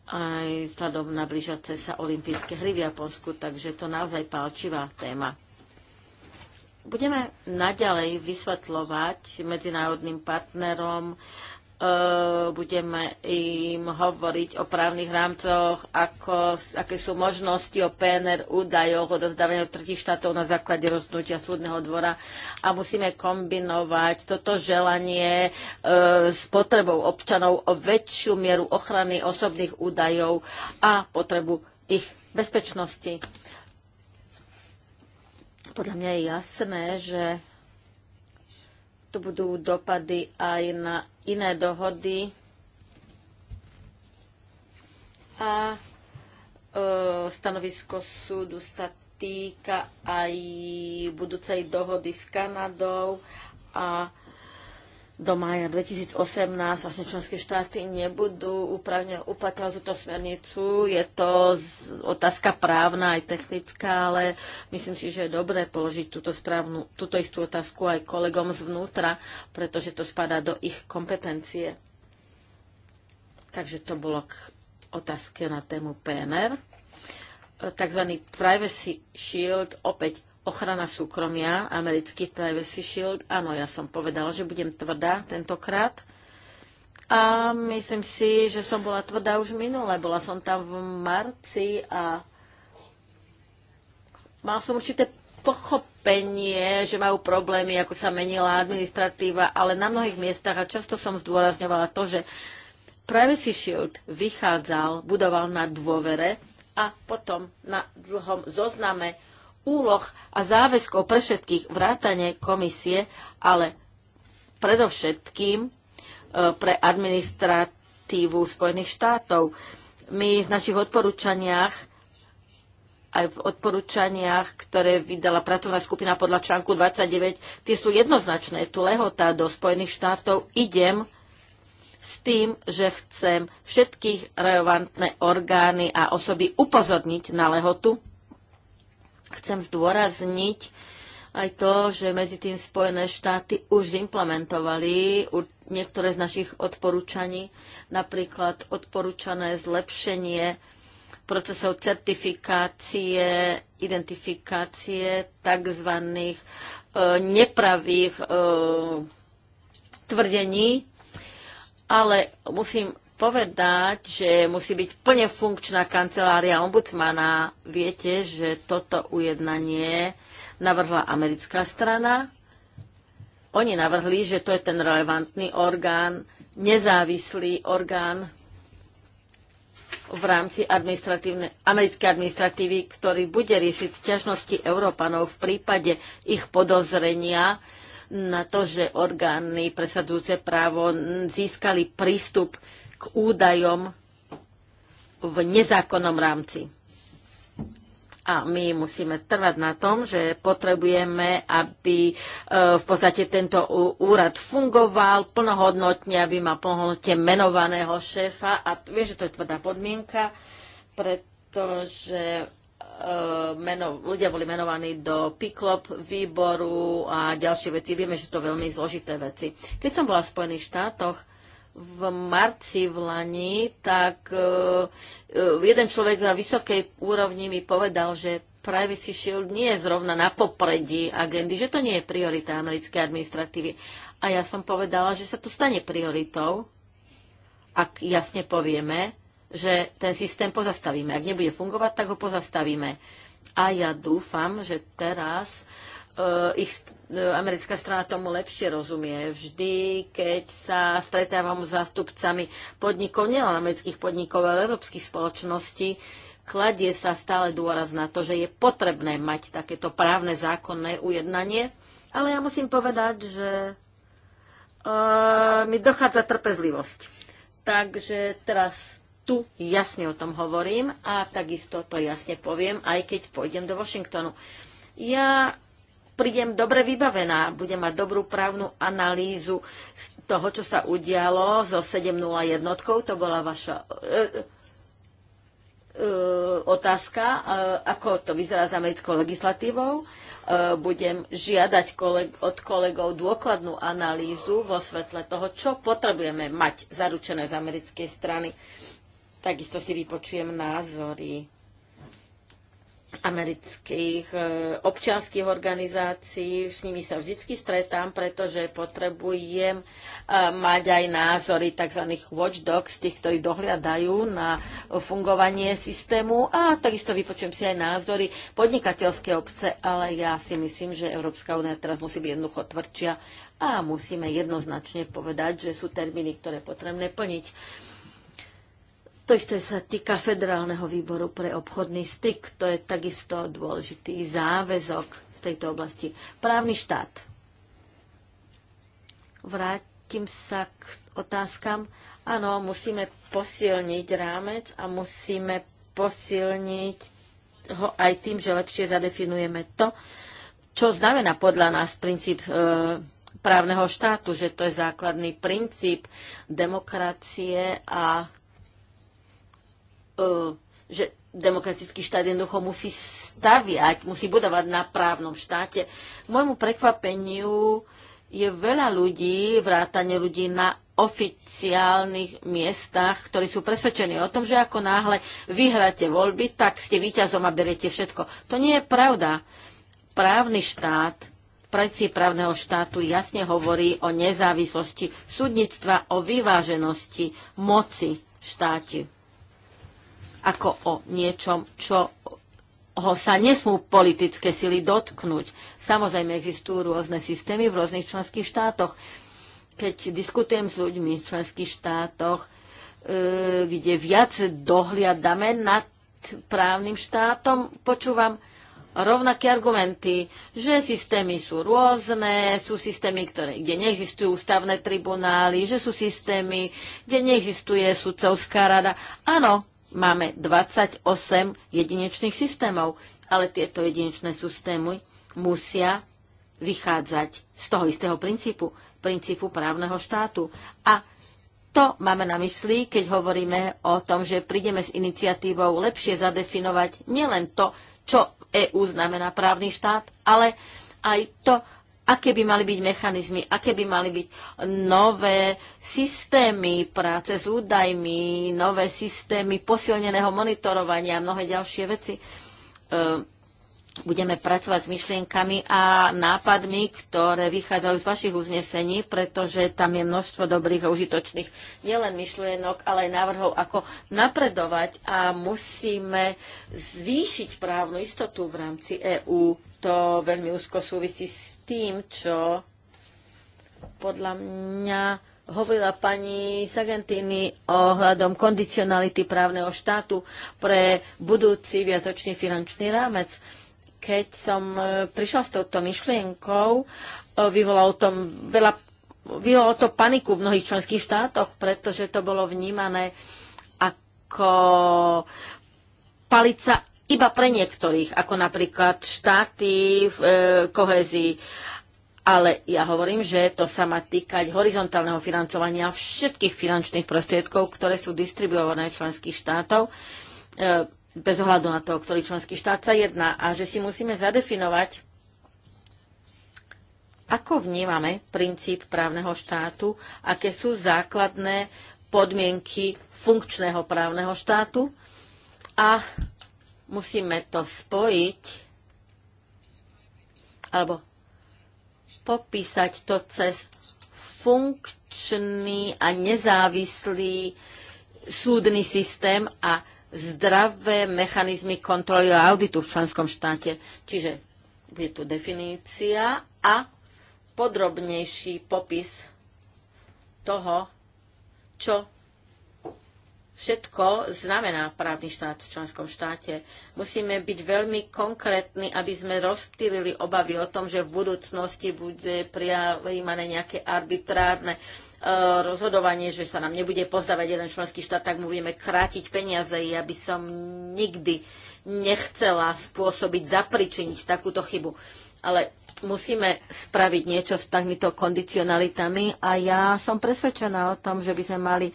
aj vzhľadom na blížiace sa olympijské hry v Japonsku, takže to naozaj palčivá téma. Budeme naďalej vysvetľovať medzinárodným partnerom, Eh, budeme im hovoriť o právnych rámcoch, ako, aké sú možnosti o PNR údajoch, o od tretich štátov na základe rozhodnutia súdneho dvora a musíme kombinovať toto želanie e, s potrebou občanov o väčšiu mieru ochrany osobných údajov a potrebu ich bezpečnosti. Podľa mňa je jasné, že tu budú dopady aj na iné dohody. A e, stanovisko súdu sa týka aj budúcej dohody s Kanadou a do maja 2018 vlastne členské štáty nebudú upravne uplatňovať túto smernicu. Je to otázka právna aj technická, ale myslím si, že je dobré položiť túto, správnu, túto istú otázku aj kolegom zvnútra, pretože to spadá do ich kompetencie. Takže to bolo k otázke na tému PNR. E, takzvaný Privacy Shield opäť ochrana súkromia, americký Privacy Shield. Áno, ja som povedala, že budem tvrdá tentokrát. A myslím si, že som bola tvrdá už minule. Bola som tam v marci a mal som určité pochopenie, že majú problémy, ako sa menila administratíva, ale na mnohých miestach a často som zdôrazňovala to, že Privacy Shield vychádzal, budoval na dôvere a potom na dlhom zozname úloh a záväzkov pre všetkých vrátane komisie, ale predovšetkým e, pre administratívu Spojených štátov. My v našich odporúčaniach aj v odporúčaniach, ktoré vydala pracovná skupina podľa článku 29, tie sú jednoznačné. Tu lehota do Spojených štátov idem s tým, že chcem všetkých relevantné orgány a osoby upozorniť na lehotu Chcem zdôrazniť aj to, že medzi tým Spojené štáty už implementovali niektoré z našich odporúčaní, napríklad odporúčané zlepšenie procesov certifikácie, identifikácie tzv. E, nepravých e, tvrdení, ale musím povedať, že musí byť plne funkčná kancelária ombudsmana. Viete, že toto ujednanie navrhla americká strana. Oni navrhli, že to je ten relevantný orgán, nezávislý orgán v rámci administratívne, americkej administratívy, ktorý bude riešiť sťažnosti Európanov v prípade ich podozrenia na to, že orgány presadzujúce právo získali prístup k údajom v nezákonnom rámci. A my musíme trvať na tom, že potrebujeme, aby e, v podstate tento úrad fungoval plnohodnotne, aby mal plnohodnotne menovaného šéfa. A viem, že to je tvrdá podmienka, pretože e, meno, ľudia boli menovaní do PIKLOP výboru a ďalšie veci. Vieme, že to veľmi zložité veci. Keď som bola v Spojených štátoch, v marci v Lani, tak e, e, jeden človek na vysokej úrovni mi povedal, že Privacy Shield nie je zrovna na popredí agendy, že to nie je priorita americkej administratívy. A ja som povedala, že sa to stane prioritou, ak jasne povieme, že ten systém pozastavíme. Ak nebude fungovať, tak ho pozastavíme. A ja dúfam, že teraz uh, ich americká strana tomu lepšie rozumie. Vždy, keď sa stretávam s zástupcami podnikov, nielen amerických podnikov, ale európskych spoločností, kladie sa stále dôraz na to, že je potrebné mať takéto právne zákonné ujednanie, ale ja musím povedať, že uh, mi dochádza trpezlivosť. Takže teraz tu jasne o tom hovorím a takisto to jasne poviem, aj keď pôjdem do Washingtonu. Ja prídem dobre vybavená, budem mať dobrú právnu analýzu z toho, čo sa udialo so 701. To bola vaša e, e, e, otázka, e, ako to vyzerá s americkou legislatívou. E, budem žiadať koleg- od kolegov dôkladnú analýzu vo svetle toho, čo potrebujeme mať zaručené z americkej strany. Takisto si vypočujem názory amerických e, občianských organizácií, s nimi sa vždy stretám, pretože potrebujem e, mať aj názory tzv. watchdogs, tých, ktorí dohľadajú na fungovanie systému a takisto vypočujem si aj názory podnikateľské obce, ale ja si myslím, že Európska únia teraz musí byť jednoducho tvrdšia a musíme jednoznačne povedať, že sú termíny, ktoré potrebné plniť to isté sa týka Federálneho výboru pre obchodný styk. To je takisto dôležitý záväzok v tejto oblasti. Právny štát. Vrátim sa k otázkam. Áno, musíme posilniť rámec a musíme posilniť ho aj tým, že lepšie zadefinujeme to, čo znamená podľa nás princíp e, právneho štátu, že to je základný princíp demokracie a E, že demokratický štát jednoducho musí staviať, musí budovať na právnom štáte. K môjmu prekvapeniu je veľa ľudí, vrátane ľudí na oficiálnych miestach, ktorí sú presvedčení o tom, že ako náhle vyhráte voľby, tak ste víťazom a beriete všetko. To nie je pravda. Právny štát, predsi právneho štátu jasne hovorí o nezávislosti súdnictva, o vyváženosti moci štáti ako o niečom, čo ho sa nesmú politické sily dotknúť. Samozrejme existujú rôzne systémy v rôznych členských štátoch. Keď diskutujem s ľuďmi v členských štátoch, e, kde viac dohliadame nad právnym štátom, počúvam rovnaké argumenty, že systémy sú rôzne, sú systémy, ktoré, kde neexistujú ústavné tribunály, že sú systémy, kde neexistuje sudcovská rada. Áno, máme 28 jedinečných systémov, ale tieto jedinečné systémy musia vychádzať z toho istého princípu, princípu právneho štátu. A to máme na mysli, keď hovoríme o tom, že prídeme s iniciatívou lepšie zadefinovať nielen to, čo EÚ znamená právny štát, ale aj to, aké by mali byť mechanizmy, aké by mali byť nové systémy práce s údajmi, nové systémy posilneného monitorovania a mnohé ďalšie veci. Ehm, budeme pracovať s myšlienkami a nápadmi, ktoré vychádzajú z vašich uznesení, pretože tam je množstvo dobrých a užitočných nielen myšlienok, ale aj návrhov, ako napredovať a musíme zvýšiť právnu istotu v rámci EÚ. To veľmi úzko súvisí s tým, čo podľa mňa hovorila pani Sagentini ohľadom kondicionality právneho štátu pre budúci viacočný finančný rámec keď som e, prišla s touto myšlienkou, e, vyvolalo, to, veľa, vyvolalo to paniku v mnohých členských štátoch, pretože to bolo vnímané ako palica iba pre niektorých, ako napríklad štáty v e, kohezii. Ale ja hovorím, že to sa má týkať horizontálneho financovania všetkých finančných prostriedkov, ktoré sú distribuované členských štátov. E, bez ohľadu na to, ktorý členský štát sa jedná a že si musíme zadefinovať, ako vnímame princíp právneho štátu, aké sú základné podmienky funkčného právneho štátu a musíme to spojiť alebo popísať to cez funkčný a nezávislý súdny systém a zdravé mechanizmy kontroly a auditu v členskom štáte. Čiže je tu definícia a podrobnejší popis toho, čo všetko znamená právny štát v členskom štáte. Musíme byť veľmi konkrétni, aby sme rozptýlili obavy o tom, že v budúcnosti bude prijímané nejaké arbitrárne rozhodovanie, že sa nám nebude pozdávať jeden členský štát, tak mu budeme krátiť peniaze. Ja by som nikdy nechcela spôsobiť, zapričiniť takúto chybu. Ale musíme spraviť niečo s takýmito kondicionalitami a ja som presvedčená o tom, že by sme mali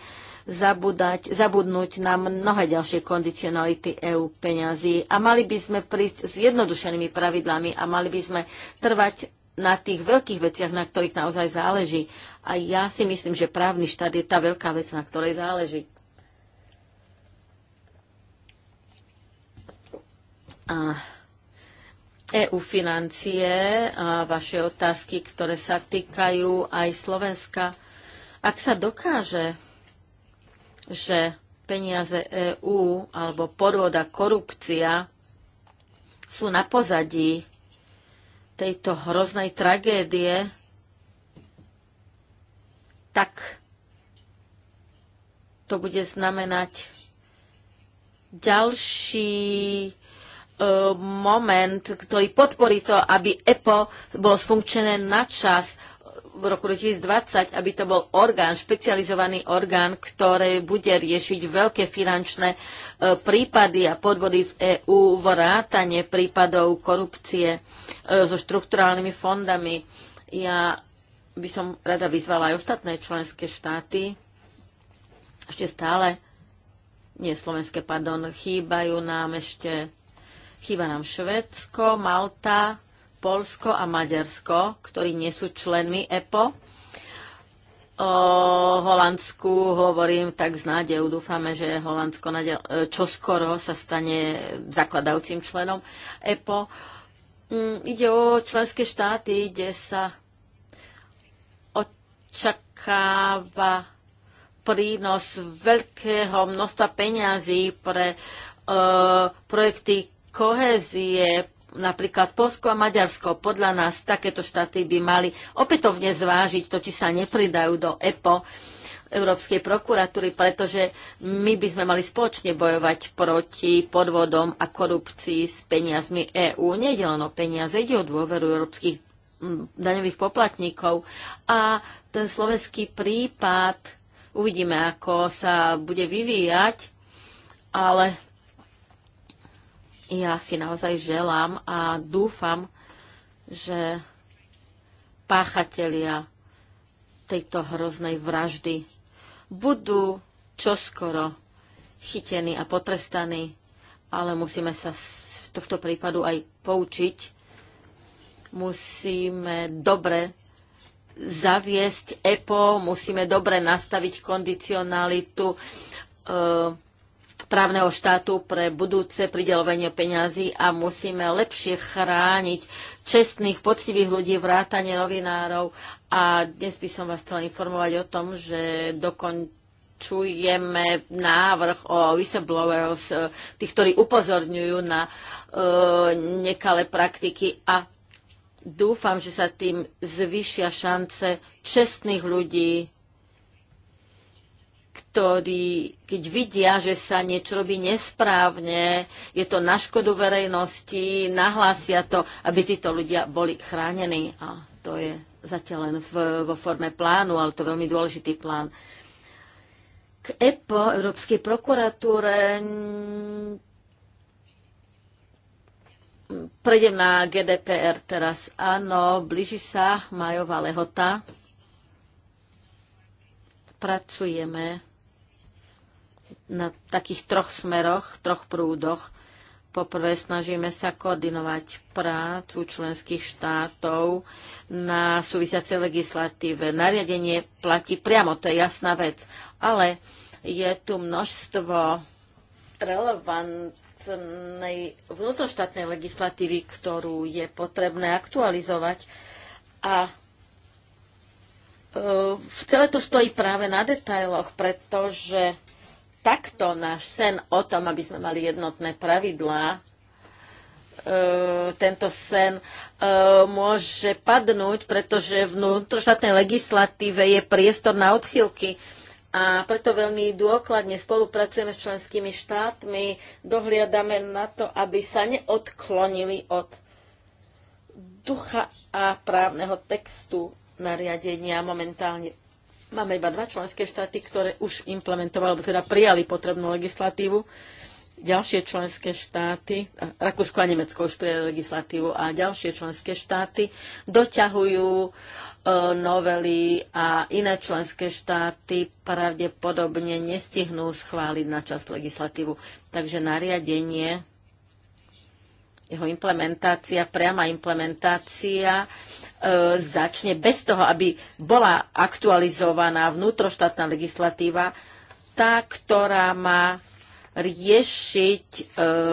zabúdať, zabudnúť na mnohé ďalšie kondicionality EU peňazí a mali by sme prísť s jednodušenými pravidlami a mali by sme trvať na tých veľkých veciach, na ktorých naozaj záleží. A ja si myslím, že právny štát je tá veľká vec, na ktorej záleží. A EU financie a vaše otázky, ktoré sa týkajú aj Slovenska. Ak sa dokáže, že peniaze EÚ alebo podvod a korupcia sú na pozadí tejto hroznej tragédie, tak to bude znamenať ďalší e, moment, ktorý podporí to, aby EPO bolo sfunkčené na čas v roku 2020, aby to bol orgán, špecializovaný orgán, ktorý bude riešiť veľké finančné e, prípady a podvody v EÚ, vrátanie prípadov korupcie e, so štrukturálnymi fondami. Ja by som rada vyzvala aj ostatné členské štáty, ešte stále, nie slovenské, pardon, chýbajú nám ešte, chýba nám Švedsko, Malta, Polsko a Maďarsko, ktorí nie sú členmi EPO. O Holandsku hovorím tak s nádejou, dúfame, že Holandsko e, čoskoro sa stane zakladajúcim členom EPO. Mm, ide o členské štáty, kde sa očakáva prínos veľkého množstva peňazí pre e, projekty kohézie, napríklad Polsko a Maďarsko. Podľa nás takéto štáty by mali opätovne zvážiť to, či sa nepridajú do EPO, Európskej prokuratúry, pretože my by sme mali spoločne bojovať proti podvodom a korupcii s peniazmi EÚ. Nejde len o peniaze, ide o dôveru európskych daňových poplatníkov. A ten slovenský prípad, uvidíme, ako sa bude vyvíjať, ale ja si naozaj želám a dúfam, že páchatelia tejto hroznej vraždy budú čoskoro chytení a potrestaní, ale musíme sa z tohto prípadu aj poučiť. Musíme dobre zaviesť EPO, musíme dobre nastaviť kondicionalitu. E, právneho štátu pre budúce pridelovanie peňazí a musíme lepšie chrániť čestných, poctivých ľudí, vrátanie novinárov. A dnes by som vás chcela informovať o tom, že dokončujeme čujeme návrh o whistleblowers, e, tých, ktorí upozorňujú na e, nekalé praktiky a dúfam, že sa tým zvyšia šance čestných ľudí ktorí, keď vidia, že sa niečo robí nesprávne, je to na škodu verejnosti, nahlásia to, aby títo ľudia boli chránení. A to je zatiaľ len v, vo forme plánu, ale to je veľmi dôležitý plán. K EPO, Európskej prokuratúre, prejdem na GDPR teraz. Áno, blíži sa majová lehota pracujeme na takých troch smeroch, troch prúdoch. Poprvé snažíme sa koordinovať prácu členských štátov na súvisiace legislatíve. Nariadenie platí priamo, to je jasná vec, ale je tu množstvo relevantnej vnútroštátnej legislatívy, ktorú je potrebné aktualizovať. A e, v celé to stojí práve na detailoch, pretože takto náš sen o tom, aby sme mali jednotné pravidlá, e, tento sen e, môže padnúť, pretože v vnútroštátnej legislatíve je priestor na odchylky. A preto veľmi dôkladne spolupracujeme s členskými štátmi, dohliadame na to, aby sa neodklonili od ducha a právneho textu nariadenia momentálne Máme iba dva členské štáty, ktoré už implementovali, alebo teda prijali potrebnú legislatívu. Ďalšie členské štáty, Rakúsko a Nemecko už prijali legislatívu a ďalšie členské štáty doťahujú e, novely a iné členské štáty pravdepodobne nestihnú schváliť na čas legislatívu. Takže nariadenie jeho implementácia, priama implementácia E, začne bez toho, aby bola aktualizovaná vnútroštátna legislatíva, tá, ktorá má riešiť e,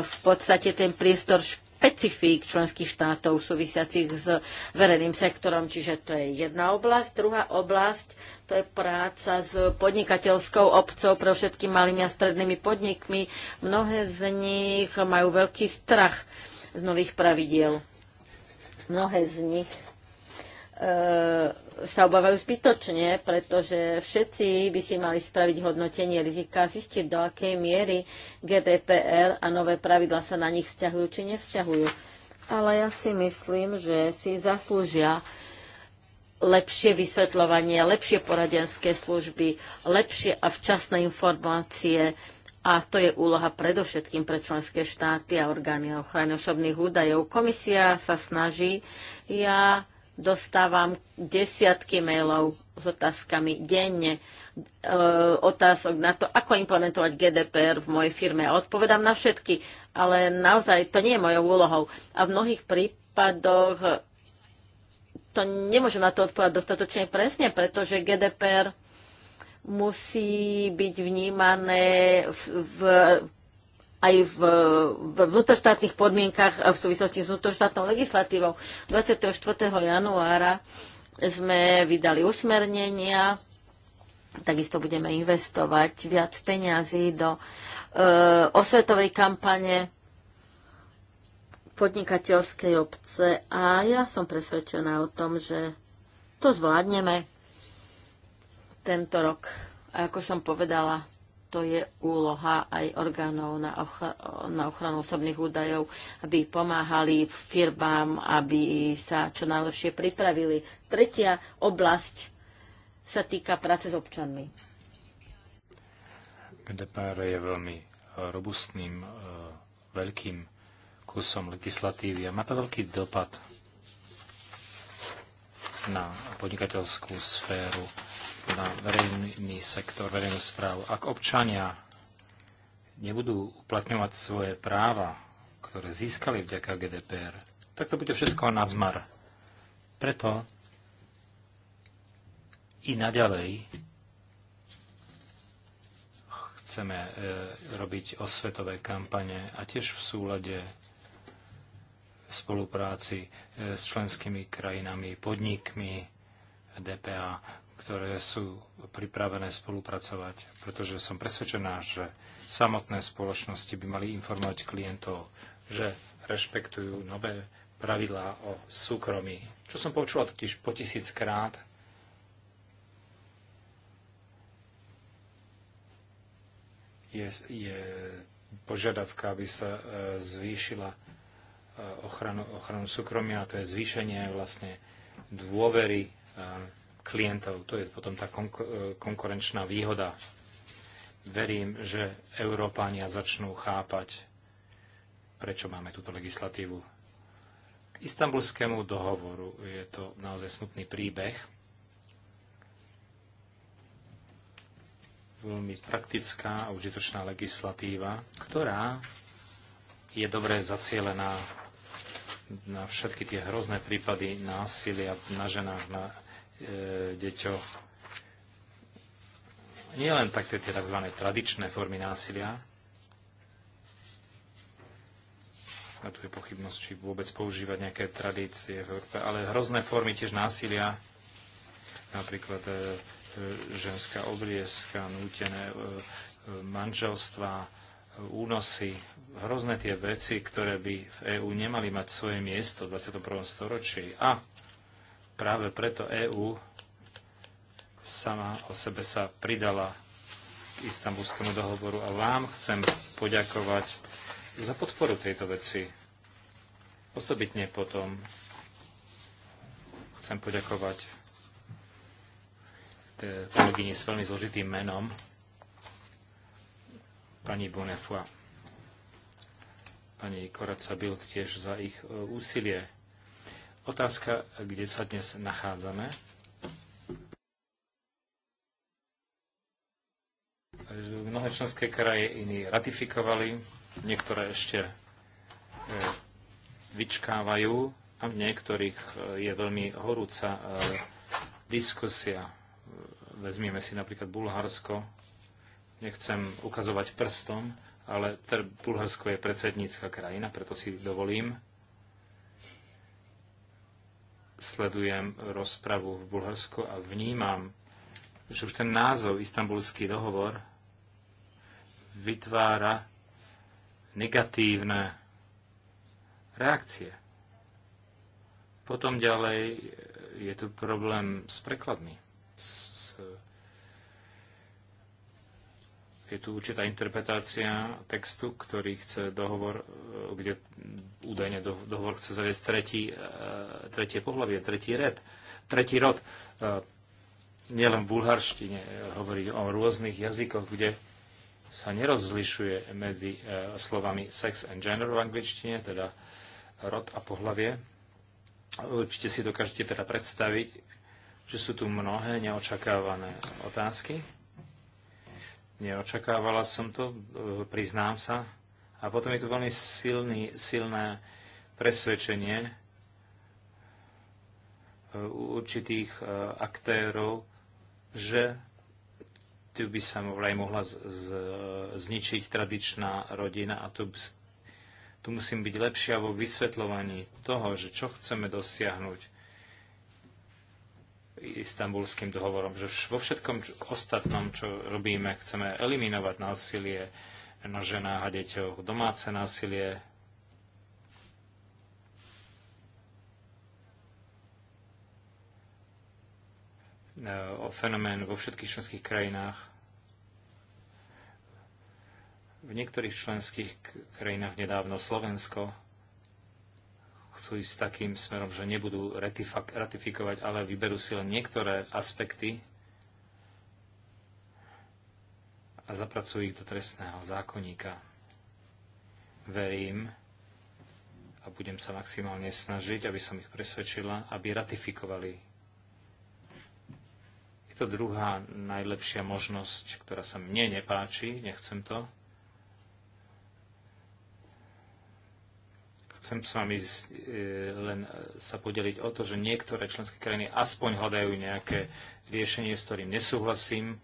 v podstate ten priestor špecifík členských štátov súvisiacich s verejným sektorom. Čiže to je jedna oblasť. Druhá oblasť to je práca s podnikateľskou obcou pre všetky malými a strednými podnikmi. Mnohé z nich majú veľký strach z nových pravidiel. Mnohé z nich E, sa obávajú zbytočne, pretože všetci by si mali spraviť hodnotenie rizika a zistiť, do akej miery GDPR a nové pravidla sa na nich vzťahujú či nevzťahujú. Ale ja si myslím, že si zaslúžia lepšie vysvetľovanie, lepšie poradenské služby, lepšie a včasné informácie, a to je úloha predovšetkým pre členské štáty a orgány ochrany osobných údajov. Komisia sa snaží, ja dostávam desiatky mailov s otázkami denne, e, otázok na to, ako implementovať GDPR v mojej firme. A odpovedám na všetky, ale naozaj to nie je mojou úlohou. A v mnohých prípadoch to nemôžem na to odpovedať dostatočne presne, pretože GDPR musí byť vnímané v, v aj v, v vnútroštátnych podmienkach v súvislosti s vnútroštátnou legislatívou. 24. januára sme vydali usmernenia, takisto budeme investovať viac peňazí do e, osvetovej kampane podnikateľskej obce a ja som presvedčená o tom, že to zvládneme tento rok. A ako som povedala, to je úloha aj orgánov na, ochr- na ochranu osobných údajov, aby pomáhali firmám, aby sa čo najlepšie pripravili. Tretia oblasť sa týka práce s občanmi. GDPR je veľmi robustným, e, veľkým kusom legislatívy a má to veľký dopad na podnikateľskú sféru na verejný sektor, verejnú správu. Ak občania nebudú uplatňovať svoje práva, ktoré získali vďaka GDPR, tak to bude všetko na zmar. Preto i naďalej chceme e, robiť osvetové kampane a tiež v súlade v spolupráci e, s členskými krajinami, podnikmi DPA ktoré sú pripravené spolupracovať, pretože som presvedčená, že samotné spoločnosti by mali informovať klientov, že rešpektujú nové pravidlá o súkromí. Čo som počula totiž po tisíckrát, je, je požiadavka, aby sa e, zvýšila e, ochranu, ochranu súkromia, a to je zvýšenie vlastne dôvery klientov. To je potom tá e, konkurenčná výhoda. Verím, že Európania začnú chápať, prečo máme túto legislatívu. K istambulskému dohovoru je to naozaj smutný príbeh. Veľmi praktická a užitočná legislatíva, ktorá je dobre zacielená na všetky tie hrozné prípady násilia na ženách, na E, deťoch. Nie len také tie tzv. tradičné formy násilia, a tu je pochybnosť, či vôbec používať nejaké tradície v Európe, ale hrozné formy tiež násilia, napríklad e, e ženská obriezka, nútené e, e, manželstva, únosy, hrozné tie veci, ktoré by v EÚ nemali mať svoje miesto v 21. storočí. A Práve preto EÚ sama o sebe sa pridala k istambulskému dohovoru a vám chcem poďakovať za podporu tejto veci. Osobitne potom chcem poďakovať kolegyni s veľmi zložitým menom, pani Bonefua, pani Koraca Bild tiež za ich e, úsilie Otázka, kde sa dnes nachádzame. Mnohé členské kraje iní ratifikovali, niektoré ešte e, vyčkávajú a v niektorých e, je veľmi horúca e, diskusia. Vezmieme si napríklad Bulharsko. Nechcem ukazovať prstom, ale Bulharsko je predsednícka krajina, preto si dovolím sledujem rozpravu v Bulharsku a vnímam, že už ten názov Istanbulský dohovor vytvára negatívne reakcie. Potom ďalej je tu problém s prekladmi, s Je tu určitá interpretácia textu, ktorý chce dohovor, e, kde údajne dohovor chce zaviesť tretí, e, tretie pohľavie, tretí red, tretí rod. E, nielen v bulharštine hovorí o rôznych jazykoch, kde sa nerozlišuje medzi slovami sex and gender v angličtine, teda rod a pohlavie. Určite si dokážete teda predstaviť, že sú tu mnohé neočakávané otázky. Neočakávala som to, e, priznám sa. A potom je tu veľmi silný, silné presvedčenie e, určitých e, aktérov, že tu by sa aj mohla z, z, zničiť tradičná rodina a tu, tu musím byť lepšia vo vysvetľovaní toho, že čo chceme dosiahnuť istambulským dohovorom, že vo všetkom čo, ostatnom, čo robíme, chceme eliminovať násilie na ženách a deťoch, domáce násilie, e, o fenomén vo všetkých členských krajinách. V niektorých členských krajinách nedávno Slovensko chcú ísť takým smerom, že nebudú ratifikovať, ale vyberú si len niektoré aspekty a zapracujú ich do trestného zákonníka. Verím a budem sa maximálne snažiť, aby som ich presvedčila, aby ratifikovali. Je to druhá najlepšia možnosť, ktorá sa mne nepáči, nechcem to, Chcem s vami e, len e, sa podeliť o to, že niektoré členské krajiny aspoň hľadajú nejaké riešenie, s ktorým nesúhlasím.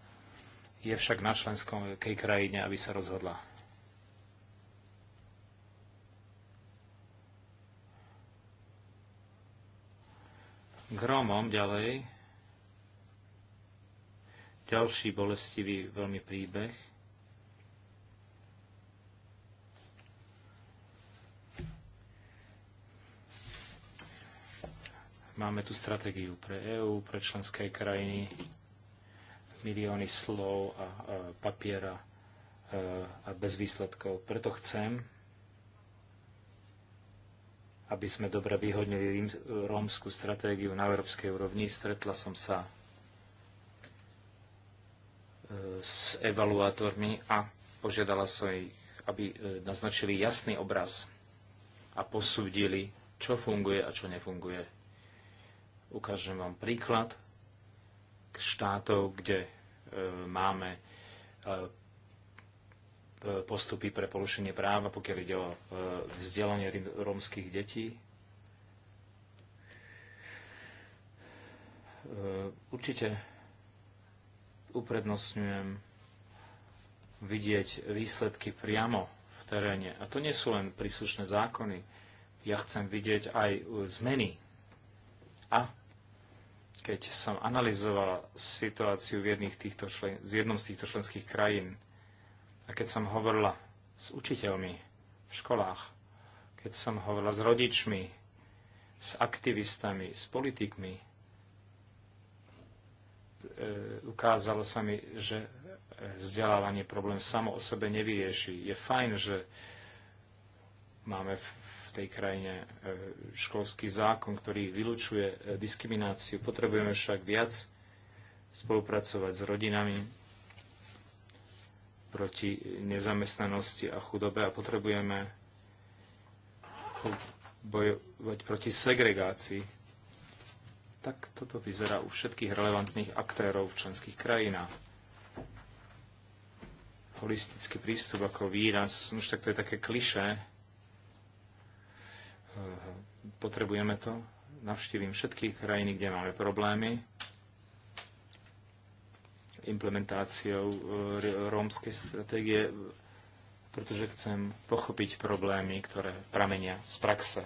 Je však na členskej krajine, aby sa rozhodla. Gromom ďalej. Ďalší bolestivý veľmi príbeh. Máme tu stratégiu pre EÚ, pre členské krajiny, milióny slov a, a papiera e, a bez výsledkov. Preto chcem, aby sme dobre vyhodnili rómskú stratégiu na európskej úrovni. Stretla som sa e, s evaluátormi a požiadala som ich, aby e, naznačili jasný obraz a posúdili, čo funguje a čo nefunguje Ukážem vám príklad štátov, kde e, máme e, e, postupy pre porušenie práva, pokiaľ ide o vzdelanie rómskych detí. Určite uprednostňujem vidieť výsledky priamo v teréne. A to nie sú len príslušné zákony. Ja chcem vidieť aj zmeny a keď som analyzovala situáciu v, týchto člen- z jednom z týchto členských krajín a keď som hovorila s učiteľmi v školách, keď som hovorila s rodičmi, s aktivistami, s politikmi, e, ukázalo sa mi, že e, vzdelávanie problém samo o sebe nevyrieši. Je fajn, že máme tej krajine e, školský zákon, ktorý vylučuje e, diskrimináciu. Potrebujeme však viac spolupracovať s rodinami proti nezamestnanosti a chudobe a potrebujeme bojovať proti segregácii. Tak toto vyzerá u všetkých relevantných aktérov v členských krajinách holistický prístup ako výraz, už tak to je také klišé, potrebujeme to. Navštívim všetky krajiny, kde máme problémy implementáciou e, rómskej stratégie, pretože chcem pochopiť problémy, ktoré pramenia z praxe.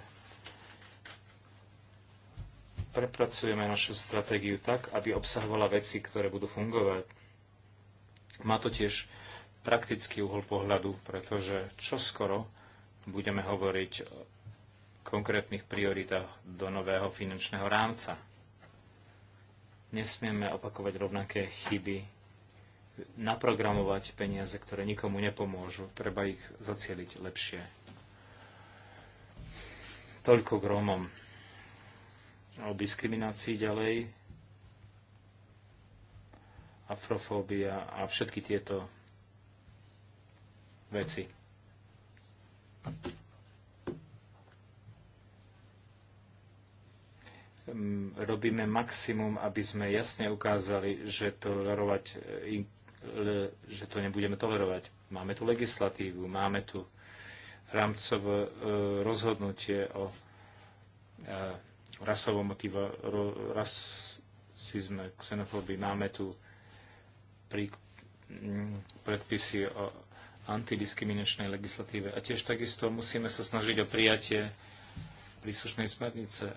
Prepracujeme našu stratégiu tak, aby obsahovala veci, ktoré budú fungovať. Má to tiež praktický uhol pohľadu, pretože čoskoro budeme hovoriť konkrétnych prioritách do nového finančného rámca. Nesmieme opakovať rovnaké chyby, naprogramovať peniaze, ktoré nikomu nepomôžu. Treba ich zacieliť lepšie. Toľko k Rómom. O diskriminácii ďalej. Afrofóbia a všetky tieto veci. Mm, robíme maximum, aby sme jasne ukázali, že, tolerovať, eh, že to nebudeme tolerovať. Máme tu legislatívu, máme tu rámcové eh, rozhodnutie o eh, rasovom motivu, rasizme, xenofóbii. Máme tu prí, mm, predpisy o antidiskriminačnej legislatíve. A tiež takisto musíme sa snažiť o prijatie príslušnej smernice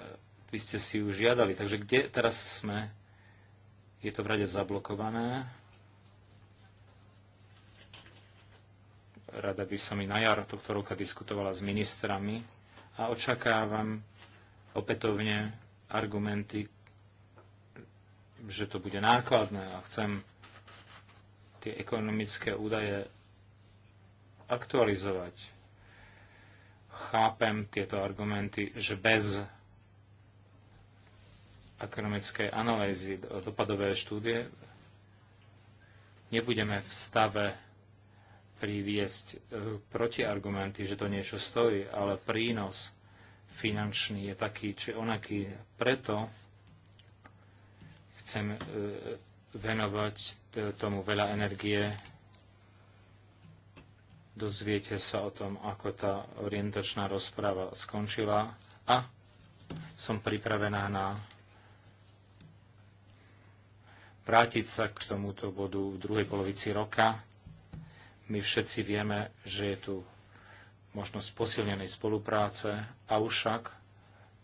vy ste si ju žiadali. Takže kde teraz sme? Je to v rade zablokované. Rada by som i na jar tohto roka diskutovala s ministrami a očakávam opätovne argumenty, že to bude nákladné a chcem tie ekonomické údaje aktualizovať. Chápem tieto argumenty, že bez ekonomické analýzy, dopadové štúdie, nebudeme v stave priviesť e, protiargumenty, že to niečo stojí, ale prínos finančný je taký či onaký. Preto chcem e, venovať tomu veľa energie. Dozviete sa o tom, ako tá orientačná rozpráva skončila a som pripravená na vrátiť sa k tomuto bodu v druhej polovici roka. My všetci vieme, že je tu možnosť posilnenej spolupráce, avšak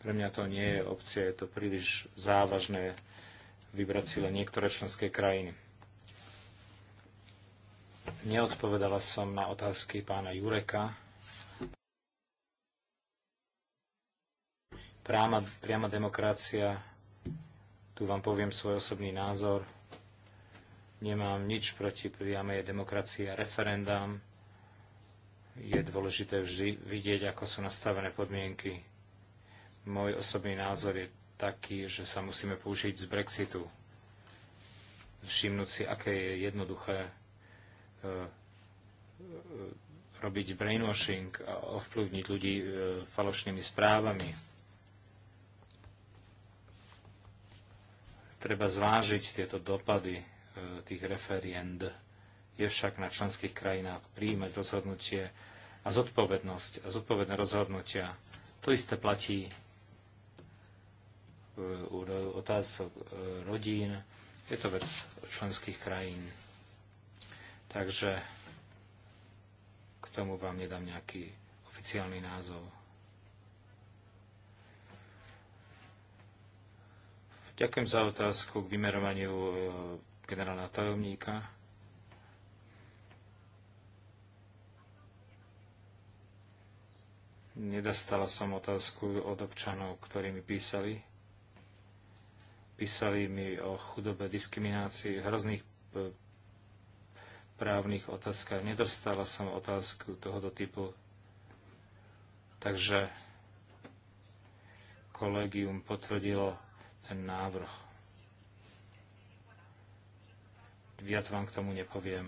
pre mňa to nie je opcia, je to príliš závažné vybrať si len niektoré členské krajiny. Neodpovedala som na otázky pána Jureka. Práma, priama demokracia tu vám poviem svoj osobný názor. Nemám nič proti priamej demokracii a referendám. Je dôležité vždy vidieť, ako sú nastavené podmienky. Môj osobný názor je taký, že sa musíme použiť z Brexitu. Všimnúť si, aké je jednoduché e, e, robiť brainwashing a ovplyvniť ľudí e, falošnými správami Treba zvážiť tieto dopady e, tých referiend. Je však na členských krajinách príjmať rozhodnutie a zodpovednosť a zodpovedné rozhodnutia. To isté platí e, u otázok e, rodín. Je to vec členských krajín. Takže k tomu vám nedám nejaký oficiálny názov. Ďakujem za otázku k vymerovaniu e, generálna tajomníka. Nedostala som otázku od občanov, ktorí mi písali. Písali mi o chudobe, diskriminácii, hrozných e, právnych otázkach. Nedostala som otázku tohoto typu. Takže kolegium potvrdilo ten návrh. Viac vám k tomu nepoviem,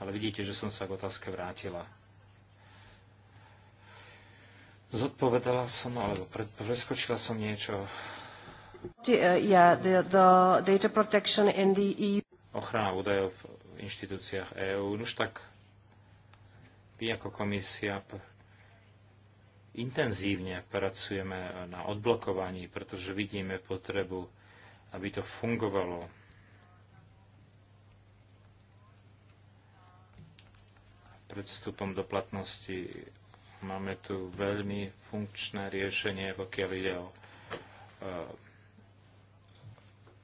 ale vidíte, že som sa k otázke vrátila. Zodpovedala som, alebo preskočila som niečo. E Ochrana údajov v inštitúciách EÚ. Už tak vy ako komisia intenzívne pracujeme na odblokovaní, pretože vidíme potrebu, aby to fungovalo. Pred vstupom do platnosti máme tu veľmi funkčné riešenie, pokiaľ ide o e,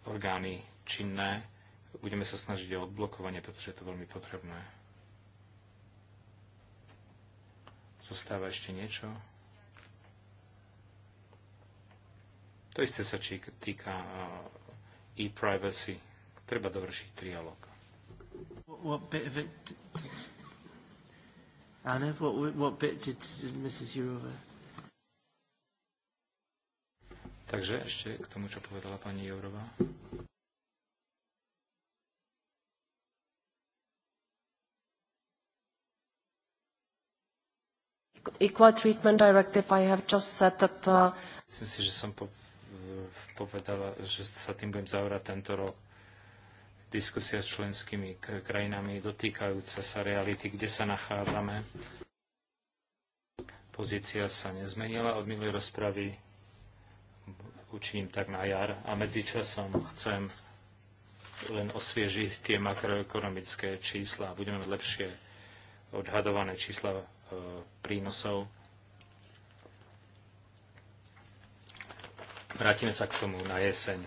orgány činné. Budeme sa snažiť o odblokovanie, pretože je to veľmi potrebné. Zostáva ešte niečo? To isté sa týka e, e-privacy. Treba dovršiť trialog. Anna, what, what bit did, did Mrs. Jourova? Takže ešte k tomu, čo povedala pani Jourová. Equal Treatment Directive, I have just said that... Uh... Myslím si, že som po- povedala, že sa tým budem zaurať tento rok. Diskusia s členskými krajinami dotýkajúca sa reality, kde sa nachádzame. Pozícia sa nezmenila od minulej rozpravy. Učiním tak na jar a medzičasom chcem len osviežiť tie makroekonomické čísla. Budeme mať lepšie odhadované čísla e, prínosov Vrátime sa k tomu na jeseň.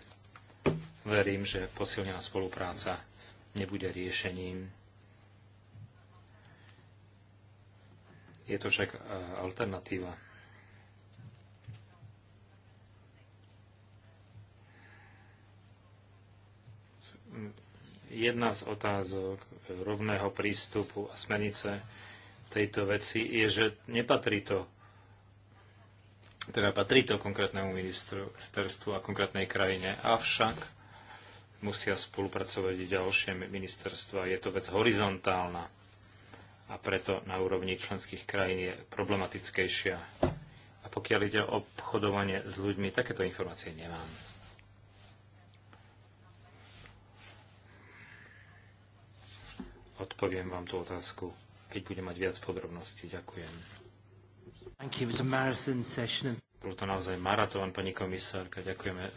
Verím, že posilnená spolupráca nebude riešením. Je to však e, alternatíva. Jedna z otázok rovného prístupu a smernice tejto veci je, že nepatrí to teda patrí to konkrétnemu ministerstvu a konkrétnej krajine. Avšak musia spolupracovať i ďalšie ministerstva. Je to vec horizontálna a preto na úrovni členských krajín je problematickejšia. A pokiaľ ide o obchodovanie s ľuďmi, takéto informácie nemám. Odpoviem vám tú otázku, keď budem mať viac podrobností. Ďakujem. Bol to naozaj maratón, pani komisárka. Ďakujeme, e,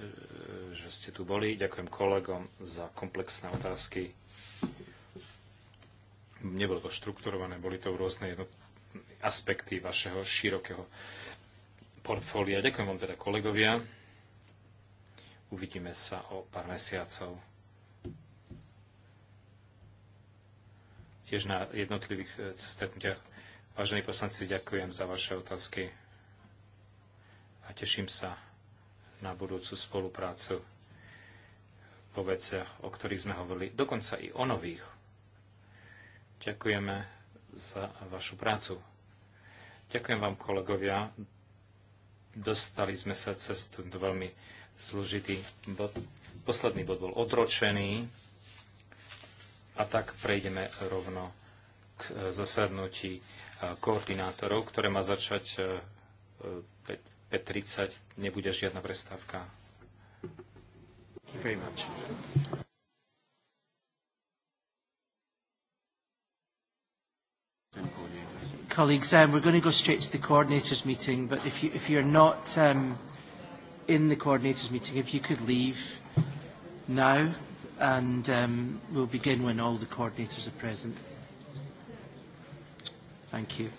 že ste tu boli. Ďakujem kolegom za komplexné otázky. Nebolo to štrukturované, boli to rôzne jedno... aspekty vašeho širokého portfólia. Ďakujem vám teda kolegovia. Uvidíme sa o pár mesiacov. Tiež na jednotlivých e, stretnutiach Vážení poslanci, ďakujem za vaše otázky a teším sa na budúcu spoluprácu po veciach, o ktorých sme hovorili, dokonca i o nových. Ďakujeme za vašu prácu. Ďakujem vám, kolegovia. Dostali sme sa cez tento veľmi zložitý bod. Posledný bod bol odročený. A tak prejdeme rovno k zasadnutí koordinátorov, ktoré má začať 5.30. E, e, nebude žiadna prestávka. Thank very much. colleagues, um, we're going to go straight to the coordinators meeting, but if, you, if you're not um, in the coordinators meeting, if you could leave now and um, we'll begin when all the coordinators are present. Thank you.